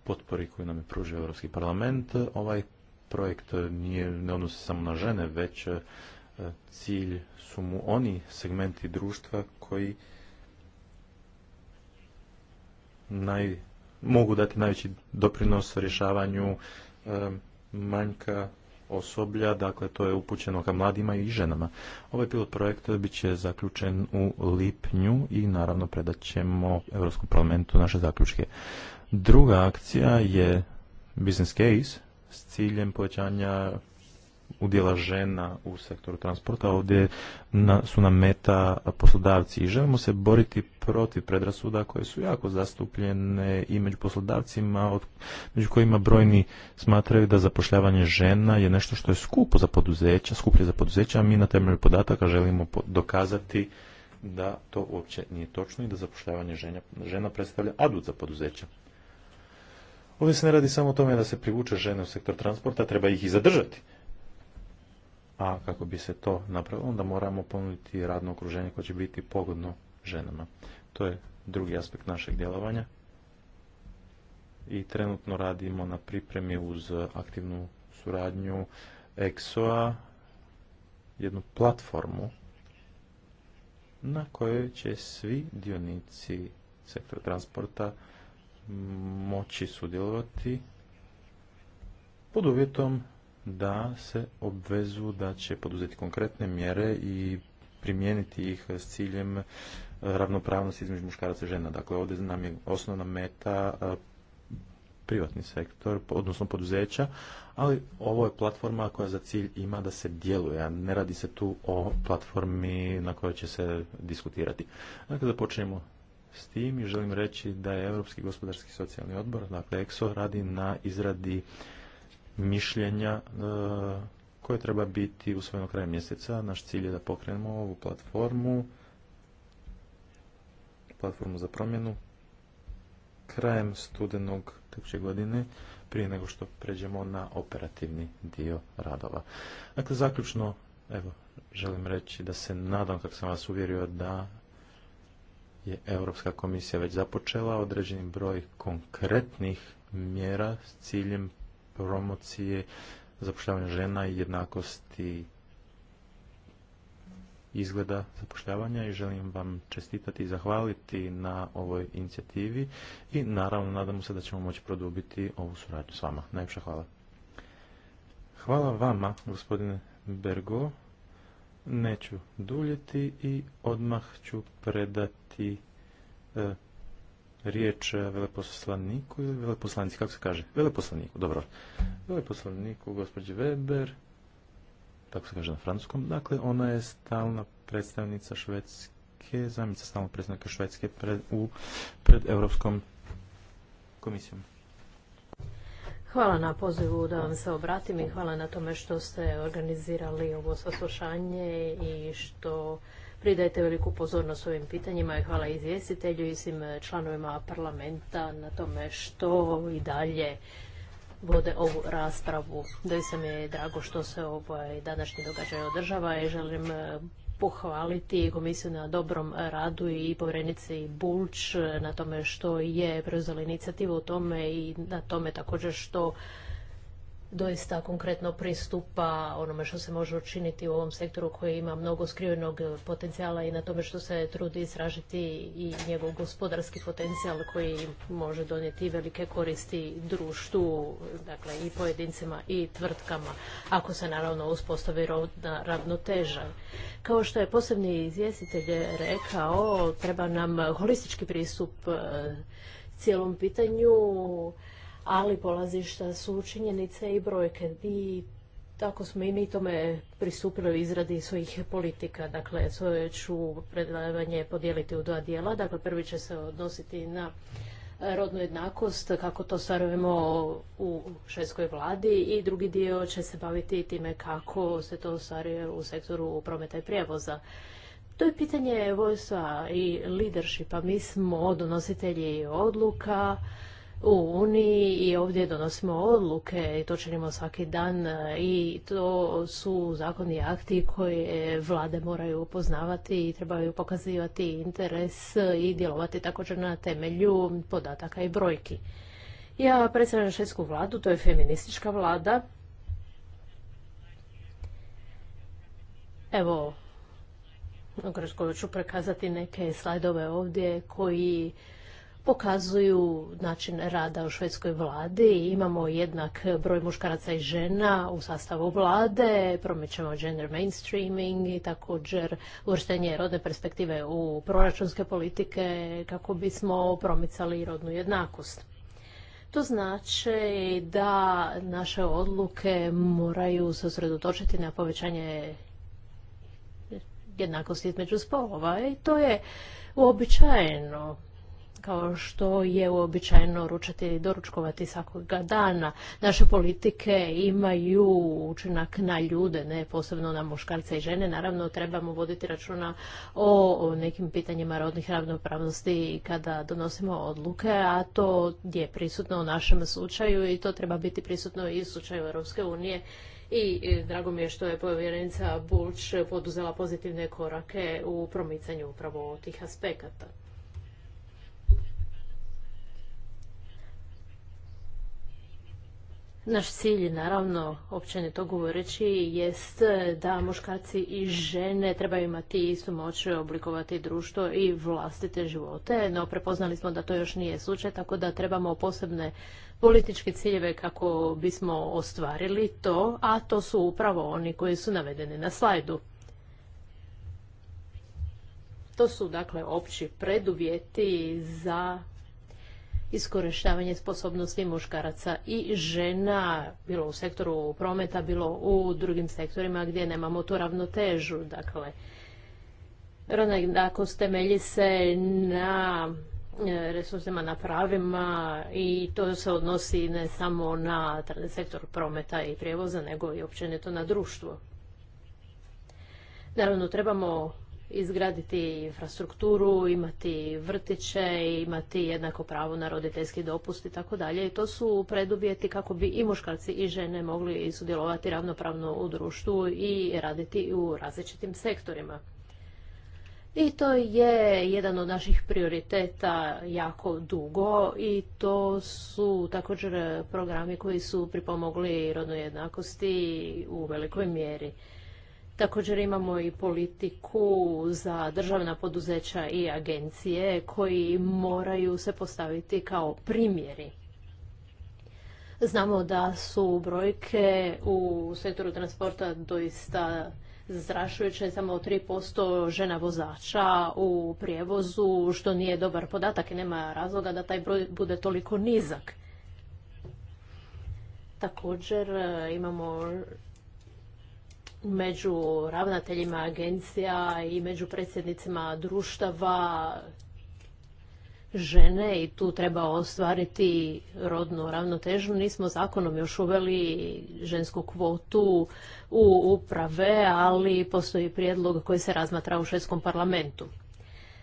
potpori koju nam je pružio Europski parlament. Ovaj projekt nije, ne odnosi samo na žene, već e, cilj su mu oni segmenti društva koji naj, mogu dati najveći doprinos rješavanju e, manjka osoblja, dakle to je upućeno ka mladima i ženama. Ovaj pilot projekt bit će zaključen u lipnju i naravno predat ćemo Europskom parlamentu naše zaključke. Druga akcija je business case s ciljem povećanja udjela žena u sektoru transporta, ovdje su nam meta poslodavci i želimo se boriti protiv predrasuda koje su jako zastupljene i među poslodavcima, od, među kojima brojni smatraju da zapošljavanje žena je nešto što je skupo za poduzeća, skuplje za poduzeća, a mi na temelju podataka želimo dokazati da to uopće nije točno i da zapošljavanje žena, žena predstavlja adut za poduzeća. Ovdje se ne radi samo o tome da se privuče žene u sektor transporta, treba ih i zadržati a kako bi se to napravilo, onda moramo ponuditi radno okruženje koje će biti pogodno ženama. To je drugi aspekt našeg djelovanja i trenutno radimo na pripremi uz aktivnu suradnju EXO-a, jednu platformu na kojoj će svi dionici sektora transporta moći sudjelovati pod uvjetom da se obvezu da će poduzeti konkretne mjere i primijeniti ih s ciljem e, ravnopravnosti između muškaraca i žena. Dakle, ovdje nam je osnovna meta e, privatni sektor, odnosno poduzeća, ali ovo je platforma koja za cilj ima da se djeluje, a ne radi se tu o platformi na kojoj će se diskutirati. Dakle, da počnemo s tim i želim reći da je Europski gospodarski socijalni odbor, dakle EXO, radi na izradi mišljenja e, koje treba biti usvojeno krajem mjeseca. Naš cilj je da pokrenemo ovu platformu, platformu za promjenu, krajem studenog tekuće godine, prije nego što pređemo na operativni dio radova. Dakle, zaključno, evo, želim reći da se nadam, kako sam vas uvjerio, da je Europska komisija već započela određeni broj konkretnih mjera s ciljem promocije zapošljavanja žena i jednakosti izgleda zapošljavanja i želim vam čestitati i zahvaliti na ovoj inicijativi i naravno nadamo se da ćemo moći produbiti ovu suradnju s vama. hvala. Hvala vama, gospodine Bergo. Neću duljeti i odmah ću predati eh, riječ e, veleposlaniku ili veleposlanici, kako se kaže? Veleposlaniku, dobro. Veleposlaniku, gospođi Weber, tako se kaže na francuskom. Dakle, ona je stalna predstavnica Švedske, zamjenica stalnog predstavnika Švedske pred, u, pred Europskom komisijom.
Hvala na pozivu da vam se obratim i hvala na tome što ste organizirali ovo saslušanje i što Pridajte veliku pozornost ovim pitanjima i hvala izvjestitelju i svim e, članovima parlamenta na tome što i dalje vode ovu raspravu. Doista mi je drago što se ovaj današnji događaj održava i želim e, pohvaliti komisiju na dobrom radu i povjerenici Bulč e, na tome što je preuzela inicijativu u tome i na tome također što doista konkretno pristupa onome što se može učiniti u ovom sektoru koji ima mnogo skrivenog potencijala i na tome što se trudi istražiti i njegov gospodarski potencijal koji može donijeti velike koristi društvu, dakle i pojedincima i tvrtkama, ako se naravno uspostavi rodna ravnoteža. Kao što je posebni izvjestitelj rekao, treba nam holistički pristup e, cijelom pitanju ali polazišta su činjenice i brojke i tako smo i mi tome pristupili izradi svojih politika. Dakle, svoje ću predavanje podijeliti u dva dijela. Dakle, prvi će se odnositi na rodnu jednakost, kako to stvarujemo u švedskoj vladi i drugi dio će se baviti time kako se to stvaruje u sektoru prometa i prijevoza. To je pitanje vojstva i leadershipa. Mi smo donositelji odluka, u Uniji i ovdje donosimo odluke i to činimo svaki dan e, i to su zakoni i akti koje vlade moraju upoznavati i trebaju pokazivati interes i djelovati također na temelju podataka i brojki. Ja predstavljam švedsku vladu, to je feministička vlada. Evo, ukratko ću prekazati neke slajdove ovdje koji pokazuju način rada u švedskoj vladi. Imamo jednak broj muškaraca i žena u sastavu vlade, promičemo gender mainstreaming i također uvrštenje rodne perspektive u proračunske politike kako bismo promicali rodnu jednakost. To znači da naše odluke moraju se usredotočiti na povećanje jednakosti između spolova i to je uobičajeno kao što je uobičajeno ručati i doručkovati svakog dana. Naše politike imaju učinak na ljude, ne posebno na muškarce i žene. Naravno, trebamo voditi računa o nekim pitanjima rodnih ravnopravnosti kada donosimo odluke, a to je prisutno u našem slučaju i to treba biti prisutno i u slučaju Europske unije i e, drago mi je što je povjerenica Bulč poduzela pozitivne korake u promicanju upravo tih aspekata. Naš cilj, naravno, to govoreći, jest da muškarci i žene trebaju imati istu moć oblikovati društvo i vlastite živote, no prepoznali smo da to još nije slučaj, tako da trebamo posebne političke ciljeve kako bismo ostvarili to, a to su upravo oni koji su navedeni na slajdu. To su dakle opći preduvjeti za iskorištavanje sposobnosti muškaraca i žena, bilo u sektoru prometa, bilo u drugim sektorima gdje nemamo tu ravnotežu. Dakle, rodna jednakost temelji se na e, resursima, na pravima i to se odnosi ne samo na sektor prometa i prijevoza, nego i općenito na društvo. Naravno, trebamo izgraditi infrastrukturu, imati vrtiće, imati jednako pravo na roditeljski dopust i tako dalje. I to su preduvjeti kako bi i muškarci i žene mogli sudjelovati ravnopravno u društvu i raditi u različitim sektorima. I to je jedan od naših prioriteta jako dugo i to su također programi koji su pripomogli rodnoj jednakosti u velikoj mjeri. Također imamo i politiku za državna poduzeća i agencije koji moraju se postaviti kao primjeri. Znamo da su brojke u sektoru transporta doista zastrašujuće, samo 3% žena vozača u prijevozu, što nije dobar podatak i nema razloga da taj broj bude toliko nizak. Također eh, imamo među ravnateljima agencija i među predsjednicima društava žene i tu treba ostvariti rodnu ravnotežu. Nismo zakonom još uveli žensku kvotu u uprave, ali postoji prijedlog koji se razmatra u švedskom parlamentu.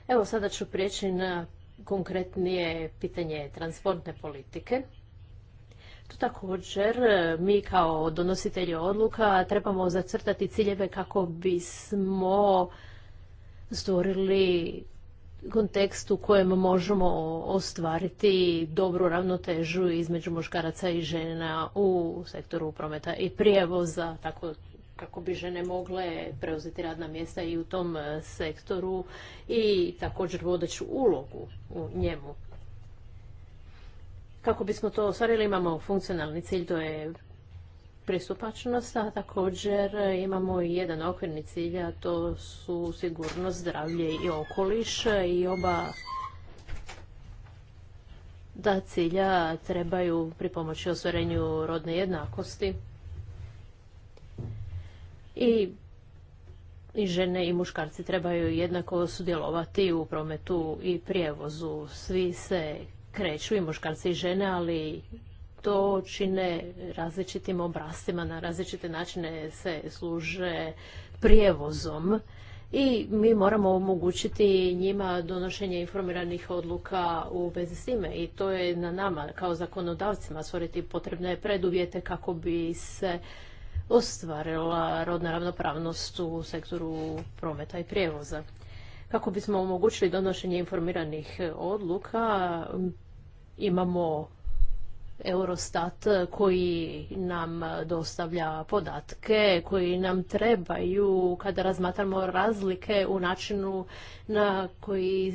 Evo sada ću prijeći na konkretnije pitanje transportne politike. Također, e, mi kao donositelji odluka trebamo zacrtati ciljeve kako bismo stvorili kontekst u kojem možemo ostvariti dobru ravnotežu između muškaraca i žena u sektoru prometa i prijevoza, tako kako bi žene mogle preuzeti radna mjesta i u tom e, sektoru i također vodeću ulogu u njemu. Kako bismo to ostvarili imamo funkcionalni cilj, to je pristupačnost, a također imamo i jedan okvirni cilj, a to su sigurnost, zdravlje i okoliš i oba da cilja trebaju pripomoći ostvarenju rodne jednakosti i i žene i muškarci trebaju jednako sudjelovati u prometu i prijevozu. Svi se kreću i muškarci i žene, ali to čine različitim obrastima, na različite načine se služe prijevozom i mi moramo omogućiti njima donošenje informiranih odluka u vezi s time i to je na nama kao zakonodavcima stvoriti potrebne preduvjete kako bi se ostvarila rodna ravnopravnost u sektoru prometa i prijevoza. Kako bismo omogućili donošenje informiranih odluka, imamo Eurostat koji nam dostavlja podatke koji nam trebaju kada razmatramo razlike u načinu na koji,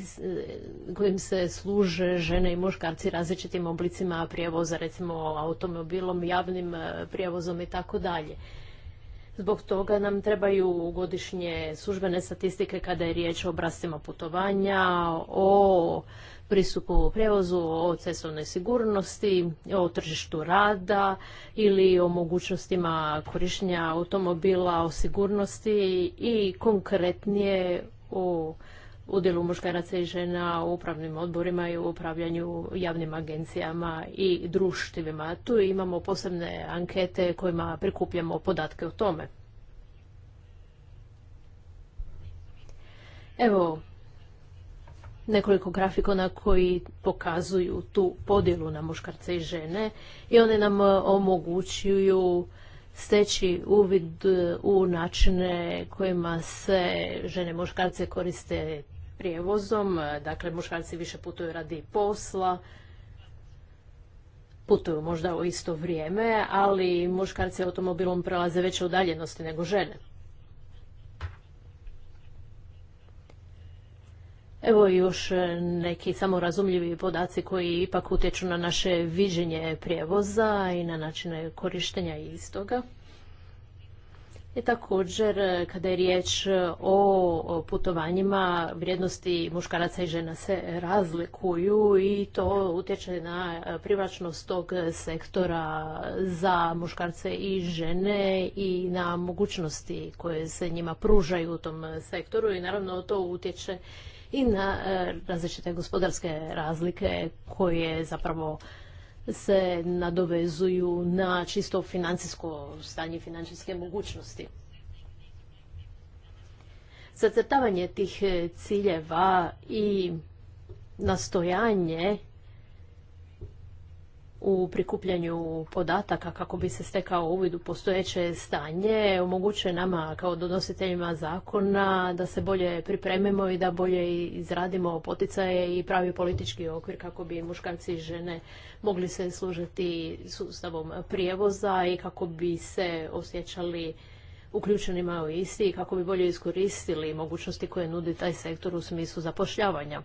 kojim se služe žene i muškarci različitim oblicima prijevoza, recimo automobilom, javnim e, prijevozom i tako dalje. Zbog toga nam trebaju godišnje službene statistike kada je riječ o obrastima putovanja, o pristupu u prijevozu, o cestovnoj sigurnosti, o tržištu rada ili o mogućnostima korištenja automobila, o sigurnosti i konkretnije o udjelu muškaraca i žena u upravnim odborima i u upravljanju javnim agencijama i društvima. Tu imamo posebne ankete kojima prikupljamo podatke o tome. Evo, nekoliko grafikona koji pokazuju tu podjelu na muškarce i žene i one nam e, omogućuju steći uvid e, u načine kojima se žene muškarce koriste prijevozom. E, dakle, muškarci više putuju radi posla, putuju možda u isto vrijeme, ali muškarci automobilom prelaze veće udaljenosti nego žene. Evo još e, neki samorazumljivi podaci koji ipak utječu na naše viđenje prijevoza i na načine korištenja istoga. I također, e, kada je riječ o putovanjima, vrijednosti muškaraca i žena se razlikuju i to utječe na privlačnost tog sektora za muškarce i žene i na mogućnosti koje se njima pružaju u tom sektoru i naravno to utječe i na e, različite gospodarske razlike koje zapravo se nadovezuju na čisto financijsko stanje, financijske mogućnosti. Zacrtavanje tih e, ciljeva i nastojanje u prikupljanju podataka kako bi se stekao uvid u postojeće stanje omogućuje nama kao donositeljima zakona da se bolje pripremimo i da bolje izradimo poticaje i pravi politički okvir kako bi muškarci i žene mogli se služiti sustavom prijevoza i kako bi se osjećali uključenima u isti i kako bi bolje iskoristili mogućnosti koje nudi taj sektor u smislu zapošljavanja.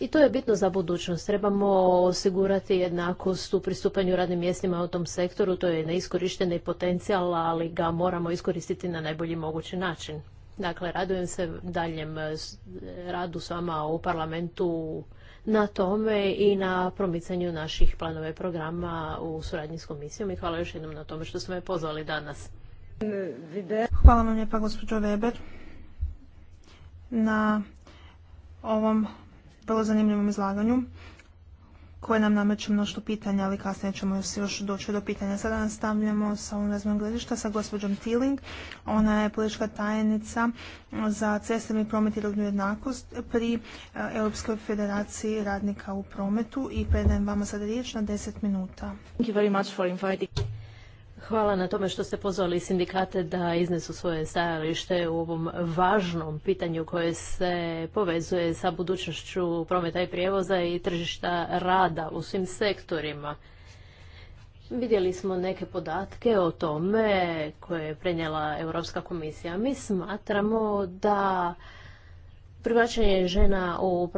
I to je bitno za budućnost. Trebamo osigurati jednakost u pristupanju radnim mjestima u tom sektoru. To je neiskorišteni potencijal, ali ga moramo iskoristiti na najbolji mogući način. Dakle, radujem se daljem e, e, radu s vama u parlamentu na tome i na promicanju naših planove programa u suradnji s komisijom i hvala još jednom na tome što ste me pozvali danas.
Hvala vam lijepa gospođo Weber na ovom vrlo zanimljivom izlaganju koje nam nameće mnošto pitanja, ali kasnije ćemo još doći do pitanja. Sada nastavljamo sa ovom gledišta sa gospođom Tiling. Ona je politička tajnica za cestovni promet i rodnu jednakost pri e, Europskoj federaciji radnika u prometu i predajem vama sada riječ na 10 minuta.
Thank you very much Hvala na tome što ste pozvali sindikate da iznesu svoje stajalište u ovom važnom pitanju koje se povezuje sa budućnošću prometa i prijevoza i tržišta rada u svim sektorima. Vidjeli smo neke podatke o tome koje je prenijela Europska komisija. Mi smatramo da Privlačenje žena u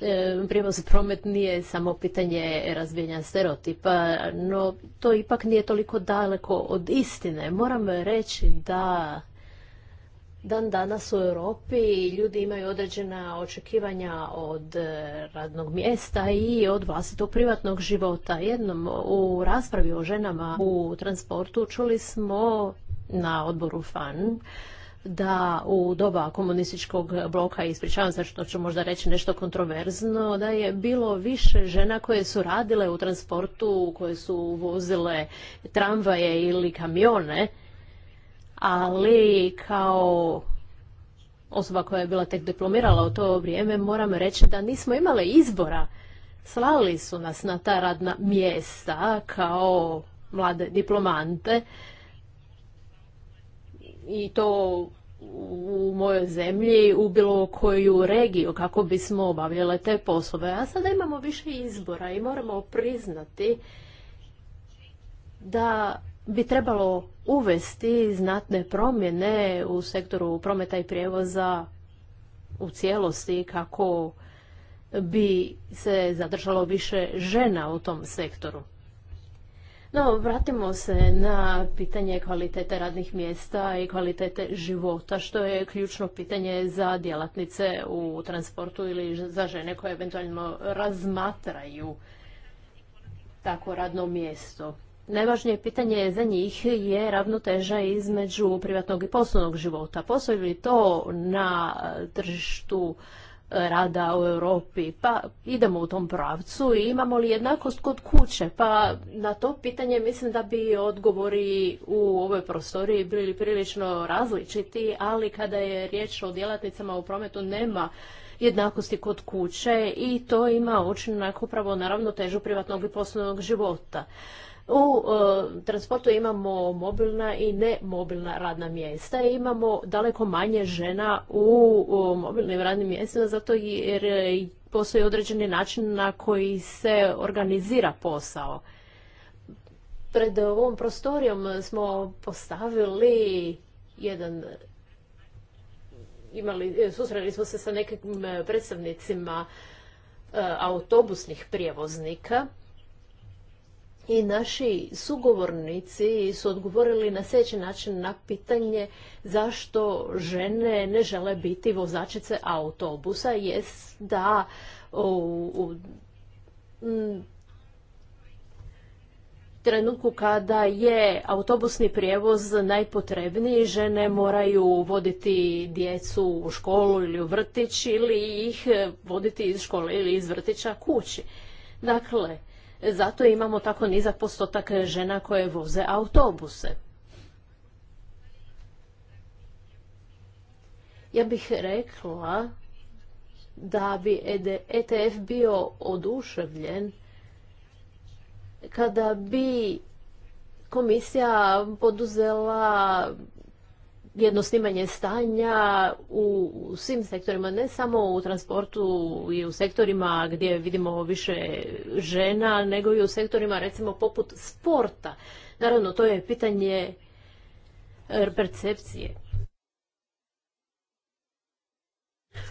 e, prijevozu promet nije samo pitanje razvijenja stereotipa, no to ipak nije toliko daleko od istine. Moram reći da dan danas u Europi ljudi imaju određena očekivanja od e, radnog mjesta i od vlastitog privatnog života. Jednom u raspravi o ženama u transportu čuli smo na odboru FAN da u doba komunističkog bloka, ispričavam se što ću možda reći nešto kontroverzno, da je bilo više žena koje su radile u transportu, koje su vozile tramvaje ili kamione, ali kao osoba koja je bila tek diplomirala u to vrijeme, moram reći da nismo imale izbora. Slali su nas na ta radna mjesta kao mlade diplomante i to u mojoj zemlji, u bilo koju regiju kako bismo obavljale te poslove. A sada imamo više izbora i moramo priznati da bi trebalo uvesti znatne promjene u sektoru prometa i prijevoza u cijelosti kako bi se zadržalo više žena u tom sektoru. No, vratimo se na pitanje kvalitete radnih mjesta i kvalitete života, što je ključno pitanje za djelatnice u transportu ili za žene koje eventualno razmatraju takvo radno mjesto. Najvažnije pitanje za njih je ravnoteža između privatnog i poslovnog života. Postoji li to na tržištu rada u Europi, pa idemo u tom pravcu i imamo li jednakost kod kuće? Pa na to pitanje mislim da bi odgovori u ovoj prostoriji bili prilično različiti, ali kada je riječ o djelatnicama u prometu nema jednakosti kod kuće i to ima učinak upravo na težu privatnog i poslovnog života. U e, transportu imamo mobilna i nemobilna radna mjesta i imamo daleko manje žena u, mobilnim radnim mjestima zato jer e, postoji određeni način na koji se organizira posao. Pred ovom prostorijom smo postavili jedan imali, e, susreli smo se sa nekim predstavnicima autobusnih prijevoznika i naši sugovornici su odgovorili na sljedeći način na pitanje zašto žene ne žele biti vozačice autobusa, jest da u, u trenutku kada je autobusni prijevoz najpotrebniji, žene moraju voditi djecu u školu ili u vrtić ili ih voditi iz škole ili iz vrtića kući. Dakle, zato imamo tako nizak postotak žena koje voze autobuse. Ja bih rekla da bi ETF e bio oduševljen kada bi komisija poduzela jedno snimanje stanja u, svim sektorima, ne samo u transportu i u sektorima gdje vidimo više žena, nego i u sektorima recimo poput sporta. Naravno, to je pitanje percepcije.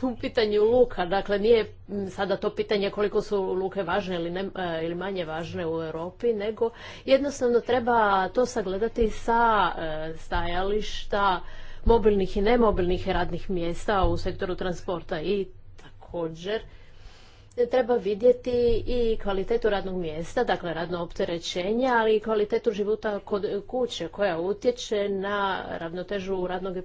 u pitanju luka. Dakle, nije sada to pitanje koliko su luke važne ili, ne, e, ili manje važne u Europi, nego jednostavno treba to sagledati sa e, stajališta mobilnih i nemobilnih radnih mjesta u sektoru transporta i također treba vidjeti i kvalitetu radnog mjesta, dakle radno opterećenje, ali i kvalitetu života kod kuće koja utječe na ravnotežu radnog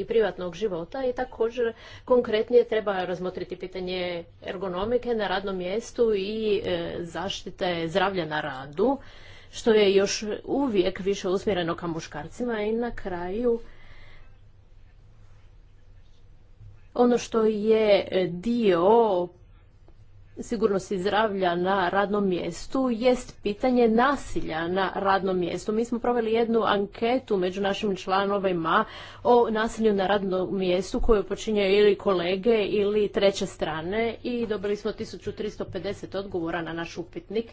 i, privatnog života i također konkretnije treba razmotriti pitanje ergonomike na radnom mjestu i e, zaštite zdravlja na radu, što je još uvijek više usmjereno ka muškarcima i na kraju ono što je dio sigurnosti zdravlja na radnom mjestu jest pitanje nasilja na radnom mjestu. Mi smo proveli jednu anketu među našim članovima o nasilju na radnom mjestu koju počinjaju ili kolege ili treće strane i dobili smo 1350 odgovora na naš upitnik.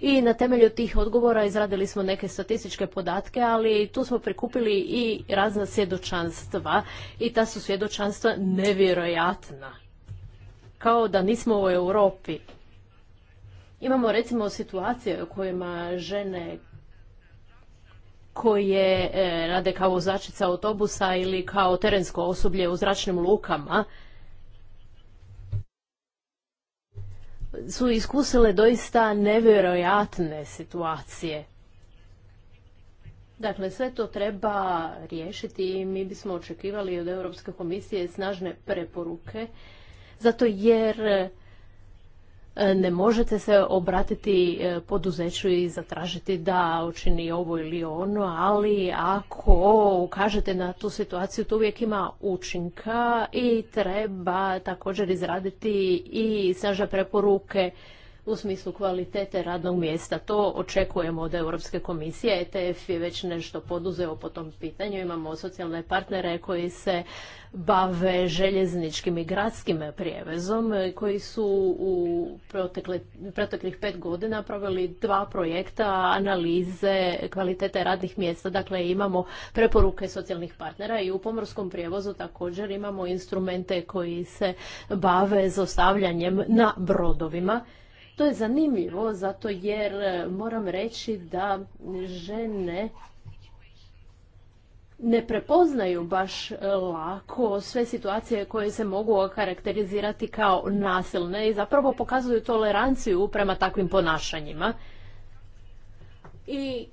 I na temelju tih odgovora izradili smo neke statističke podatke, ali tu smo prikupili i razna svjedočanstva i ta su svjedočanstva nevjerojatna kao da nismo u Europi. Imamo recimo situacije u kojima žene koje e, rade kao vozačica autobusa ili kao terensko osoblje u zračnim lukama su iskusile doista nevjerojatne situacije. Dakle, sve to treba riješiti i mi bismo očekivali od Europske komisije snažne preporuke zato jer e, ne možete se obratiti e, poduzeću i zatražiti da učini ovo ili ono, ali ako ukažete na tu situaciju, to uvijek ima učinka i treba također izraditi i snažne preporuke u smislu kvalitete radnog mjesta. To očekujemo od Europske komisije. ETF je već nešto poduzeo po tom pitanju. Imamo socijalne partnere koji se bave željezničkim i gradskim prijevezom, koji su u protekle, proteklih pet godina proveli dva projekta analize kvalitete radnih mjesta. Dakle, imamo preporuke socijalnih partnera i u pomorskom prijevozu također imamo instrumente koji se bave zostavljanjem na brodovima to je zanimljivo zato jer e, moram reći da žene ne prepoznaju baš e, lako sve situacije koje se mogu karakterizirati kao nasilne i zapravo pokazuju toleranciju prema takvim ponašanjima. I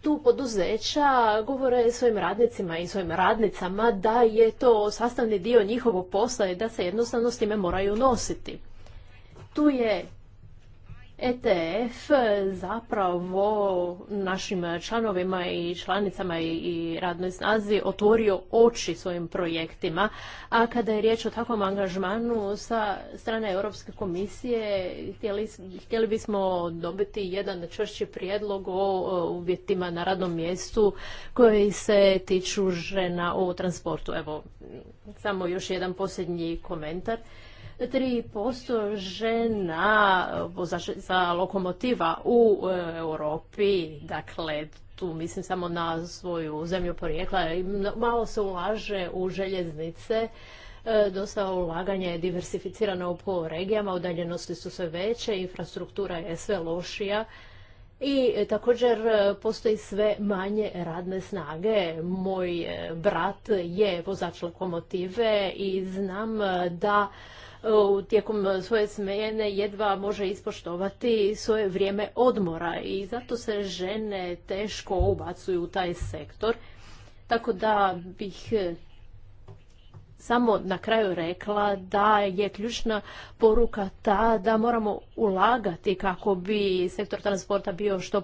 tu poduzeća govore svojim radnicima i svojim radnicama da je to sastavni dio njihovog posla i da se jednostavno s time moraju nositi. Tu je ETF zapravo našim članovima i članicama i radnoj snazi otvorio oči svojim projektima, a kada je riječ o takvom angažmanu sa strane Europske komisije htjeli, bismo dobiti jedan čvršći prijedlog o uvjetima na radnom mjestu koji se tiču žena u transportu. Evo, samo još jedan posljednji komentar. 3% žena za lokomotiva u e, Europi, dakle tu mislim samo na svoju zemlju porijekla, malo se ulaže u željeznice, e, dosta ulaganja je diversificirano po regijama, udaljenosti su sve veće, infrastruktura je sve lošija i također e, postoji sve manje radne snage. Moj brat je vozač lokomotive i znam da E, tijekom svoje smjene jedva može ispoštovati svoje vrijeme odmora i zato se žene teško ubacuju u taj sektor. Tako da bih samo na kraju rekla da je ključna poruka ta da moramo ulagati kako bi sektor transporta bio što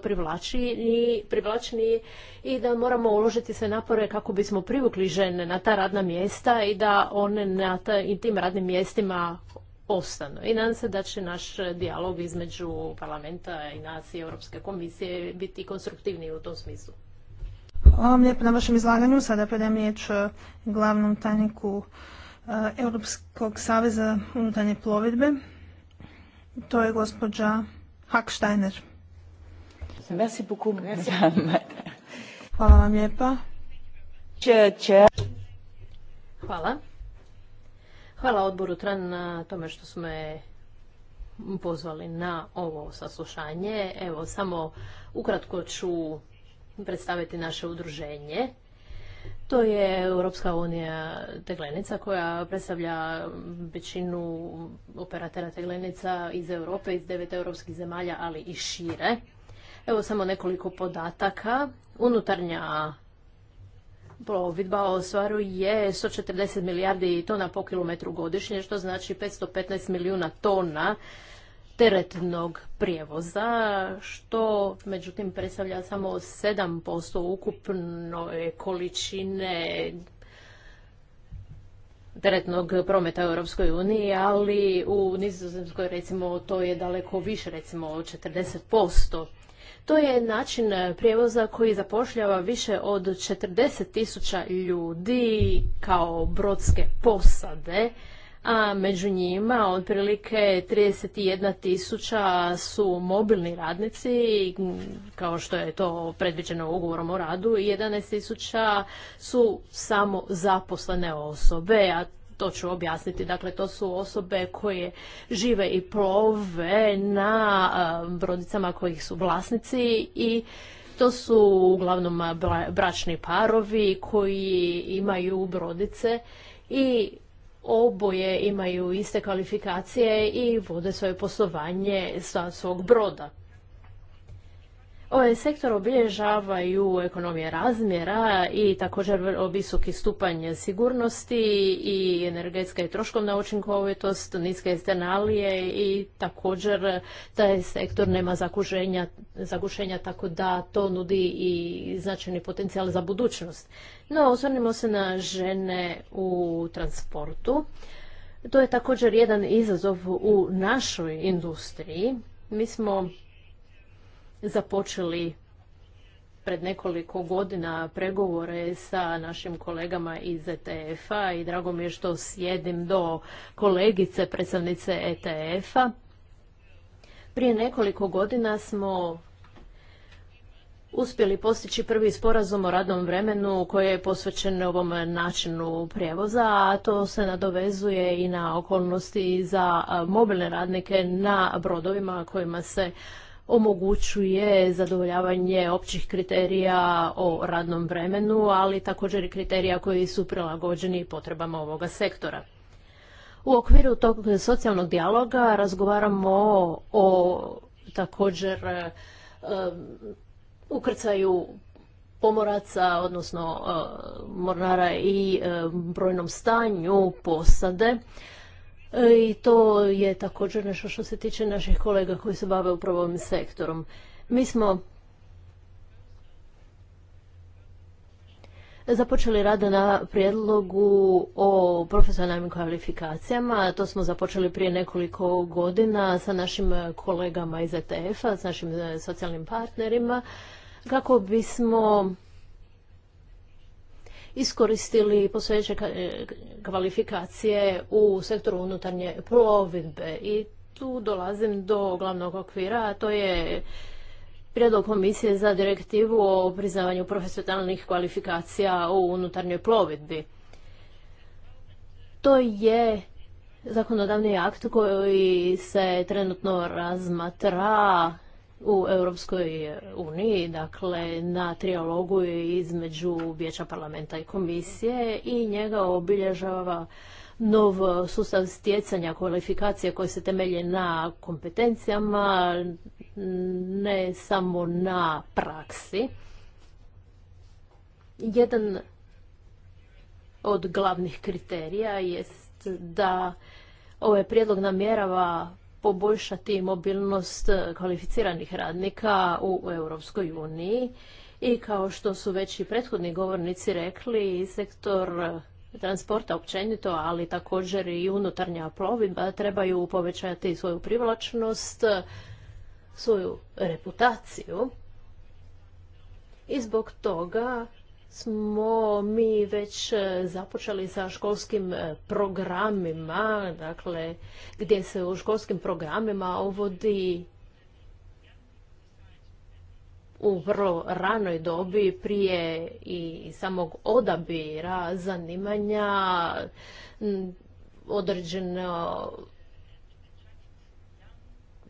privlačniji, i da moramo uložiti sve napore kako bismo privukli žene na ta radna mjesta i da one na tim radnim mjestima ostanu. I nadam se da će naš dijalog između parlamenta i nas i Europske komisije biti konstruktivniji u tom smislu.
Hvala vam lijepo na vašem izlaganju. Sada predajem riječ e, glavnom tajniku e, Europskog saveza unutarnje plovidbe. To je gospođa Haksteiner. Hvala vam lijepa.
Hvala. Hvala odboru TRAN na tome što smo pozvali na ovo saslušanje. Evo, samo ukratko ću predstaviti naše udruženje. To je Europska unija teglenica koja predstavlja većinu operatera teglenica iz Europe, iz devet europskih zemalja, ali i šire. Evo samo nekoliko podataka. Unutarnja plovidba ostvaruje 140 milijardi tona po kilometru godišnje, što znači 515 milijuna tona teretnog prijevoza, što međutim predstavlja samo 7% ukupnoj količine teretnog prometa u Europskoj uniji, ali u Nizozemskoj recimo to je daleko više, recimo 40%. To je način prijevoza koji zapošljava više od 40 tisuća ljudi kao brodske posade, a među njima otprilike 31 tisuća su mobilni radnici, kao što je to predviđeno ugovorom o radu, i 11 tisuća su samo zaposlene osobe, a to ću objasniti. Dakle, to su osobe koje žive i plove na brodicama kojih su vlasnici i to su uglavnom bračni parovi koji imaju brodice i oboje imaju iste kvalifikacije i vode svoje poslovanje sa svog broda. Ovaj sektor obilježavaju ekonomije razmjera i također visoki stupanj sigurnosti i energetska i troškovna učinkovitost, niske esternalije i također taj sektor nema zagušenja tako da to nudi i značajni potencijal za budućnost. No, osvrnimo se na žene u transportu. To je također jedan izazov u našoj industriji. Mi smo započeli pred nekoliko godina pregovore sa našim kolegama iz ETF-a i drago mi je što sjedim do kolegice predstavnice ETF-a. Prije nekoliko godina smo uspjeli postići prvi sporazum o radnom vremenu koji je posvećen ovom načinu prijevoza, a to se nadovezuje i na okolnosti za mobilne radnike na brodovima kojima se omogućuje zadovoljavanje općih kriterija o radnom vremenu, ali također i kriterija koji su prilagođeni potrebama ovoga sektora. U okviru tog socijalnog dijaloga razgovaramo o, također ukrcaju pomoraca, odnosno eh, mornara i brojnom stanju posade. E, I to je također nešto što se tiče naših kolega koji se bave upravo ovim sektorom. Mi smo započeli rad na prijedlogu o profesionalnim kvalifikacijama. To smo započeli prije nekoliko godina sa našim kolegama iz ETF-a, s našim e, socijalnim partnerima, kako bismo iskoristili postojeće e, kvalifikacije u sektoru unutarnje plovidbe. I tu dolazim do glavnog okvira, a to je prijedlog komisije za direktivu o priznavanju profesionalnih kvalifikacija u unutarnjoj plovidbi. To je zakonodavni akt koji se trenutno razmatra u Europskoj uniji, dakle na trijalogu između Vijeća parlamenta i komisije i njega obilježava nov sustav stjecanja kvalifikacije koji se temelje na kompetencijama, ne samo na praksi. Jedan od glavnih kriterija jest da ovaj prijedlog namjerava poboljšati mobilnost kvalificiranih radnika u Europskoj uniji. I kao što su već i prethodni govornici rekli, sektor transporta općenito, ali također i unutarnja plovidba trebaju povećati svoju privlačnost, svoju reputaciju. I zbog toga smo mi već e, započeli sa školskim e, programima, dakle gdje se u školskim programima uvodi u vrlo ranoj dobi prije i samog odabira zanimanja određeno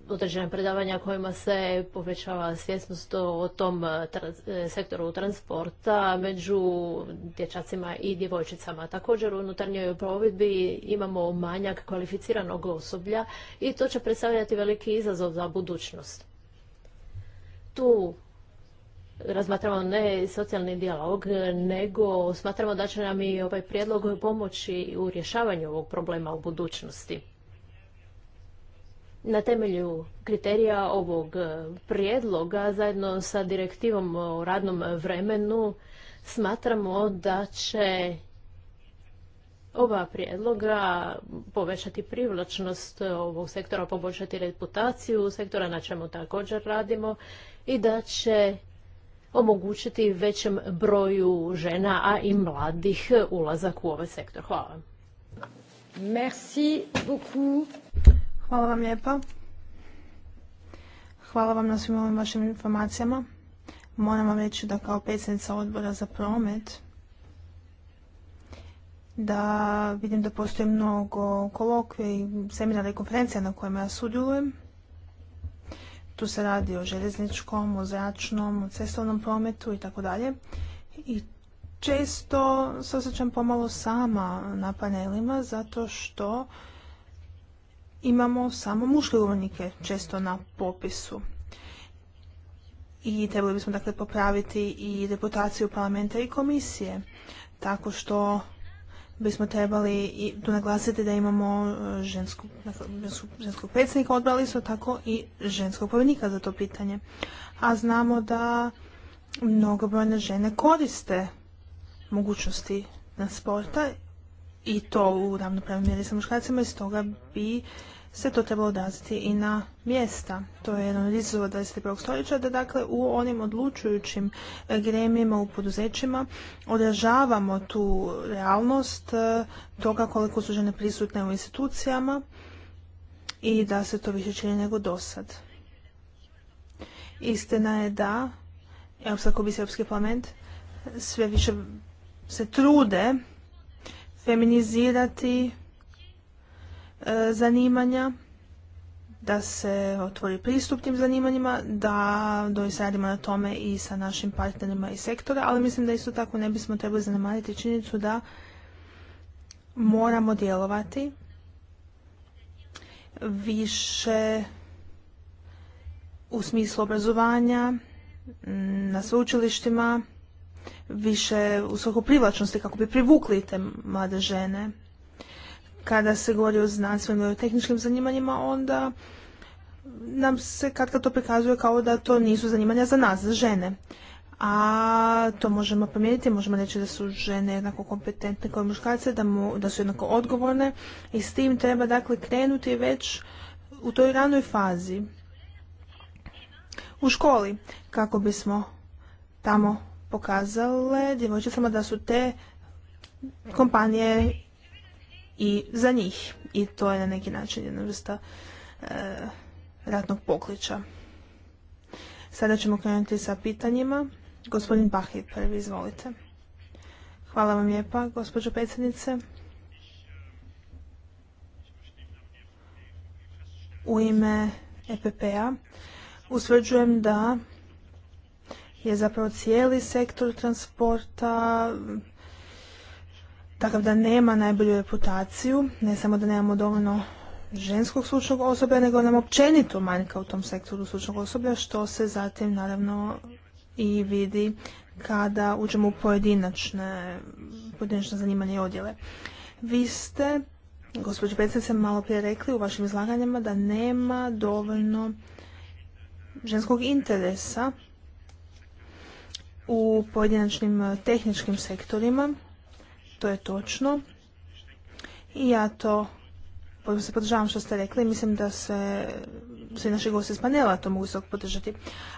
određena predavanja kojima se povećava svjesnost o tom e, e, sektoru transporta među dječacima i djevojčicama. Također u unutarnjoj provedbi imamo manjak kvalificiranog osoblja i to će predstavljati veliki izazov za budućnost. Tu razmatramo ne socijalni dijalog, nego smatramo da će nam i ovaj prijedlog pomoći u rješavanju ovog problema u budućnosti na temelju kriterija ovog e, prijedloga zajedno sa direktivom o radnom vremenu smatramo da će ova prijedloga povećati privlačnost ovog sektora, poboljšati reputaciju sektora na čemu također radimo i da će omogućiti većem broju žena, a i mladih ulazak u ovaj sektor. Hvala.
Merci beaucoup. Hvala vam lijepa. Hvala vam na svim ovim vašim informacijama. Moram vam reći da kao predsjednica odbora za promet da vidim da postoji mnogo kolokve i seminara i konferencija na kojima ja sudjelujem. Tu se radi o željezničkom, o zračnom, o cestovnom prometu i tako dalje. I često se osjećam pomalo sama na panelima zato što imamo samo muške govornike često na popisu. I trebali bismo dakle popraviti i reputaciju parlamenta i komisije, tako što bismo trebali i tu naglasiti da imamo e, ženskog, dakle, ženskog predsjednika odbrali isto tako i ženskog povjednika za to pitanje. A znamo da mnogobrojne žene koriste mogućnosti na sporta i to u ravnopravnoj mjeri sa muškarcima i stoga bi se to trebalo odraziti i na mjesta. To je jedan od izazova 21. stoljeća da dakle u onim odlučujućim e, gremijima u poduzećima odražavamo tu realnost e, toga koliko su žene prisutne u institucijama i da se to više čini nego dosad. Istina je da Europska komisija, Europski parlament sve više se trude feminizirati E, zanimanja, da se otvori pristup tim zanimanjima, da doista radimo na tome i sa našim partnerima i sektora, ali mislim da isto tako ne bismo trebali zanemariti činjenicu da moramo djelovati više u smislu obrazovanja, na sveučilištima, više u svrhu privlačnosti kako bi privukli te mlade žene kada se govori o znanstvenim i tehničkim zanimanjima, onda nam se kad, to prikazuje kao da to nisu zanimanja za nas, za žene. A to možemo promijeniti, možemo reći da su žene jednako kompetentne kao muškarce, da, mu, da su jednako odgovorne i s tim treba dakle krenuti već u toj ranoj fazi u školi kako bismo tamo pokazale djevojčicama da su te kompanije i za njih. I to je na neki način jedna vrsta e, ratnog pokliča. Sada ćemo krenuti sa pitanjima. Gospodin Bahi, prvi, izvolite. Hvala vam lijepa, gospođo predsjednice. U ime EPP-a usvrđujem da je zapravo cijeli sektor transporta takav da nema najbolju reputaciju, ne samo da nemamo dovoljno ženskog slučnog osoblja, nego nam općenito manjka u tom sektoru slučnog osoblja, što se zatim naravno i vidi kada uđemo u pojedinačne, pojedinačne zanimanje i odjele. Vi ste, gospođo se malo prije rekli u vašim izlaganjima da nema dovoljno ženskog interesa u pojedinačnim tehničkim sektorima to je točno. I ja to se podržavam što ste rekli. Mislim da se svi naši gosti iz panela to mogu se podržati.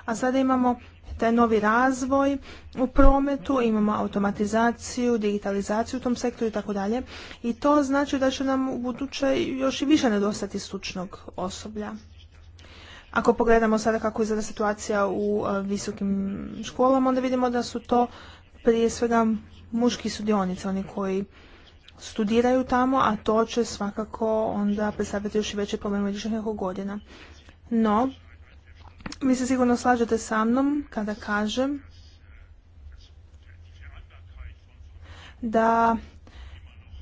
A sada imamo taj novi razvoj u prometu, imamo automatizaciju, digitalizaciju u tom sektoru i tako dalje. I to znači da će nam u buduće još i više nedostati stručnog osoblja. Ako pogledamo sada kako izgleda situacija u e, visokim školama, onda vidimo da su to prije svega muški sudionici oni koji studiraju tamo, a to će svakako onda predstaviti još i veće probleme više nekog godina. No, vi se sigurno slažete sa mnom kada kažem da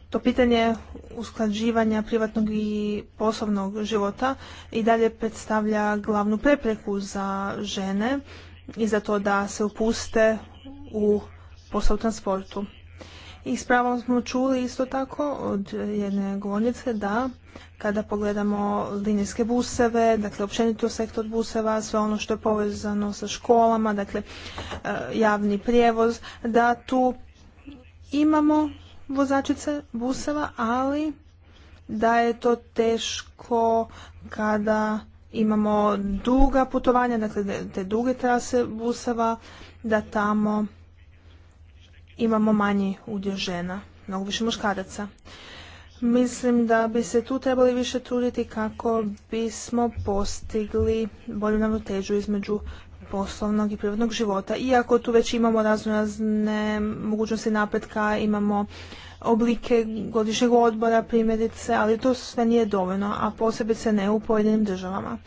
to pitanje usklađivanja privatnog i poslovnog života i dalje predstavlja glavnu prepreku za žene i za to da se upuste u posao u transportu. I s pravom smo čuli isto tako od jedne govornice da kada pogledamo linijske buseve, dakle općenito sektor buseva, sve ono što je povezano sa školama, dakle e, javni prijevoz, da tu imamo vozačice buseva, ali da je to teško kada imamo duga putovanja, dakle te duge trase buseva, da tamo imamo manji udio žena, mnogo više muškaraca. Mislim da bi se tu trebali više truditi kako bismo postigli bolju ravnotežu između poslovnog i privatnog života. Iako tu već imamo razno razne mogućnosti napretka, imamo oblike godišnjeg odbora, primjerice, ali to sve nije dovoljno, a posebice ne u pojedinim državama.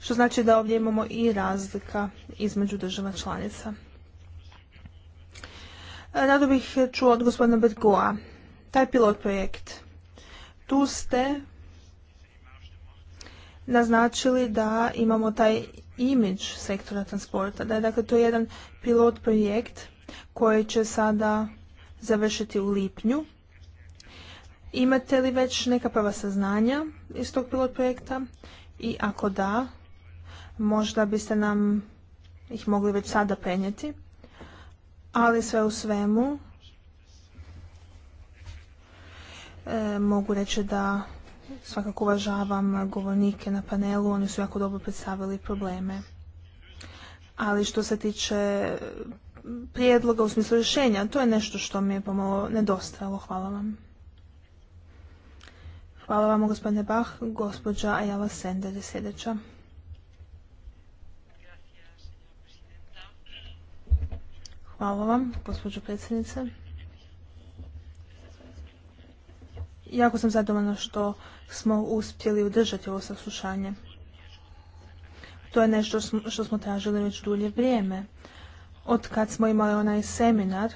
Što znači da ovdje imamo i razlika između država članica. Rado bih čuo od gospodina Bergoa. Taj pilot projekt. Tu ste naznačili da imamo taj imidž sektora transporta, da je dakle to jedan pilot projekt koji će sada završiti u lipnju. Imate li već neka prva saznanja iz tog pilot projekta? I ako da, možda biste nam ih mogli već sada prenijeti ali sve u svemu e, mogu reći da svakako uvažavam govornike na panelu, oni su jako dobro predstavili probleme. Ali što se tiče prijedloga u smislu rješenja, to je nešto što mi je pomalo nedostajalo. Hvala vam. Hvala vam, gospodine Bach. Gospođa Ajala Sender je sljedeća. Hvala vam, gospođo predsjednice. Jako sam zadovoljna što smo uspjeli udržati ovo saslušanje. To je nešto što smo tražili već dulje vrijeme. Od kad smo imali onaj seminar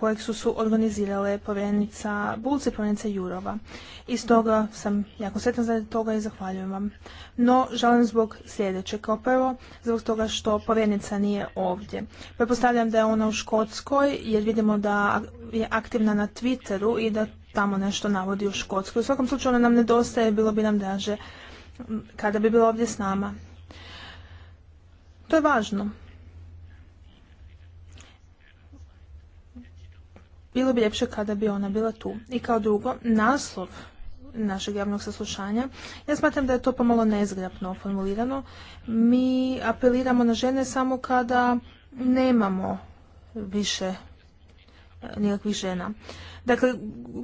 kojeg su su organizirale povjerenica Bulci i povjerenica Jurova. I stoga sam jako sretna za toga i zahvaljujem vam. No, želim zbog sljedećeg. Kao prvo, zbog toga što povjerenica nije ovdje. Prepostavljam da je ona u Škotskoj, jer vidimo da je aktivna na Twitteru i da tamo nešto navodi u Škotskoj. U svakom slučaju ona nam nedostaje, bilo bi nam draže kada bi bila ovdje s nama. To je važno. bilo bi ljepše kada bi ona bila tu. I kao drugo, naslov našeg javnog saslušanja. Ja smatram da je to pomalo nezgrapno formulirano. Mi apeliramo na žene samo kada nemamo više e, nikakvih žena. Dakle,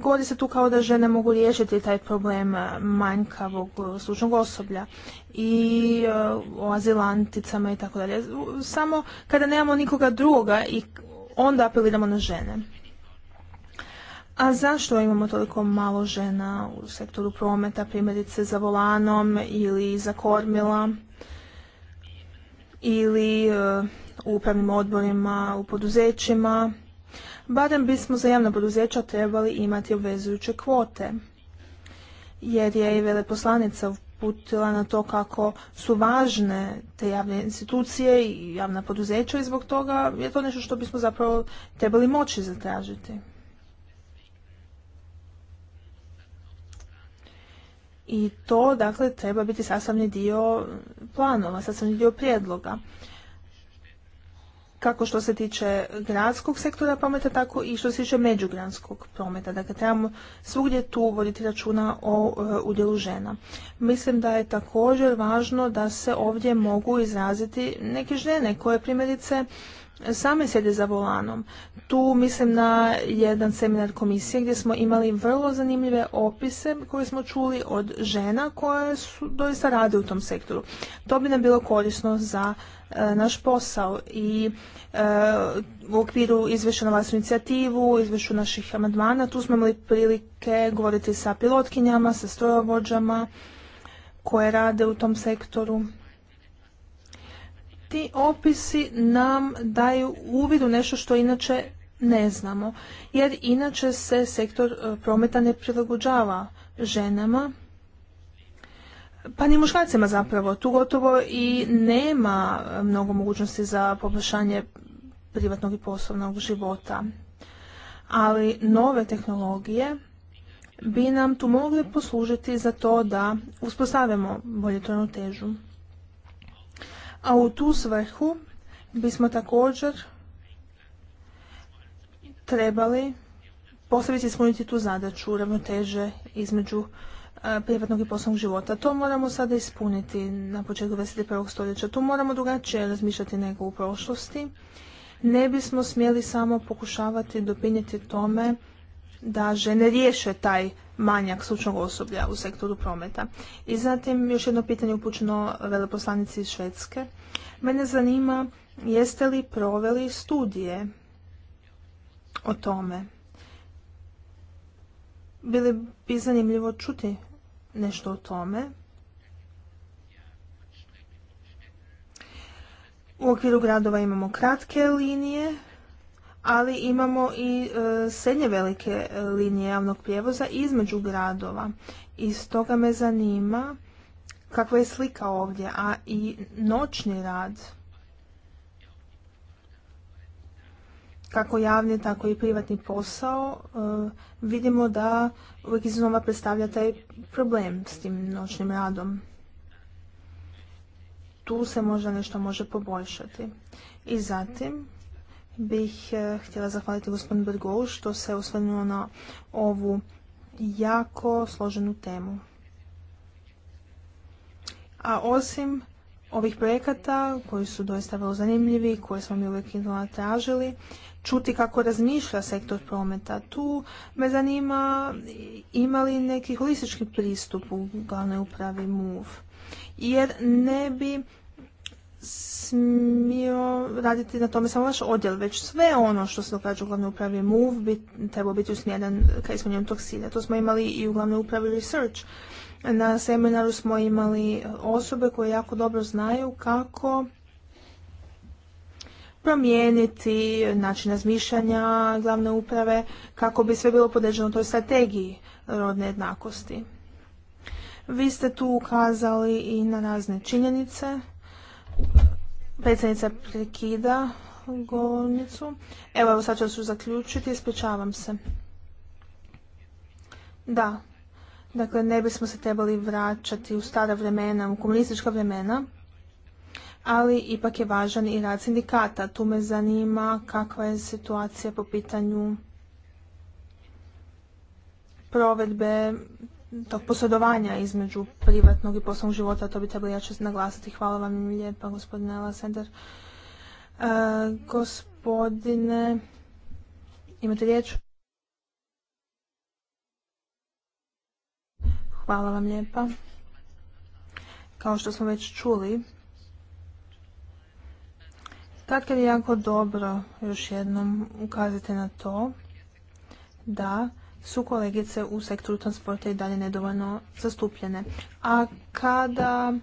govori se tu kao da žene mogu riješiti taj problem e, manjkavog slučnog osoblja i e, o azilanticama i tako dalje. Samo kada nemamo nikoga drugoga i onda apeliramo na žene. A zašto imamo toliko malo žena u sektoru prometa, primjerice za volanom ili za kormila ili e, u upravnim odborima, u poduzećima? Barem bismo za javna poduzeća trebali imati obvezujuće kvote, jer je i veleposlanica uputila na to kako su važne te javne institucije i javna poduzeća i zbog toga je to nešto što bismo zapravo trebali moći zatražiti. i to dakle treba biti sastavni dio planova, sastavni dio prijedloga. Kako što se tiče gradskog sektora prometa, tako i što se tiče međugradskog prometa. Dakle, trebamo svugdje tu voditi računa o e, udjelu žena. Mislim da je također važno da se ovdje mogu izraziti neke žene koje primjerice same sjede za volanom. Tu mislim na jedan seminar komisije gdje smo imali vrlo zanimljive opise koje smo čuli od žena koje su doista rade u tom sektoru. To bi nam bilo korisno za e, naš posao i e, u okviru izvješća na vas inicijativu, izvješću naših amandmana, tu smo imali prilike govoriti sa pilotkinjama, sa strojovođama koje rade u tom sektoru ti opisi nam daju uvid u nešto što inače ne znamo. Jer inače se sektor e, prometa ne prilagođava ženama, pa ni muškarcima zapravo. Tu gotovo i nema e, mnogo mogućnosti za poboljšanje privatnog i poslovnog života. Ali nove tehnologije bi nam tu mogle poslužiti za to da uspostavimo bolje težu a u tu svrhu bismo također trebali posebice ispuniti tu zadaću ravnoteže između e, privatnog i poslovnog života. To moramo sada ispuniti na početku 21. stoljeća. Tu moramo drugačije razmišljati nego u prošlosti. Ne bismo smjeli samo pokušavati dopinjeti tome da žene riješe taj manjak slučnog osoblja u sektoru prometa. I zatim još jedno pitanje upućeno veleposlanici iz Švedske. Mene zanima jeste li proveli studije o tome. Bili bi zanimljivo čuti nešto o tome. U okviru gradova imamo kratke linije ali imamo i e, srednje velike e, linije javnog prijevoza između gradova. I stoga me zanima kakva je slika ovdje, a i noćni rad. kako javni, tako i privatni posao, e, vidimo da uvijek iznova predstavlja taj problem s tim noćnim radom. Tu se možda nešto može poboljšati. I zatim, bih e, htjela zahvaliti gospodinu Brgovu što se osvrnuo na ovu jako složenu temu. A osim ovih projekata koji su doista vrlo zanimljivi, koje smo mi uvijek tražili, čuti kako razmišlja sektor prometa. Tu me zanima ima li neki holistički pristup u glavnoj upravi MOVE. Jer ne bi smio raditi na tome samo vaš odjel, već sve ono što se događa u glavnoj upravi MOVE bi trebao biti usmjeren ka ispunjenju tog cilja. To smo imali i u glavnoj upravi Research. Na seminaru smo imali osobe koje jako dobro znaju kako promijeniti način razmišljanja glavne uprave kako bi sve bilo podređeno toj strategiji rodne jednakosti. Vi ste tu ukazali i na razne činjenice Predsjednica prekida govornicu. Evo, evo sad ću zaključiti, ispričavam se. Da, dakle ne bismo se trebali vraćati u stara vremena, u komunistička vremena, ali ipak je važan i rad sindikata. Tu me zanima kakva je situacija po pitanju provedbe tog posjedovanja između privatnog i poslovnog života, to bi trebalo jače naglasiti. Hvala vam lijepa, gospodine Lasender. E, gospodine, imate riječ? Hvala vam lijepa. Kao što smo već čuli, tako je jako dobro još jednom ukazati na to da su kolegice u sektoru transporta i dalje nedovoljno zastupljene. A kada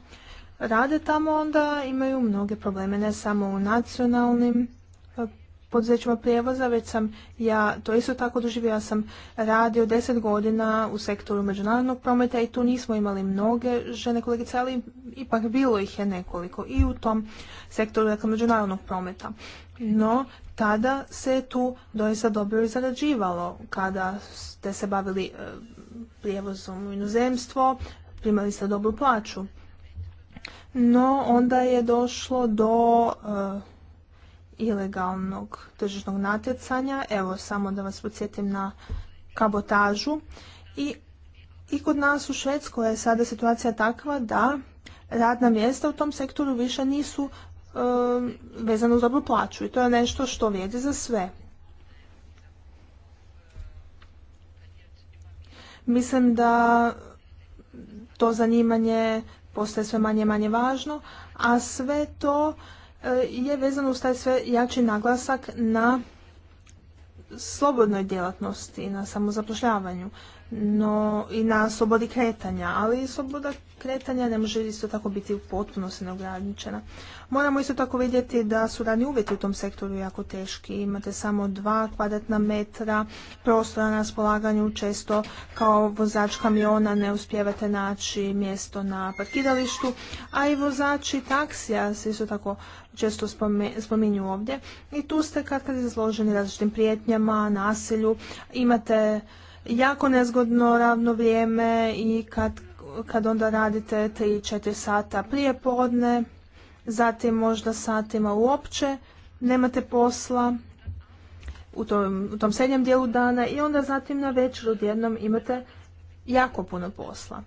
rade tamo onda imaju mnoge probleme, ne samo u nacionalnim eh, poduzećima prijevoza, već sam ja to isto tako doživio. Ja sam radio deset godina u sektoru međunarodnog prometa i tu nismo imali mnoge žene kolegice, ali ipak bilo ih je nekoliko i u tom sektoru dakle, međunarodnog prometa. No, tada se tu doista dobro zarađivalo. Kada ste se bavili e, prijevozom u inozemstvo, primali ste dobru plaću. No, onda je došlo do e, ilegalnog tržišnog natjecanja. Evo, samo da vas podsjetim na kabotažu. I, I kod nas u Švedskoj je sada situacija takva da radna mjesta u tom sektoru više nisu Um, vezano uz dobru plaću i to je nešto što vrijedi za sve. Mislim da to zanimanje postaje sve manje manje važno, a sve to e, je vezano uz taj sve jači naglasak na slobodnoj djelatnosti, na samozapošljavanju no, i na slobodi kretanja, ali sloboda kretanja ne može isto tako biti u potpunosti neograničena. Moramo isto tako vidjeti da su radni uvjeti u tom sektoru jako teški. Imate samo dva kvadratna metra prostora na raspolaganju, često kao vozač kamiona ne uspijevate naći mjesto na parkiralištu, a i vozači taksija se isto tako često spominju ovdje. I tu ste kad izloženi različitim prijetnjama, nasilju, imate jako nezgodno ravno vrijeme i kad, kad onda radite 3-4 sata prije podne, zatim možda satima uopće nemate posla u tom, u tom srednjem dijelu dana i onda zatim na večer odjednom imate jako puno posla.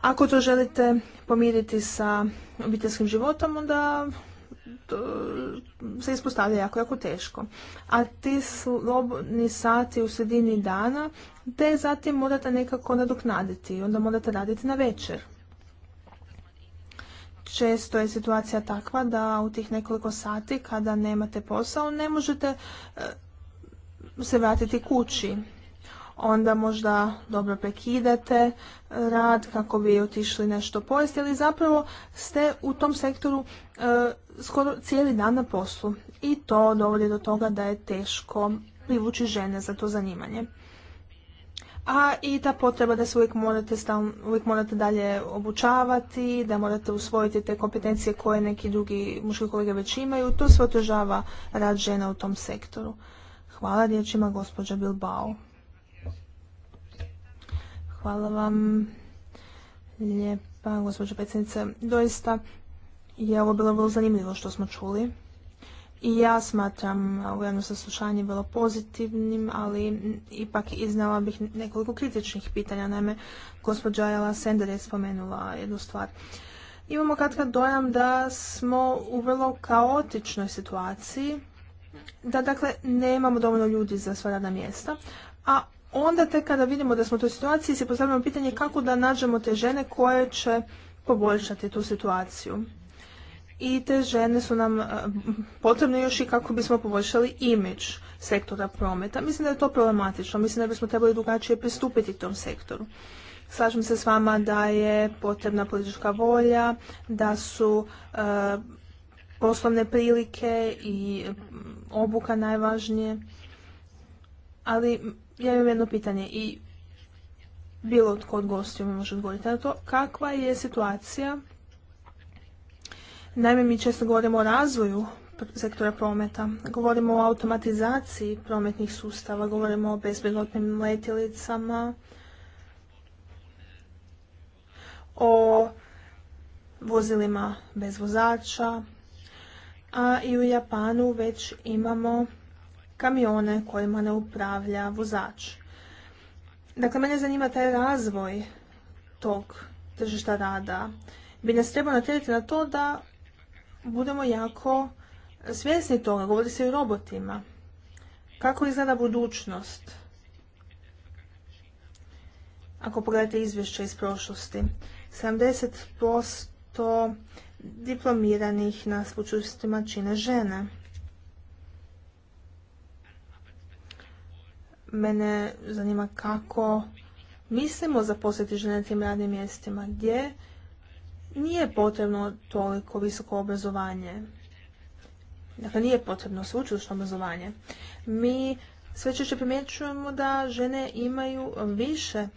Ako to želite pomiriti sa obiteljskim životom, onda to se ispostavlja jako, jako teško. A ti slobodni sati u sredini dana, te zatim morate nekako nadoknaditi onda morate raditi na večer. Često je situacija takva da u tih nekoliko sati kada nemate posao ne možete eh, se vratiti kući onda možda dobro prekidate rad kako bi otišli nešto pojesti, ali zapravo ste u tom sektoru e, skoro cijeli dan na poslu i to dovodi do toga da je teško privući žene za to zanimanje. A i ta potreba da se uvijek morate, uvijek morate dalje obučavati, da morate usvojiti te kompetencije koje neki drugi muški kolege već imaju, to sve otežava rad žena u tom sektoru. Hvala riječima gospođa Bilbao. Hvala vam lijepa, gospođo predsjednice. Doista je ovo bilo vrlo zanimljivo što smo čuli. I ja smatram ovo jedno saslušanje bilo pozitivnim, ali ipak iznala bih nekoliko kritičnih pitanja. Naime, gospođa Ayala Sender je spomenula jednu stvar. Imamo kratka dojam da smo u vrlo kaotičnoj situaciji, da dakle nemamo dovoljno ljudi za sva radna mjesta, a onda tek kada vidimo da smo u toj situaciji se postavljamo pitanje kako da nađemo te žene koje će poboljšati tu situaciju. I te žene su nam eh, potrebne još i kako bismo poboljšali imidž sektora prometa. Mislim da je to problematično. Mislim da bismo trebali drugačije pristupiti tom sektoru. Slažem se s vama da je potrebna politička volja, da su eh, poslovne prilike i mm, obuka najvažnije. Ali ja imam jedno pitanje i bilo tko od gostiju mi može odgovoriti na to. Kakva je situacija? Naime, mi često govorimo o razvoju sektora prometa. Govorimo o automatizaciji prometnih sustava, govorimo o bezpilotnim letjelicama, o vozilima bez vozača, a i u Japanu već imamo kamione kojima ne upravlja vozač. Dakle, mene zanima taj razvoj tog tržišta rada. Bi nas trebao natjeriti na to da budemo jako svjesni toga. Govori se i o robotima. Kako izgleda budućnost? Ako pogledate izvješće iz prošlosti, 70% diplomiranih na slučajstvima čine žene. mene zanima kako mislimo zaposliti žene na tim radnim mjestima gdje nije potrebno toliko visoko obrazovanje. Dakle, nije potrebno sveučilišno obrazovanje. Mi sve češće primjećujemo da žene imaju više e,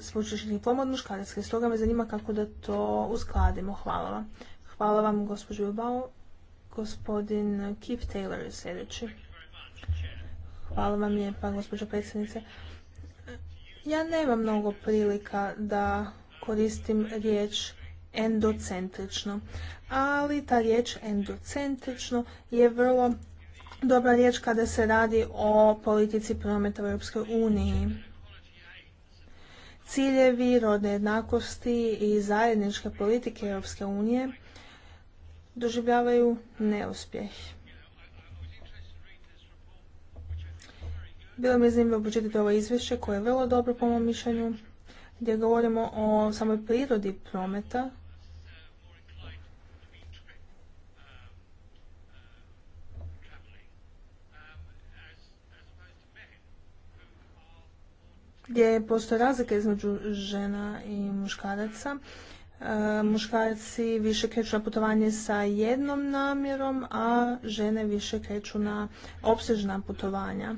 sveučilišnih diploma od muškaraca. Stoga me zanima kako da to uskladimo. Hvala vam. Hvala vam, gospođo Bilbao. Gospodin Keith Taylor je sljedeći. Hvala vam lijepa, gospođo predsjednice. Ja nemam mnogo prilika da koristim riječ endocentrično, ali ta riječ endocentrično je vrlo dobra riječ kada se radi o politici prometa u EU. Ciljevi rodne jednakosti i zajedničke politike EU doživljavaju neuspjeh. Bilo mi je zanimljivo počitati ovo izvješće koje je vrlo dobro po mom mišljenju, gdje govorimo o samoj prirodi prometa. Gdje postoje razlike između žena i muškaraca. E, muškarci više kreću na putovanje sa jednom namjerom, a žene više kreću na opsežna putovanja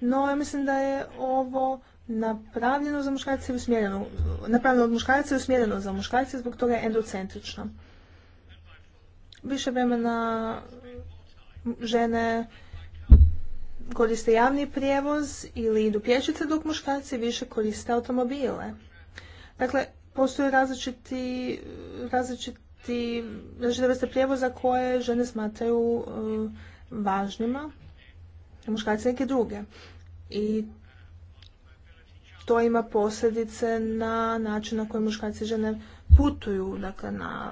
no ja mislim da je ovo napravljeno za muškarce i usmjereno, napravljeno od muškarca i usmjereno za muškarce, zbog toga je endocentrično. Više vremena žene koriste javni prijevoz ili idu pješice, dok muškarci više koriste automobile. Dakle, postoje različiti, različiti, različite vrste prijevoza koje žene smatraju e, važnima muškarce neke druge. I to ima posljedice na način na koji muškarci i žene putuju, dakle na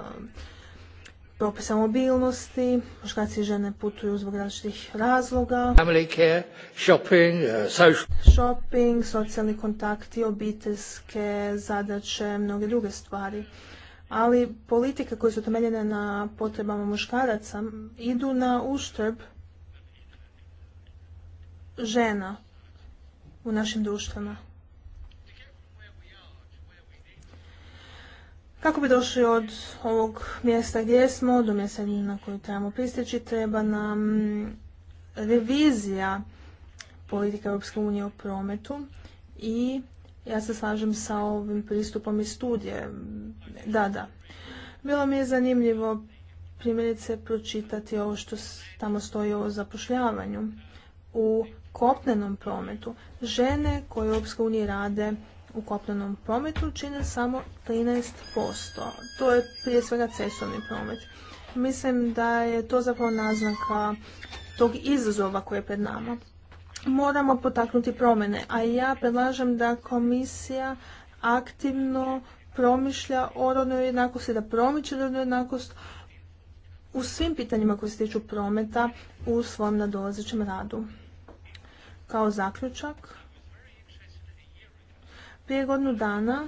propisa mobilnosti, muškarci i žene putuju zbog različitih razloga,
care, uh,
shopping, socijalni kontakti, obiteljske zadaće, mnoge druge stvari. Ali politike koje su temeljene na potrebama muškaraca idu na uštrb žena u našim društvima. Kako bi došli od ovog mjesta gdje smo do mjesta na koju trebamo pristići, treba nam revizija politike Europske unije o prometu i ja se slažem sa ovim pristupom iz studije. Da, da. Bilo mi je zanimljivo primjerice pročitati ovo što tamo stoji o zapošljavanju u kopnenom prometu. Žene koje u Europskoj uniji rade u kopnenom prometu čine samo 13%. To je prije svega cestovni promet. Mislim da je to zapravo naznaka tog izazova koji je pred nama. Moramo potaknuti promjene, a ja predlažem da komisija aktivno promišlja o rodnoj jednakosti, da promiče rodnu jednakost u svim pitanjima koje se tiču prometa u svom nadolazećem radu kao zaključak. Prije godinu dana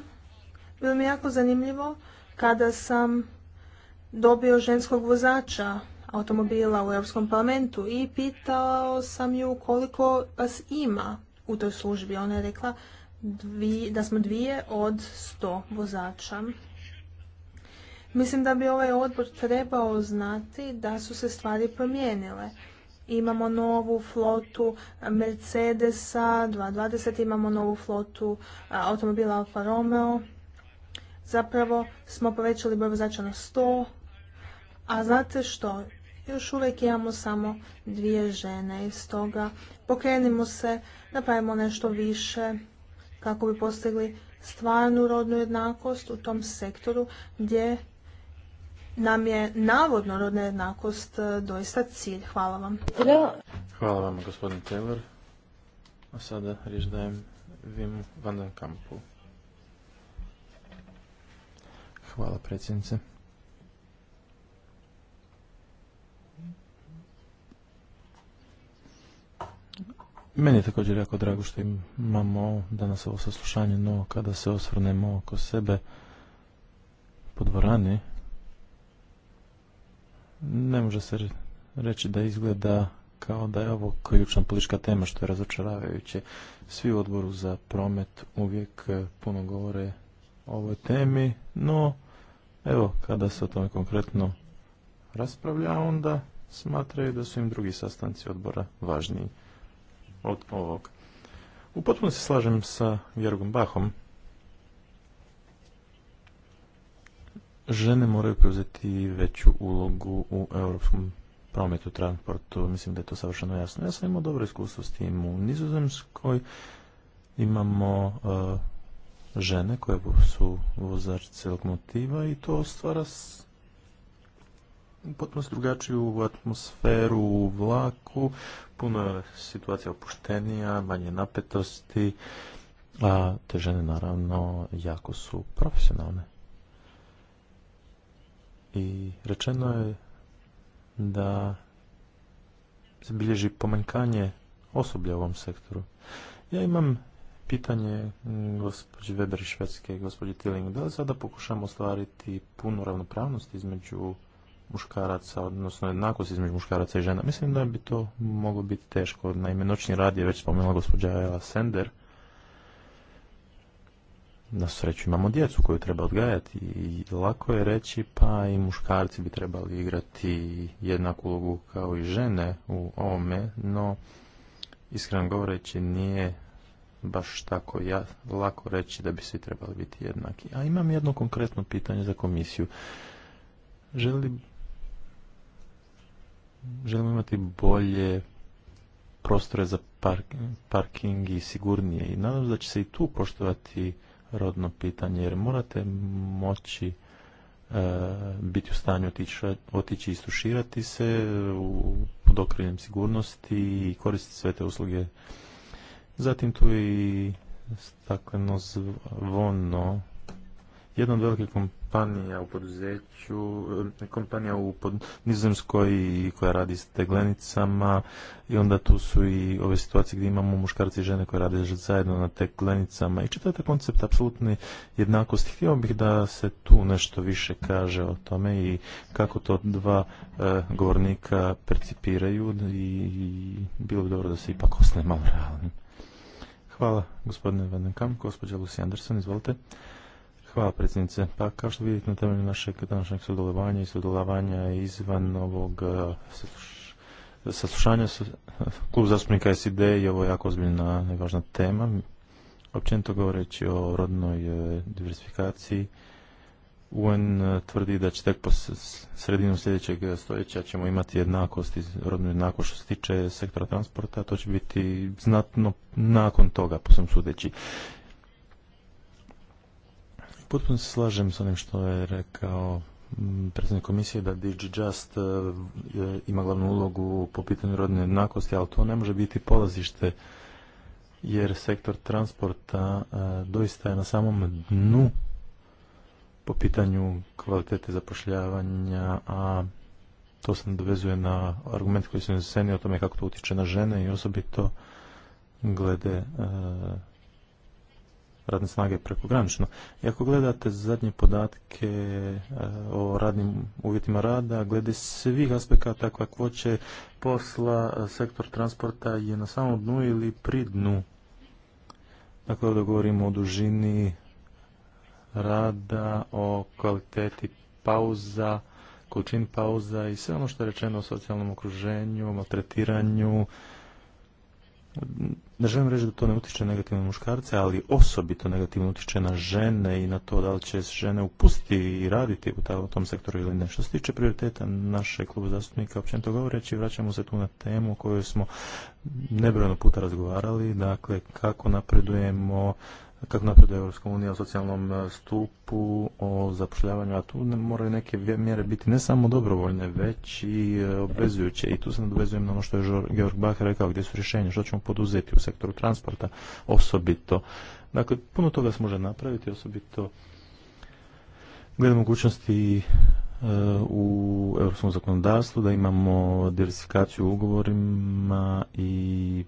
bilo mi jako zanimljivo kada sam dobio ženskog vozača automobila u Europskom parlamentu i pitao sam ju koliko vas ima u toj službi. Ona je rekla da smo dvije od sto vozača. Mislim da bi ovaj odbor trebao znati da su se stvari promijenile imamo novu flotu Mercedesa 220, imamo novu flotu automobila Alfa Romeo. Zapravo smo povećali broj vozača na 100, a znate što? Još uvijek imamo samo dvije žene i stoga pokrenimo se, napravimo nešto više kako bi postigli stvarnu rodnu jednakost u tom sektoru gdje nam je navodno rodna jednakost e, doista cilj. Hvala vam.
Hvala vam, gospodin Taylor. A sada riječ dajem Vim van Kampu. Hvala, predsjednice. Meni je također jako drago što imamo danas ovo saslušanje, no kada se osvrnemo oko sebe po dvorani, ne može se reći da izgleda kao da je ovo ključna politička tema što je razočaravajuće. Svi u odboru za promet uvijek e, puno govore o ovoj temi, no evo kada se o tome konkretno raspravlja onda smatraju da su im drugi sastanci odbora važniji od ovog. U potpuno se slažem sa Jergom Bahom žene moraju preuzeti veću ulogu u europskom prometu, transportu. Mislim da je to savršeno jasno. Ja sam imao dobro iskustvo s tim u Nizozemskoj. Imamo e, žene koje su vozačice lokomotiva i to stvara potpuno drugačiju atmosferu u vlaku, puno je situacija opuštenija, manje napetosti, a te žene naravno jako su profesionalne i rečeno je da se bilježi pomanjkanje osoblja u ovom sektoru. Ja imam pitanje mm, gospođe Weber Švedske i gospođe Tilling. Da li sada pokušamo ostvariti punu ravnopravnost između muškaraca, odnosno jednakost između muškaraca i žena? Mislim da bi to moglo biti teško. Naime, noćni rad je već spomenula gospođa Sender na sreću imamo djecu koju treba odgajati i lako je reći pa i muškarci bi trebali igrati jednaku ulogu kao i žene u ovome, no iskreno govoreći nije baš tako ja, lako reći da bi svi trebali biti jednaki. A imam jedno konkretno pitanje za komisiju. Želi, želimo imati bolje prostore za parking i sigurnije i nadam se da će se i tu poštovati rodno pitanje, jer morate moći e, biti u stanju otići, otići istuširati se u, pod okriljem sigurnosti i koristiti sve te usluge. Zatim tu je i stakleno zvono. Jedna od velikih kompanija u poduzeću, e, kompanija u pod, nizozemskoj koja radi s teglenicama i onda tu su i ove situacije gdje imamo muškarci i žene koje rade zajedno na teglenicama i čitavite koncept apsolutne jednakosti. Htio bih da se tu nešto više kaže o tome i kako to dva e, govornika percipiraju i, bilo bi dobro da se ipak ostane malo realnim. Hvala gospodine Vandenkamp, gospođa Lucy Anderson, izvolite. Hvala predsjednice. Pa kao što vidite na temelju našeg današnjeg sudjelovanja i sudjelovanja izvan ovog eh, saslušanja klub zastupnika SID i ovo je jako ozbiljna i važna tema. Općenito govoreći o rodnoj eh, diversifikaciji, UN eh, tvrdi da će tek po sredinu sljedećeg stoljeća ćemo imati jednakost, rodnu jednakost što se tiče sektora transporta, to će biti znatno nakon toga, po sudeći. Potpuno se slažem s onim što je rekao mm, predsjednik komisije da Just e, ima glavnu ulogu po pitanju rodne jednakosti, ali to ne može biti polazište jer sektor transporta e, doista je na samom dnu po pitanju kvalitete zapošljavanja, a to se nadovezuje na argument koji su izneseni o tome kako to utječe na žene i osobito glede e, radne snage prekogranično. I ako gledate zadnje podatke e, o radnim uvjetima rada, glede svih aspekata kakvoće posla, e, sektor transporta je na samom dnu ili pri dnu. Dakle, ovdje govorimo o dužini rada, o kvaliteti pauza, količini pauza i sve ono što je rečeno o socijalnom okruženju, o maltretiranju, ne želim reći da to ne utiče negativno muškarce, ali osobito negativno utiče na žene i na to da li će žene upustiti i raditi u, tom sektoru ili ne. Što se tiče prioriteta naše kluba zastupnika, općenito govoreći, vraćamo se tu na temu o smo nebrojeno puta razgovarali, dakle kako napredujemo kako napreduje Europska unija o socijalnom e, stupu, o zapošljavanju, a tu ne moraju neke mjere biti ne samo dobrovoljne, već i e, obvezujuće. I tu se nadvezujem na ono što je Georg Bach rekao, gdje su rješenja, što ćemo poduzeti u sektoru transporta, osobito. Dakle, puno toga se može napraviti, osobito glede mogućnosti e, u europskom zakonodavstvu, da imamo diversifikaciju ugovorima i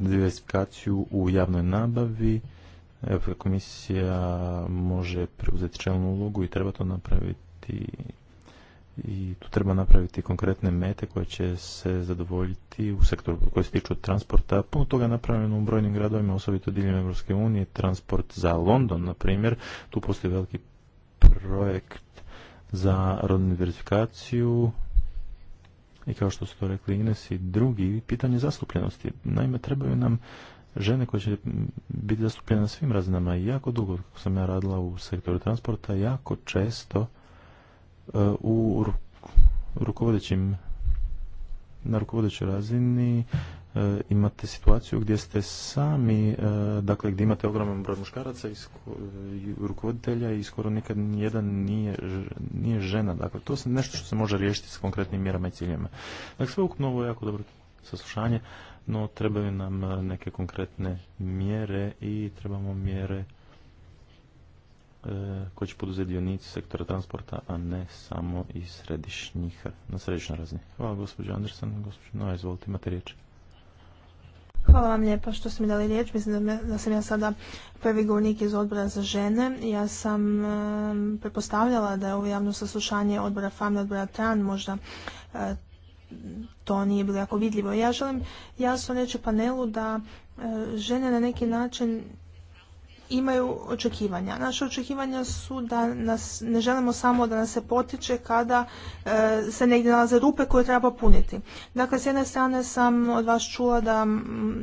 diversifikaciju u javnoj nabavi. Europska komisija može preuzeti čelnu ulogu i treba to napraviti i tu treba napraviti konkretne mete koje će se zadovoljiti u sektoru koji se tiču transporta. Puno toga je napravljeno u brojnim gradovima, osobito diljem Europske unije, transport za London, na primjer. Tu postoji veliki projekt za rodnu diversifikaciju i kao što su to rekli Ines i drugi, pitanje zastupljenosti. Naime, trebaju nam žene koje će biti zastupljene na svim razinama i jako dugo, kako sam ja radila u sektoru transporta, jako često e, u rukovodećim na rukovodećoj razini E, imate situaciju gdje ste sami, e, dakle gdje imate ogroman broj muškaraca i rukovoditelja i skoro nikad nijedan nije, nije žena. Dakle, to je nešto što se može riješiti s konkretnim mjerama i ciljima. Dakle, sve ukupno ovo je jako dobro saslušanje, no trebaju nam e, neke konkretne mjere i trebamo mjere koji će poduzeti dionici sektora transporta, a ne samo iz središnjih, na središnjoj razini. Hvala gospođo Andersen, gospođo Nova, izvolite, imate riječ.
Hvala vam lijepa što ste mi dali riječ. Mislim da, sam ja sada prvi govornik iz odbora za žene. Ja sam prepostavljala da je ovo javno saslušanje odbora FAM i odbora TRAN možda e, to nije bilo jako vidljivo. Ja želim jasno reći panelu da e, žene na neki način imaju očekivanja. Naše očekivanja su da nas ne želimo samo da nas se potiče kada e, se negdje nalaze rupe koje treba puniti. Dakle, s jedne strane sam od vas čula da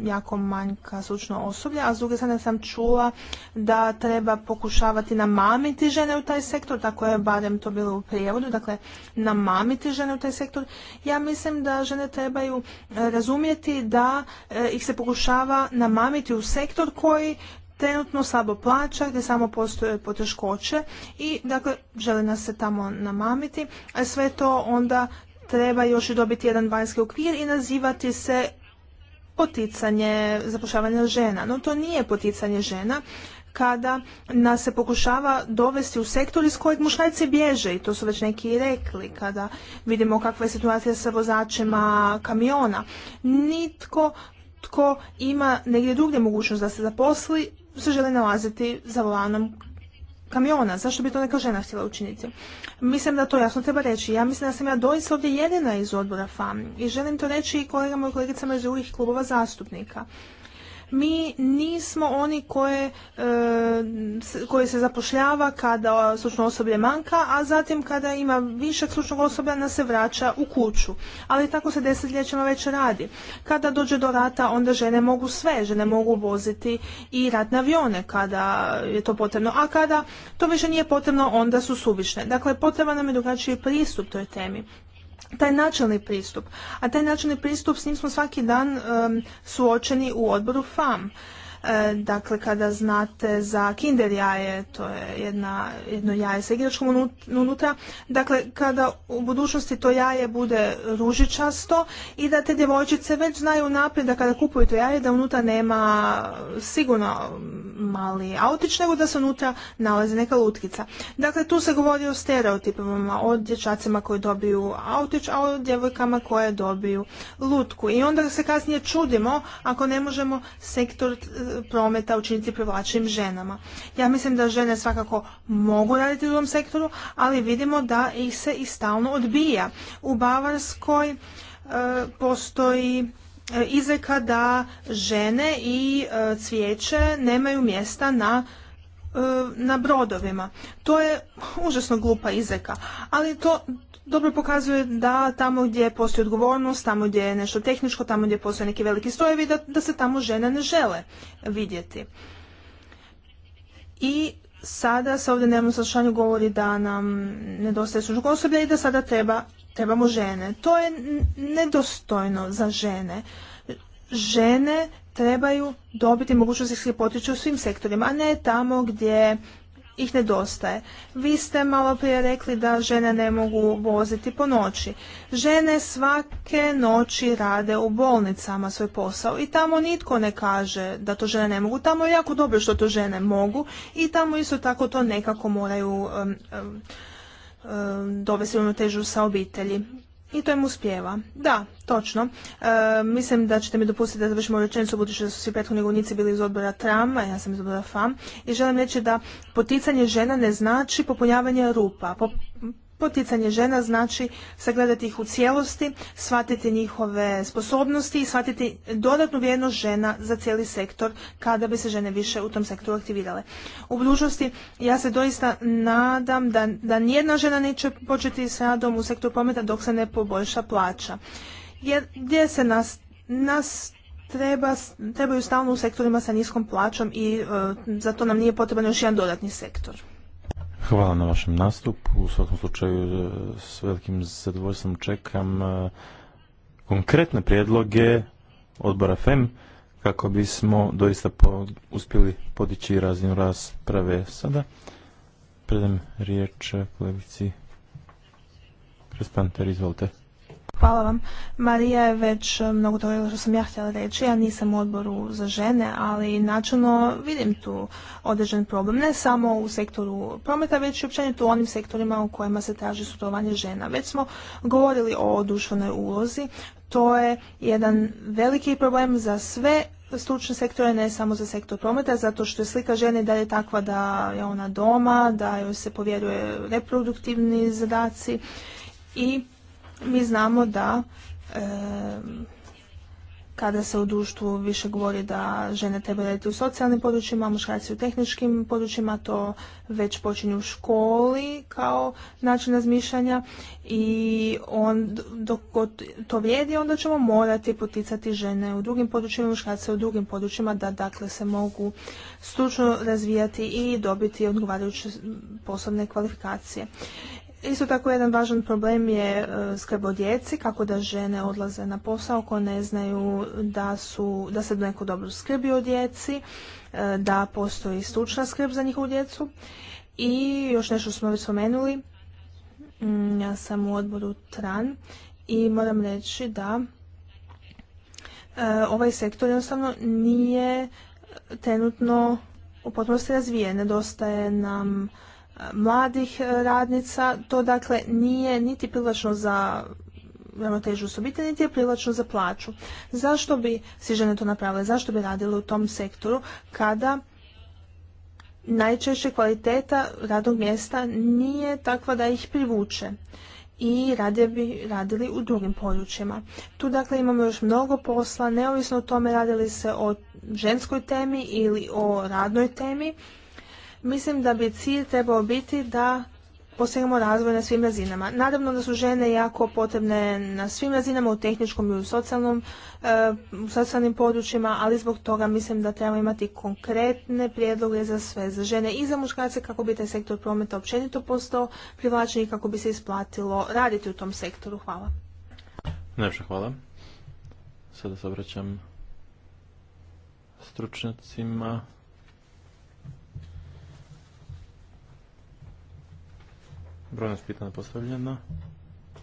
jako manjka stručno osoblje, a s druge strane sam čula da treba pokušavati namamiti žene u taj sektor, tako je barem to bilo u prijevodu, dakle namamiti žene u taj sektor. Ja mislim da žene trebaju e, razumjeti da e, ih se pokušava namamiti u sektor koji trenutno slabo plaća, gdje samo postoje poteškoće i dakle žele nas se tamo namamiti, a sve to onda treba još i dobiti jedan vanjski okvir i nazivati se poticanje zapošljavanja žena. No to nije poticanje žena kada nas se pokušava dovesti u sektor iz kojeg muškarci bježe i to su već neki i rekli kada vidimo kakva je situacija sa vozačima kamiona. Nitko tko ima negdje drugdje mogućnost da se zaposli se želi nalaziti za volanom kamiona. Zašto bi to neka žena htjela učiniti? Mislim da to jasno treba reći. Ja mislim da sam ja doista ovdje jedina iz odbora FAM i želim to reći i kolegama i kolegicama iz drugih klubova zastupnika mi nismo oni koje, e, koje se zapošljava kada stručno osoblje manka, a zatim kada ima višeg stručnog osoblja nas se vraća u kuću. Ali tako se desetljećima već radi. Kada dođe do rata onda žene mogu sve, žene mogu voziti i ratne avione kada je to potrebno, a kada to više nije potrebno onda su suvišne. Dakle, potreba nam je drugačiji pristup toj temi taj načelni pristup. A taj načelni pristup s njim smo svaki dan suočeni u odboru FAM. E, dakle kada znate za kinder jaje, to je jedno jaje sa igračkom unutra, dakle kada u budućnosti to jaje bude ružičasto i da te djevojčice već znaju naprijed da kada kupuju to jaje da unutra nema sigurno mali autić nego da se unutra nalazi neka lutkica. Dakle tu se govori o stereotipima, o dječacima koji dobiju autić, a o djevojkama koje dobiju lutku. I onda se kasnije čudimo ako ne možemo sektor prometa učiniti privlačnim ženama. Ja mislim da žene svakako mogu raditi u ovom sektoru, ali vidimo da ih se i stalno odbija. U Bavarskoj e, postoji e, izreka da žene i e, cvijeće nemaju mjesta na na brodovima. To je užasno glupa izreka, ali to dobro pokazuje da tamo gdje postoji odgovornost, tamo gdje je nešto tehničko, tamo gdje postoje neki veliki strojevi, da, da se tamo žene ne žele vidjeti. I sada se ovdje nevom saslušanju govori da nam nedostaje stručnog osoblja i da sada treba, trebamo žene. To je nedostojno za žene. Žene trebaju dobiti mogućnost da se potiču u svim sektorima, a ne tamo gdje ih nedostaje. Vi ste malo prije rekli da žene ne mogu voziti po noći. Žene svake noći rade u bolnicama svoj posao i tamo nitko ne kaže da to žene ne mogu. Tamo je jako dobro što to žene mogu i tamo isto tako to nekako moraju dovesti u težu sa obitelji i to im uspjeva. Da, točno. E, mislim da ćete mi dopustiti da završimo rečenicu, budući da su svi prethodni govornici bili iz odbora TRAM, ja sam iz odbora FAM, i želim reći da poticanje žena ne znači popunjavanje rupa. Poticanje žena znači sagledati ih u cijelosti, shvatiti njihove sposobnosti i shvatiti dodatnu vrijednost žena za cijeli sektor kada bi se žene više u tom sektoru aktivirale. U budućnosti ja se doista nadam da, da nijedna žena neće početi s radom u sektoru prometa dok se ne poboljša plaća. Jer gdje se nas, nas treba, trebaju stalno u sektorima sa niskom plaćom i e, zato nam nije potreban još jedan dodatni sektor.
Hvala na vašem nastupu. U svakom slučaju e, s velikim zadovoljstvom čekam e, konkretne prijedloge odbora FEM kako bismo doista po, uspjeli podići razinu rasprave sada. Predam riječ kolegici Krespanter, izvolite.
Hvala vam. Marija je već e, mnogo toga što sam ja htjela reći. Ja nisam u odboru za žene, ali načelno vidim tu određen problem. Ne samo u sektoru prometa, već i općenito u onim sektorima u kojima se traži sudovanje žena. Već smo govorili o duševnoj ulozi. To je jedan veliki problem za sve stručne sektore, ne samo za sektor prometa, zato što je slika žene da je takva da je ona doma, da joj se povjeruje reproduktivni zadaci i mi znamo da e, kada se u društvu više govori da žene treba raditi u socijalnim područjima, muškarci u tehničkim područjima, to već počinju u školi kao način razmišljanja i on, dok to vrijedi onda ćemo morati poticati žene u drugim područjima, muškarce u drugim područjima da dakle se mogu stručno razvijati i dobiti odgovarajuće poslovne kvalifikacije. Isto tako jedan važan problem je e, skrb o djeci, kako da žene odlaze na posao ako ne znaju da, su, da se neko dobro skrbi o djeci, e, da postoji stručna skrb za njihovu djecu. I još nešto smo već spomenuli, mm, ja sam u odboru TRAN i moram reći da e, ovaj sektor jednostavno nije trenutno u potpunosti razvijen. Nedostaje nam mladih e, radnica, to dakle nije niti privlačno za ravnotežu težu obitelji, niti je privlačno za plaću. Zašto bi si žene to napravile? Zašto bi radile u tom sektoru kada najčešće kvaliteta radnog mjesta nije takva da ih privuče i radije bi radili u drugim područjima. Tu dakle imamo još mnogo posla, neovisno o tome radili se o ženskoj temi ili o radnoj temi. Mislim da bi cilj trebao biti da postignemo razvoj na svim razinama. Naravno da su žene jako potrebne na svim razinama u tehničkom i u socijalnom, e, socijalnim područjima, ali zbog toga mislim da trebamo imati konkretne prijedloge za sve, za žene i za muškarce kako bi taj sektor prometa općenito postao privlačniji i kako bi se isplatilo raditi u tom sektoru. Hvala.
hvala. Sada se obraćam stručnjacima Brojno pitanja postavljena.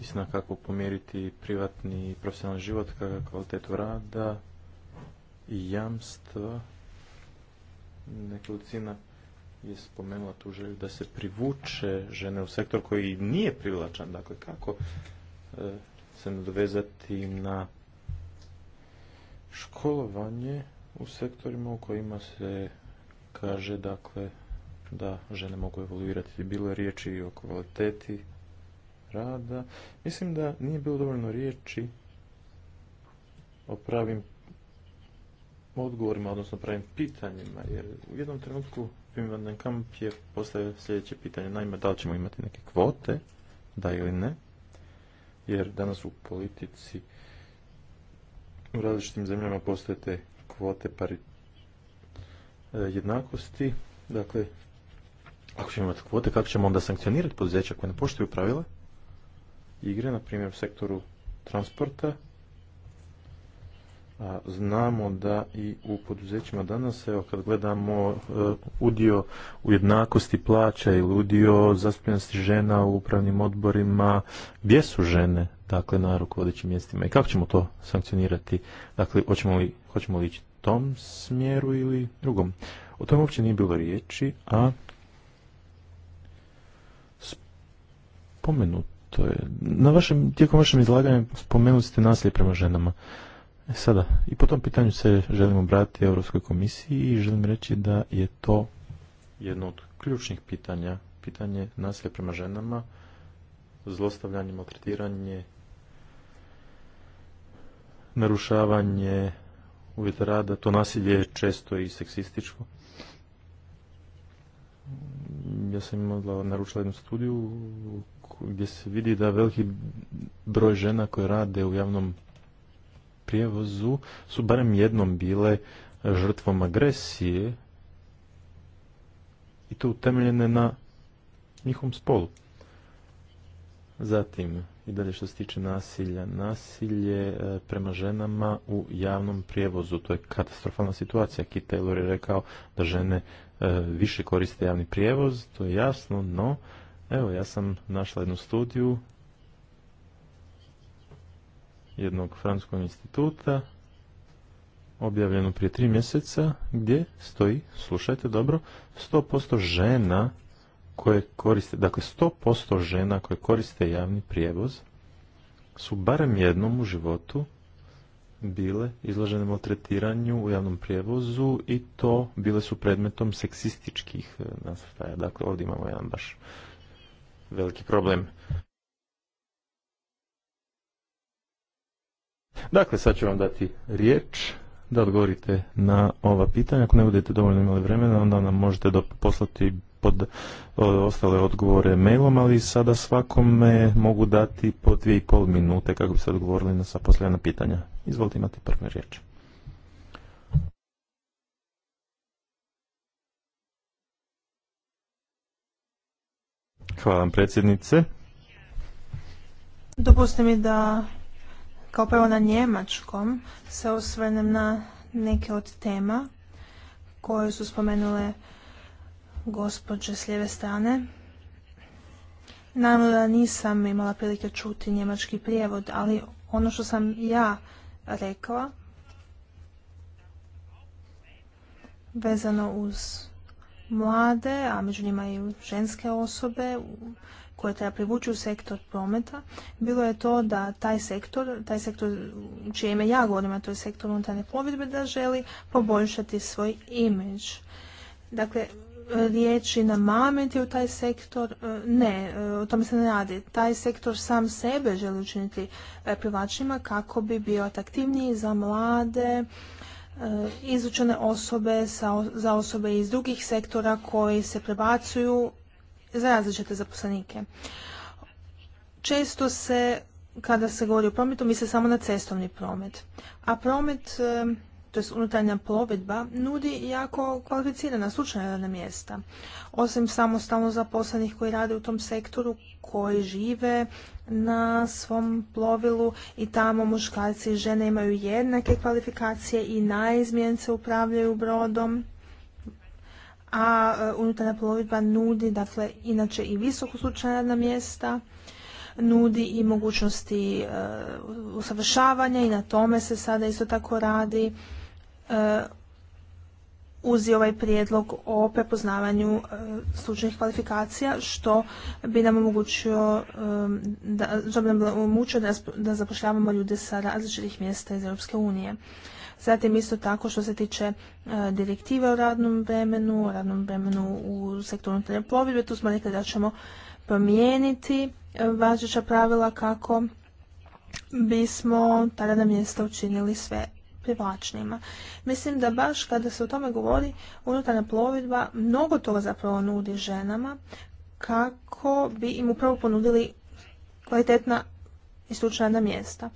Istina kako pomjeriti privatni i profesionalni život, kako kvalitetu rada i jamstva. Nekolicina je spomenula tu želju da se privuče žene u sektor koji nije privlačan. Dakle, kako e, se nadovezati na školovanje u sektorima u kojima se kaže dakle da žene mogu evoluirati. Bilo je riječi o kvaliteti rada. Mislim da nije bilo dovoljno riječi o pravim odgovorima, odnosno pravim pitanjima, jer u jednom trenutku Pim van den Kamp je postavio sljedeće pitanje, naime, da li ćemo imati neke kvote, da ili ne, jer danas u politici u različitim zemljama postoje te kvote pari, e, jednakosti, dakle, ako ćemo imati kvote, kako ćemo onda sankcionirati poduzeća koje ne poštuju pravila igre, na primjer u sektoru transporta, a znamo da i u poduzećima danas, evo kad gledamo e, udio u jednakosti plaća ili udio zastupljenosti žena u upravnim odborima, gdje su žene, dakle, na rukovodećim mjestima i kako ćemo to sankcionirati, dakle, hoćemo li, hoćemo li ići tom smjeru ili drugom. O tom uopće nije bilo riječi, a spomenuto je, na vašem, tijekom vašem izlaganja spomenuli ste nasilje prema ženama. E sada, i po tom pitanju se želim obratiti Europskoj komisiji i želim reći da je to jedno od ključnih pitanja, pitanje nasilja prema ženama, zlostavljanje, maltretiranje, narušavanje uvjeta rada, to nasilje je često i seksističko. Ja sam imala, naručila jednu studiju gdje se vidi da veliki broj žena koje rade u javnom prijevozu su barem jednom bile žrtvom agresije i to utemeljene na njihom spolu. Zatim, i dalje što se tiče nasilja, nasilje e, prema ženama u javnom prijevozu, to je katastrofalna situacija. Kit Taylor je rekao da žene e, više koriste javni prijevoz, to je jasno, no Evo, ja sam našla jednu studiju jednog francuskog instituta, objavljenu prije tri mjeseca, gdje stoji, slušajte dobro, 100% žena koje koriste, dakle 100% žena koje koriste javni prijevoz su barem jednom u životu bile izložene maltretiranju u javnom prijevozu i to bile su predmetom seksističkih e, nastaja. Dakle, ovdje imamo jedan baš veliki problem. Dakle, sad ću vam dati riječ da odgovorite na ova pitanja. Ako ne budete dovoljno imali vremena, onda nam možete poslati pod ostale odgovore mailom, ali sada svakome mogu dati po dvije i pol minute kako bi se odgovorili na sva posljedna pitanja. Izvolite imati prve riječ. Hvala predsjednice.
Dopustite mi da kao prvo na njemačkom se osvrnem na neke od tema koje su spomenule gospođe s lijeve strane. Naravno da nisam imala prilike čuti njemački prijevod, ali ono što sam ja rekla vezano uz mlade, a među njima i ženske osobe koje treba privući u sektor prometa, bilo je to da taj sektor, taj sektor čije ime ja govorim, a to je sektor unutarnje plovidbe, da želi poboljšati svoj imidž. Dakle, riječi je u taj sektor, e, ne, e, o tome se ne radi. Taj sektor sam sebe želi učiniti e, privlačnima kako bi bio atraktivniji za mlade, E, izučene osobe za osobe iz drugih sektora koji se prebacuju za različite zaposlenike. Često se, kada se govori o prometu, misle samo na cestovni promet. A promet e, to unutarnja plovidba, nudi jako kvalificirana slučajna radna mjesta. Osim samostalno zaposlenih koji rade u tom sektoru, koji žive na svom plovilu i tamo muškarci i žene imaju jednake kvalifikacije i se upravljaju brodom a e, unutarnja plovidba nudi dakle inače i visoko slučajna radna mjesta nudi i mogućnosti e, usavršavanja i na tome se sada isto tako radi E, uzi ovaj prijedlog o prepoznavanju e, stručnih kvalifikacija što bi nam omogućio e, da, da, zapošljavamo ljude sa različitih mjesta iz Europske unije. Zatim isto tako što se tiče direktive o radnom vremenu, o radnom vremenu u sektoru unutarnje plovidbe, tu smo rekli da ćemo promijeniti važeća pravila kako bismo tada radna mjesta učinili sve privlačnijima. Mislim da baš kada se o tome govori, unutarnja plovidba mnogo toga zapravo nudi ženama kako bi im upravo ponudili kvalitetna i stručna mjesta.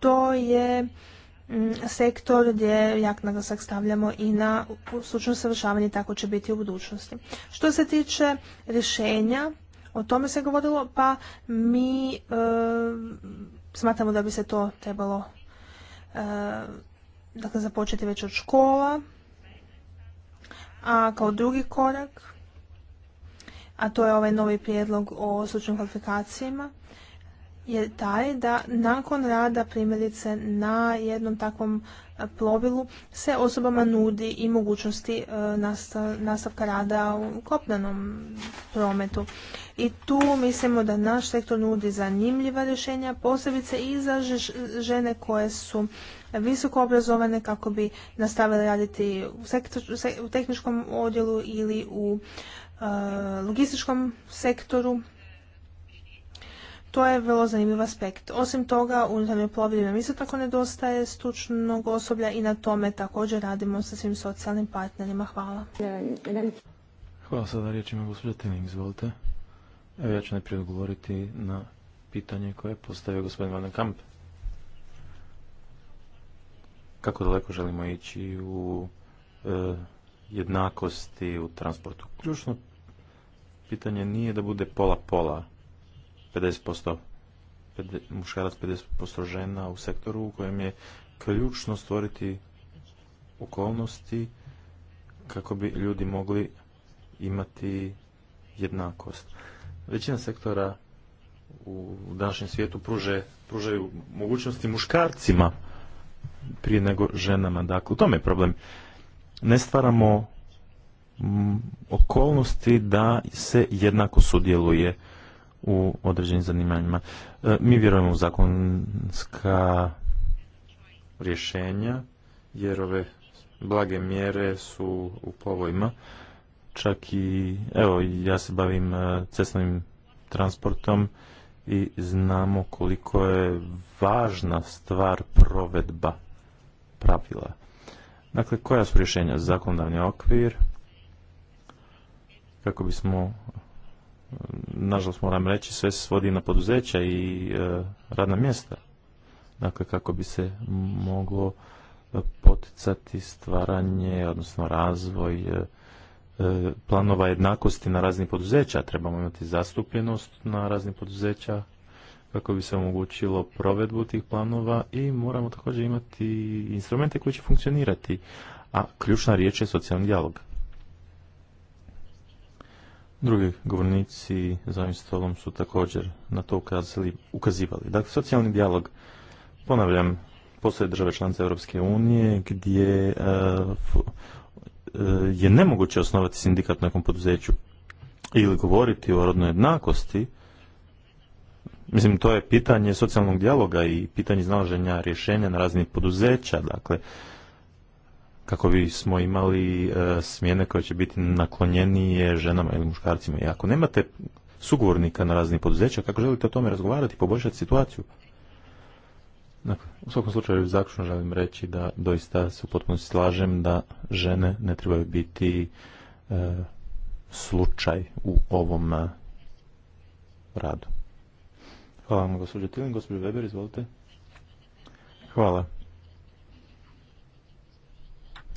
To je mm, sektor gdje jak naglasak stavljamo i na stručno savršavanje, tako će biti u budućnosti. Što se tiče rješenja, o tome se govorilo, pa mi e, smatramo da bi se to trebalo e, dakle, započeti već od škola, a kao drugi korak, a to je ovaj novi prijedlog o stručnim kvalifikacijama, je taj da nakon rada primjerice na jednom takvom e, plovilu se osobama nudi i mogućnosti e, nastavka rada u kopnenom prometu. I tu mislimo da naš sektor nudi zanimljiva rješenja, posebice i za žene koje su visoko obrazovane kako bi nastavili raditi u, sektor, u tehničkom odjelu ili u e, logističkom sektoru. To je vrlo zanimljiv aspekt. Osim toga, unutarnjoj plovidbi nam isto tako nedostaje stručnog osoblja i na tome također radimo sa svim socijalnim partnerima. Hvala.
Hvala sada ima gospođa izvolite. Evo ja ću najprije odgovoriti na pitanje koje je postavio gospodin Van Kamp kako daleko želimo ići u e, jednakosti u transportu. Ključno pitanje nije da bude pola-pola, 50% muškarac, 50% žena u sektoru u kojem je ključno stvoriti okolnosti kako bi ljudi mogli imati jednakost. Većina sektora u današnjem svijetu pruže, pružaju mogućnosti muškarcima prije nego ženama. Dakle, u tome je problem. Ne stvaramo okolnosti da se jednako sudjeluje u određenim zanimanjima. E, mi vjerujemo u zakonska rješenja, jer ove blage mjere su u povojima. Čak i, evo, ja se bavim e, cestovnim transportom i znamo koliko je važna stvar provedba pravila. Dakle, koja su rješenja za zakonodavni okvir? Kako bismo, nažalost moram reći, sve se svodi na poduzeća i e, radna mjesta. Dakle, kako bi se moglo poticati stvaranje, odnosno razvoj e, e, planova jednakosti na razni poduzeća. Trebamo imati zastupljenost na raznih poduzeća kako bi se omogućilo provedbu tih planova i moramo također imati instrumente koji će funkcionirati, a ključna riječ je socijalni dijalog. Drugi govornici za ovim stolom su također na to ukazali, ukazivali. Dakle, socijalni dijalog, ponavljam, postoje države članice Europske unije gdje uh, je nemoguće osnovati sindikat nekom poduzeću ili govoriti o rodnoj jednakosti Mislim, to je pitanje socijalnog dijaloga i pitanje iznalaženja rješenja na razini poduzeća, dakle, kako bi smo imali e, smjene koje će biti naklonjenije ženama ili muškarcima. I ako nemate sugovornika na razini poduzeća, kako želite o tome razgovarati i poboljšati situaciju? Dakle, u svakom slučaju zaključno želim reći da doista se u potpunosti slažem da žene ne trebaju biti e, slučaj u ovom e, radu. Hvala vam, gospođo Tilin. Gospođo Weber, izvolite. Hvala.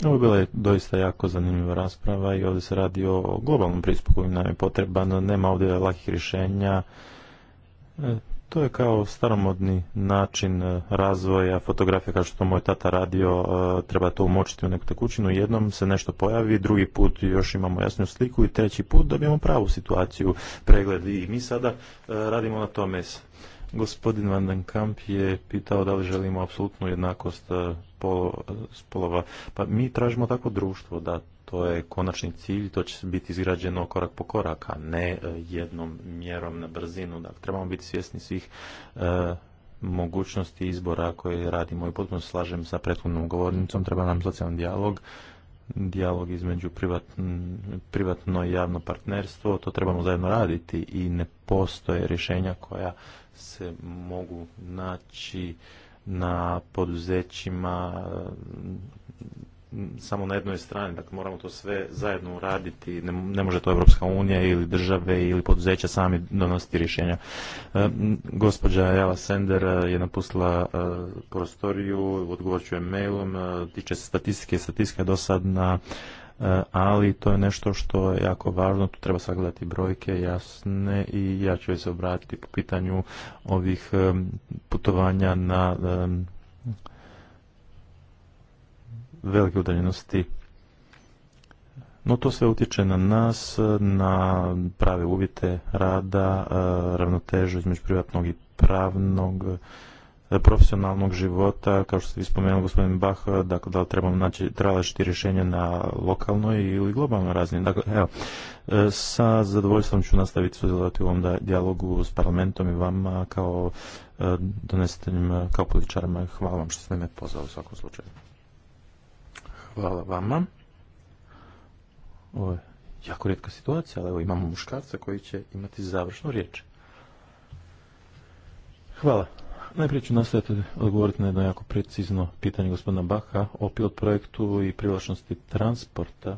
Ovo je bila doista jako zanimljiva rasprava i ovdje se radi o globalnom pristupu koji nam je potreban. Nema ovdje lakih rješenja. To je kao staromodni način e, razvoja fotografije, kao što moj tata radio, e, treba to umočiti u neku tekućinu, jednom se nešto pojavi, drugi put još imamo jasnu sliku i treći put dobijemo pravu situaciju, pregled i mi sada e, radimo na tome. Gospodin Van den Kamp je pitao da li želimo apsolutnu jednakost spolova. Pa mi tražimo tako društvo da to je konačni cilj, to će biti izgrađeno korak po korak, a ne e, jednom mjerom na brzinu. Dakle, trebamo biti svjesni svih e, mogućnosti izbora koje radimo i potpuno slažem sa prethodnom govornicom, treba nam socijalni dijalog, dijalog između privatno i javno partnerstvo, to trebamo zajedno raditi i ne postoje rješenja koja se mogu naći na poduzećima samo na jednoj strani, dakle moramo to sve zajedno uraditi, ne, može to Europska unija ili države ili poduzeća sami donositi rješenja. E, gospođa jala Sender e, je napustila e, prostoriju, odgovorit ću mailom, e, tiče se statistike, statistika je dosadna, ali to je nešto što je jako važno, tu treba sagledati brojke jasne i ja ću se obratiti po pitanju ovih putovanja na velike udaljenosti. No to sve utječe na nas, na prave uvjete rada, e, ravnotežu između privatnog i pravnog, e, profesionalnog života, kao što ste vi spomenuli gospodin Bach, e, dakle da li trebamo naći tražiti rješenja na lokalnoj ili globalnoj razini. Dakle, evo, sa zadovoljstvom ću nastaviti sudjelovati u ovom dijalogu s parlamentom i vama kao donesiteljima, kao političarima. Hvala vam što ste me pozvali u svakom slučaju. Hvala vama. Ovo je jako rijetka situacija, ali evo imamo muškarca koji će imati završnu riječ. Hvala. Najprije ću nastaviti odgovoriti na jedno jako precizno pitanje gospodina Baha o pilot projektu i privlačnosti transporta.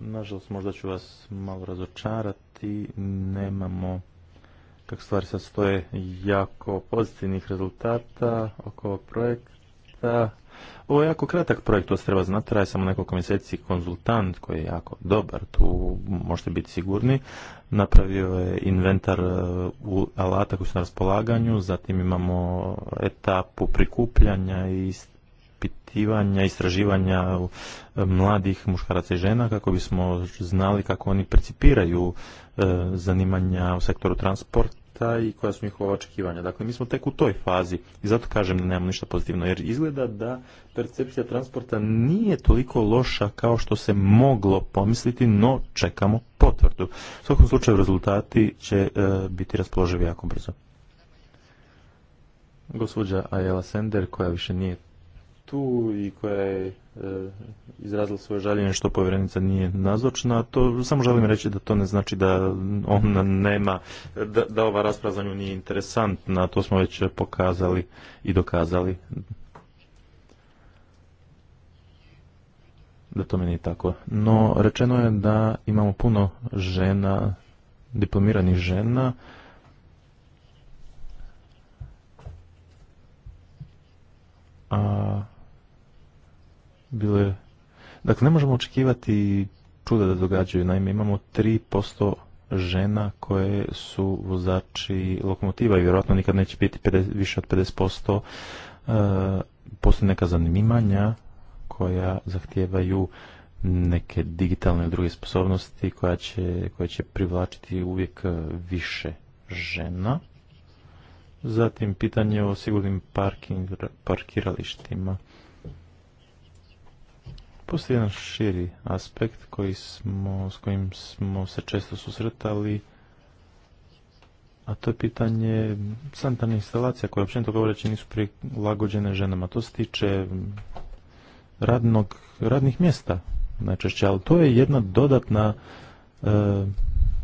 Nažalost, možda ću vas malo razočarati. Nemamo, kak stvari sad stoje, jako pozitivnih rezultata oko ovog projekta. Ovo je jako kratak projekt, to se treba znati, traje samo nekoliko mjeseci konzultant koji je jako dobar, tu možete biti sigurni. Napravio je inventar uh, u alata koji su na raspolaganju, zatim imamo etapu prikupljanja i ispitivanja, istraživanja uh, mladih muškaraca i žena kako bismo znali kako oni percipiraju uh, zanimanja u sektoru transporta i koja su njihova očekivanja. Dakle, mi smo tek u toj fazi i zato kažem da nemamo ništa pozitivno, jer izgleda da percepcija transporta nije toliko loša kao što se moglo pomisliti, no čekamo potvrdu. U svakom slučaju rezultati će e, biti raspoloživi jako brzo. Gospođa Ajela Sender, koja više nije tu i koja je E, izrazili svoje žaljenje što povjerenica nije nazočna. To samo želim reći da to ne znači da ona nema, da, ova rasprava za nju nije interesantna. To smo već pokazali i dokazali. Da to meni tako. No, rečeno je da imamo puno žena, diplomiranih žena, a bilo je... Dakle, ne možemo očekivati čuda da događaju. Naime, imamo 3% žena koje su vozači lokomotiva i vjerojatno nikad neće biti više od 50%. Uh, postoje neka zanimanja koja zahtijevaju neke digitalne druge sposobnosti koja će, koja će privlačiti uvijek više žena. Zatim pitanje o sigurnim parking, parkiralištima. Postoji jedan širi aspekt koji smo, s kojim smo se često susretali, a to je pitanje sanitarnih instalacija koje općenito govoreći nisu prilagođene ženama. To se tiče radnog, radnih mjesta najčešće, ali to je jedna dodatna e,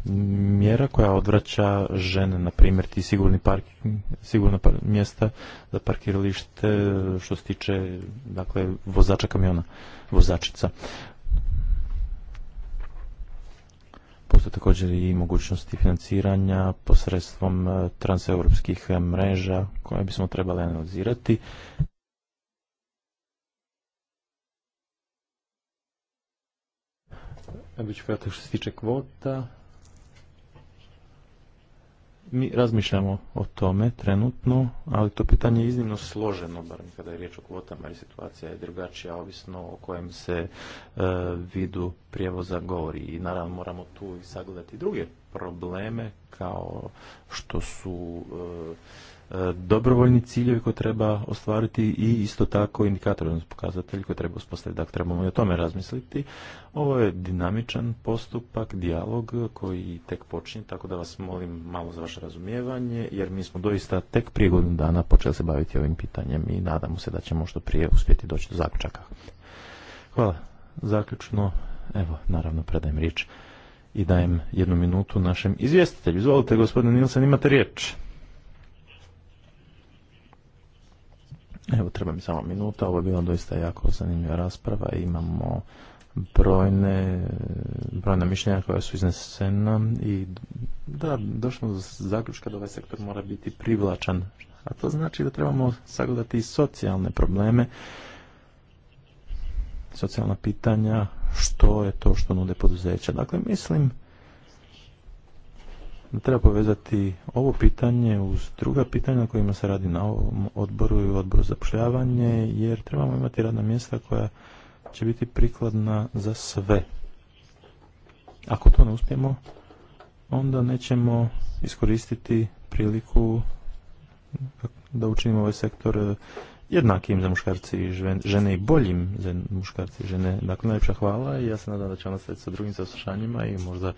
mjera koja odvraća žene, na primjer ti sigurni sigurna mjesta za parkiralište što se tiče dakle, vozača kamiona, vozačica. Postoje također i mogućnosti financiranja posredstvom eh, transeuropskih eh, mreža koje bismo trebali analizirati. Ja bih što se tiče kvota, mi razmišljamo o tome trenutno, ali to pitanje je iznimno složeno, barem kada je riječ o kvotama, jer situacija je drugačija, ovisno o kojem se e, vidu prijevoza govori. I naravno moramo tu i sagledati druge probleme, kao što su e, E, dobrovoljni ciljevi koje treba ostvariti i isto tako indikator, pokazatelji koje treba uspostaviti. Dakle, trebamo i o tome razmisliti. Ovo je dinamičan postupak, dijalog koji tek počinje, tako da vas molim malo za vaše razumijevanje, jer mi smo doista tek prije godinu dana počeli se baviti ovim pitanjem i nadamo se da ćemo što prije uspjeti doći do zaključaka. Hvala. Zaključno, evo, naravno, predajem riječ i dajem jednu minutu našem izvjestitelju. Izvolite, gospodine Nilsen, imate riječ. Evo, treba mi samo minuta, ovo je bilo doista jako zanimljiva rasprava, imamo brojne, brojna mišljenja koja su iznesena i da, došlo do zaključka da ovaj sektor mora biti privlačan, a to znači da trebamo sagledati i socijalne probleme, socijalna pitanja, što je to što nude poduzeća. Dakle, mislim da treba povezati ovo pitanje uz druga pitanja kojima se radi na ovom odboru i odboru za zapošljavanje, jer trebamo imati radna mjesta koja će biti prikladna za sve. Ako to ne uspijemo, onda nećemo iskoristiti priliku da učinimo ovaj sektor jednakim za muškarci i žene i boljim za muškarci i žene. Dakle, najljepša hvala i ja se nadam da će ona sa drugim saslušanjima i možda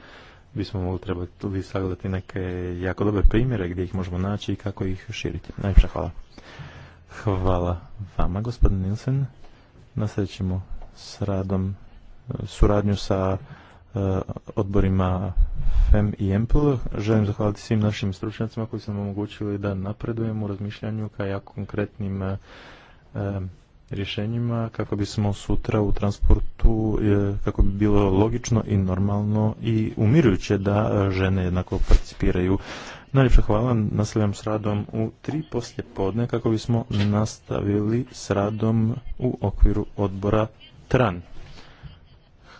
bismo mogli trebati sagledati neke jako dobre primjere gdje ih možemo naći i kako ih širiti. Najljepša hvala. Hvala vama, gospodin Nilsen. Nasrećimo ćemo s radom, suradnju sa eh, odborima FEM i EMPL. Želim zahvaliti svim našim stručnjacima koji su nam omogućili da napredujemo u razmišljanju ka jako konkretnim eh, rješenjima kako bismo sutra u transportu, e, kako bi bilo logično i normalno i umirujuće da žene jednako participiraju. Najljepša hvala, nastavljam s radom u tri poslje podne kako bismo nastavili s radom u okviru odbora TRAN.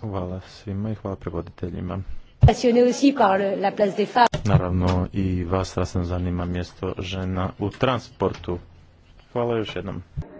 Hvala svima i hvala prevoditeljima. Naravno i vas rasno zanima mjesto žena u transportu. Hvala još jednom.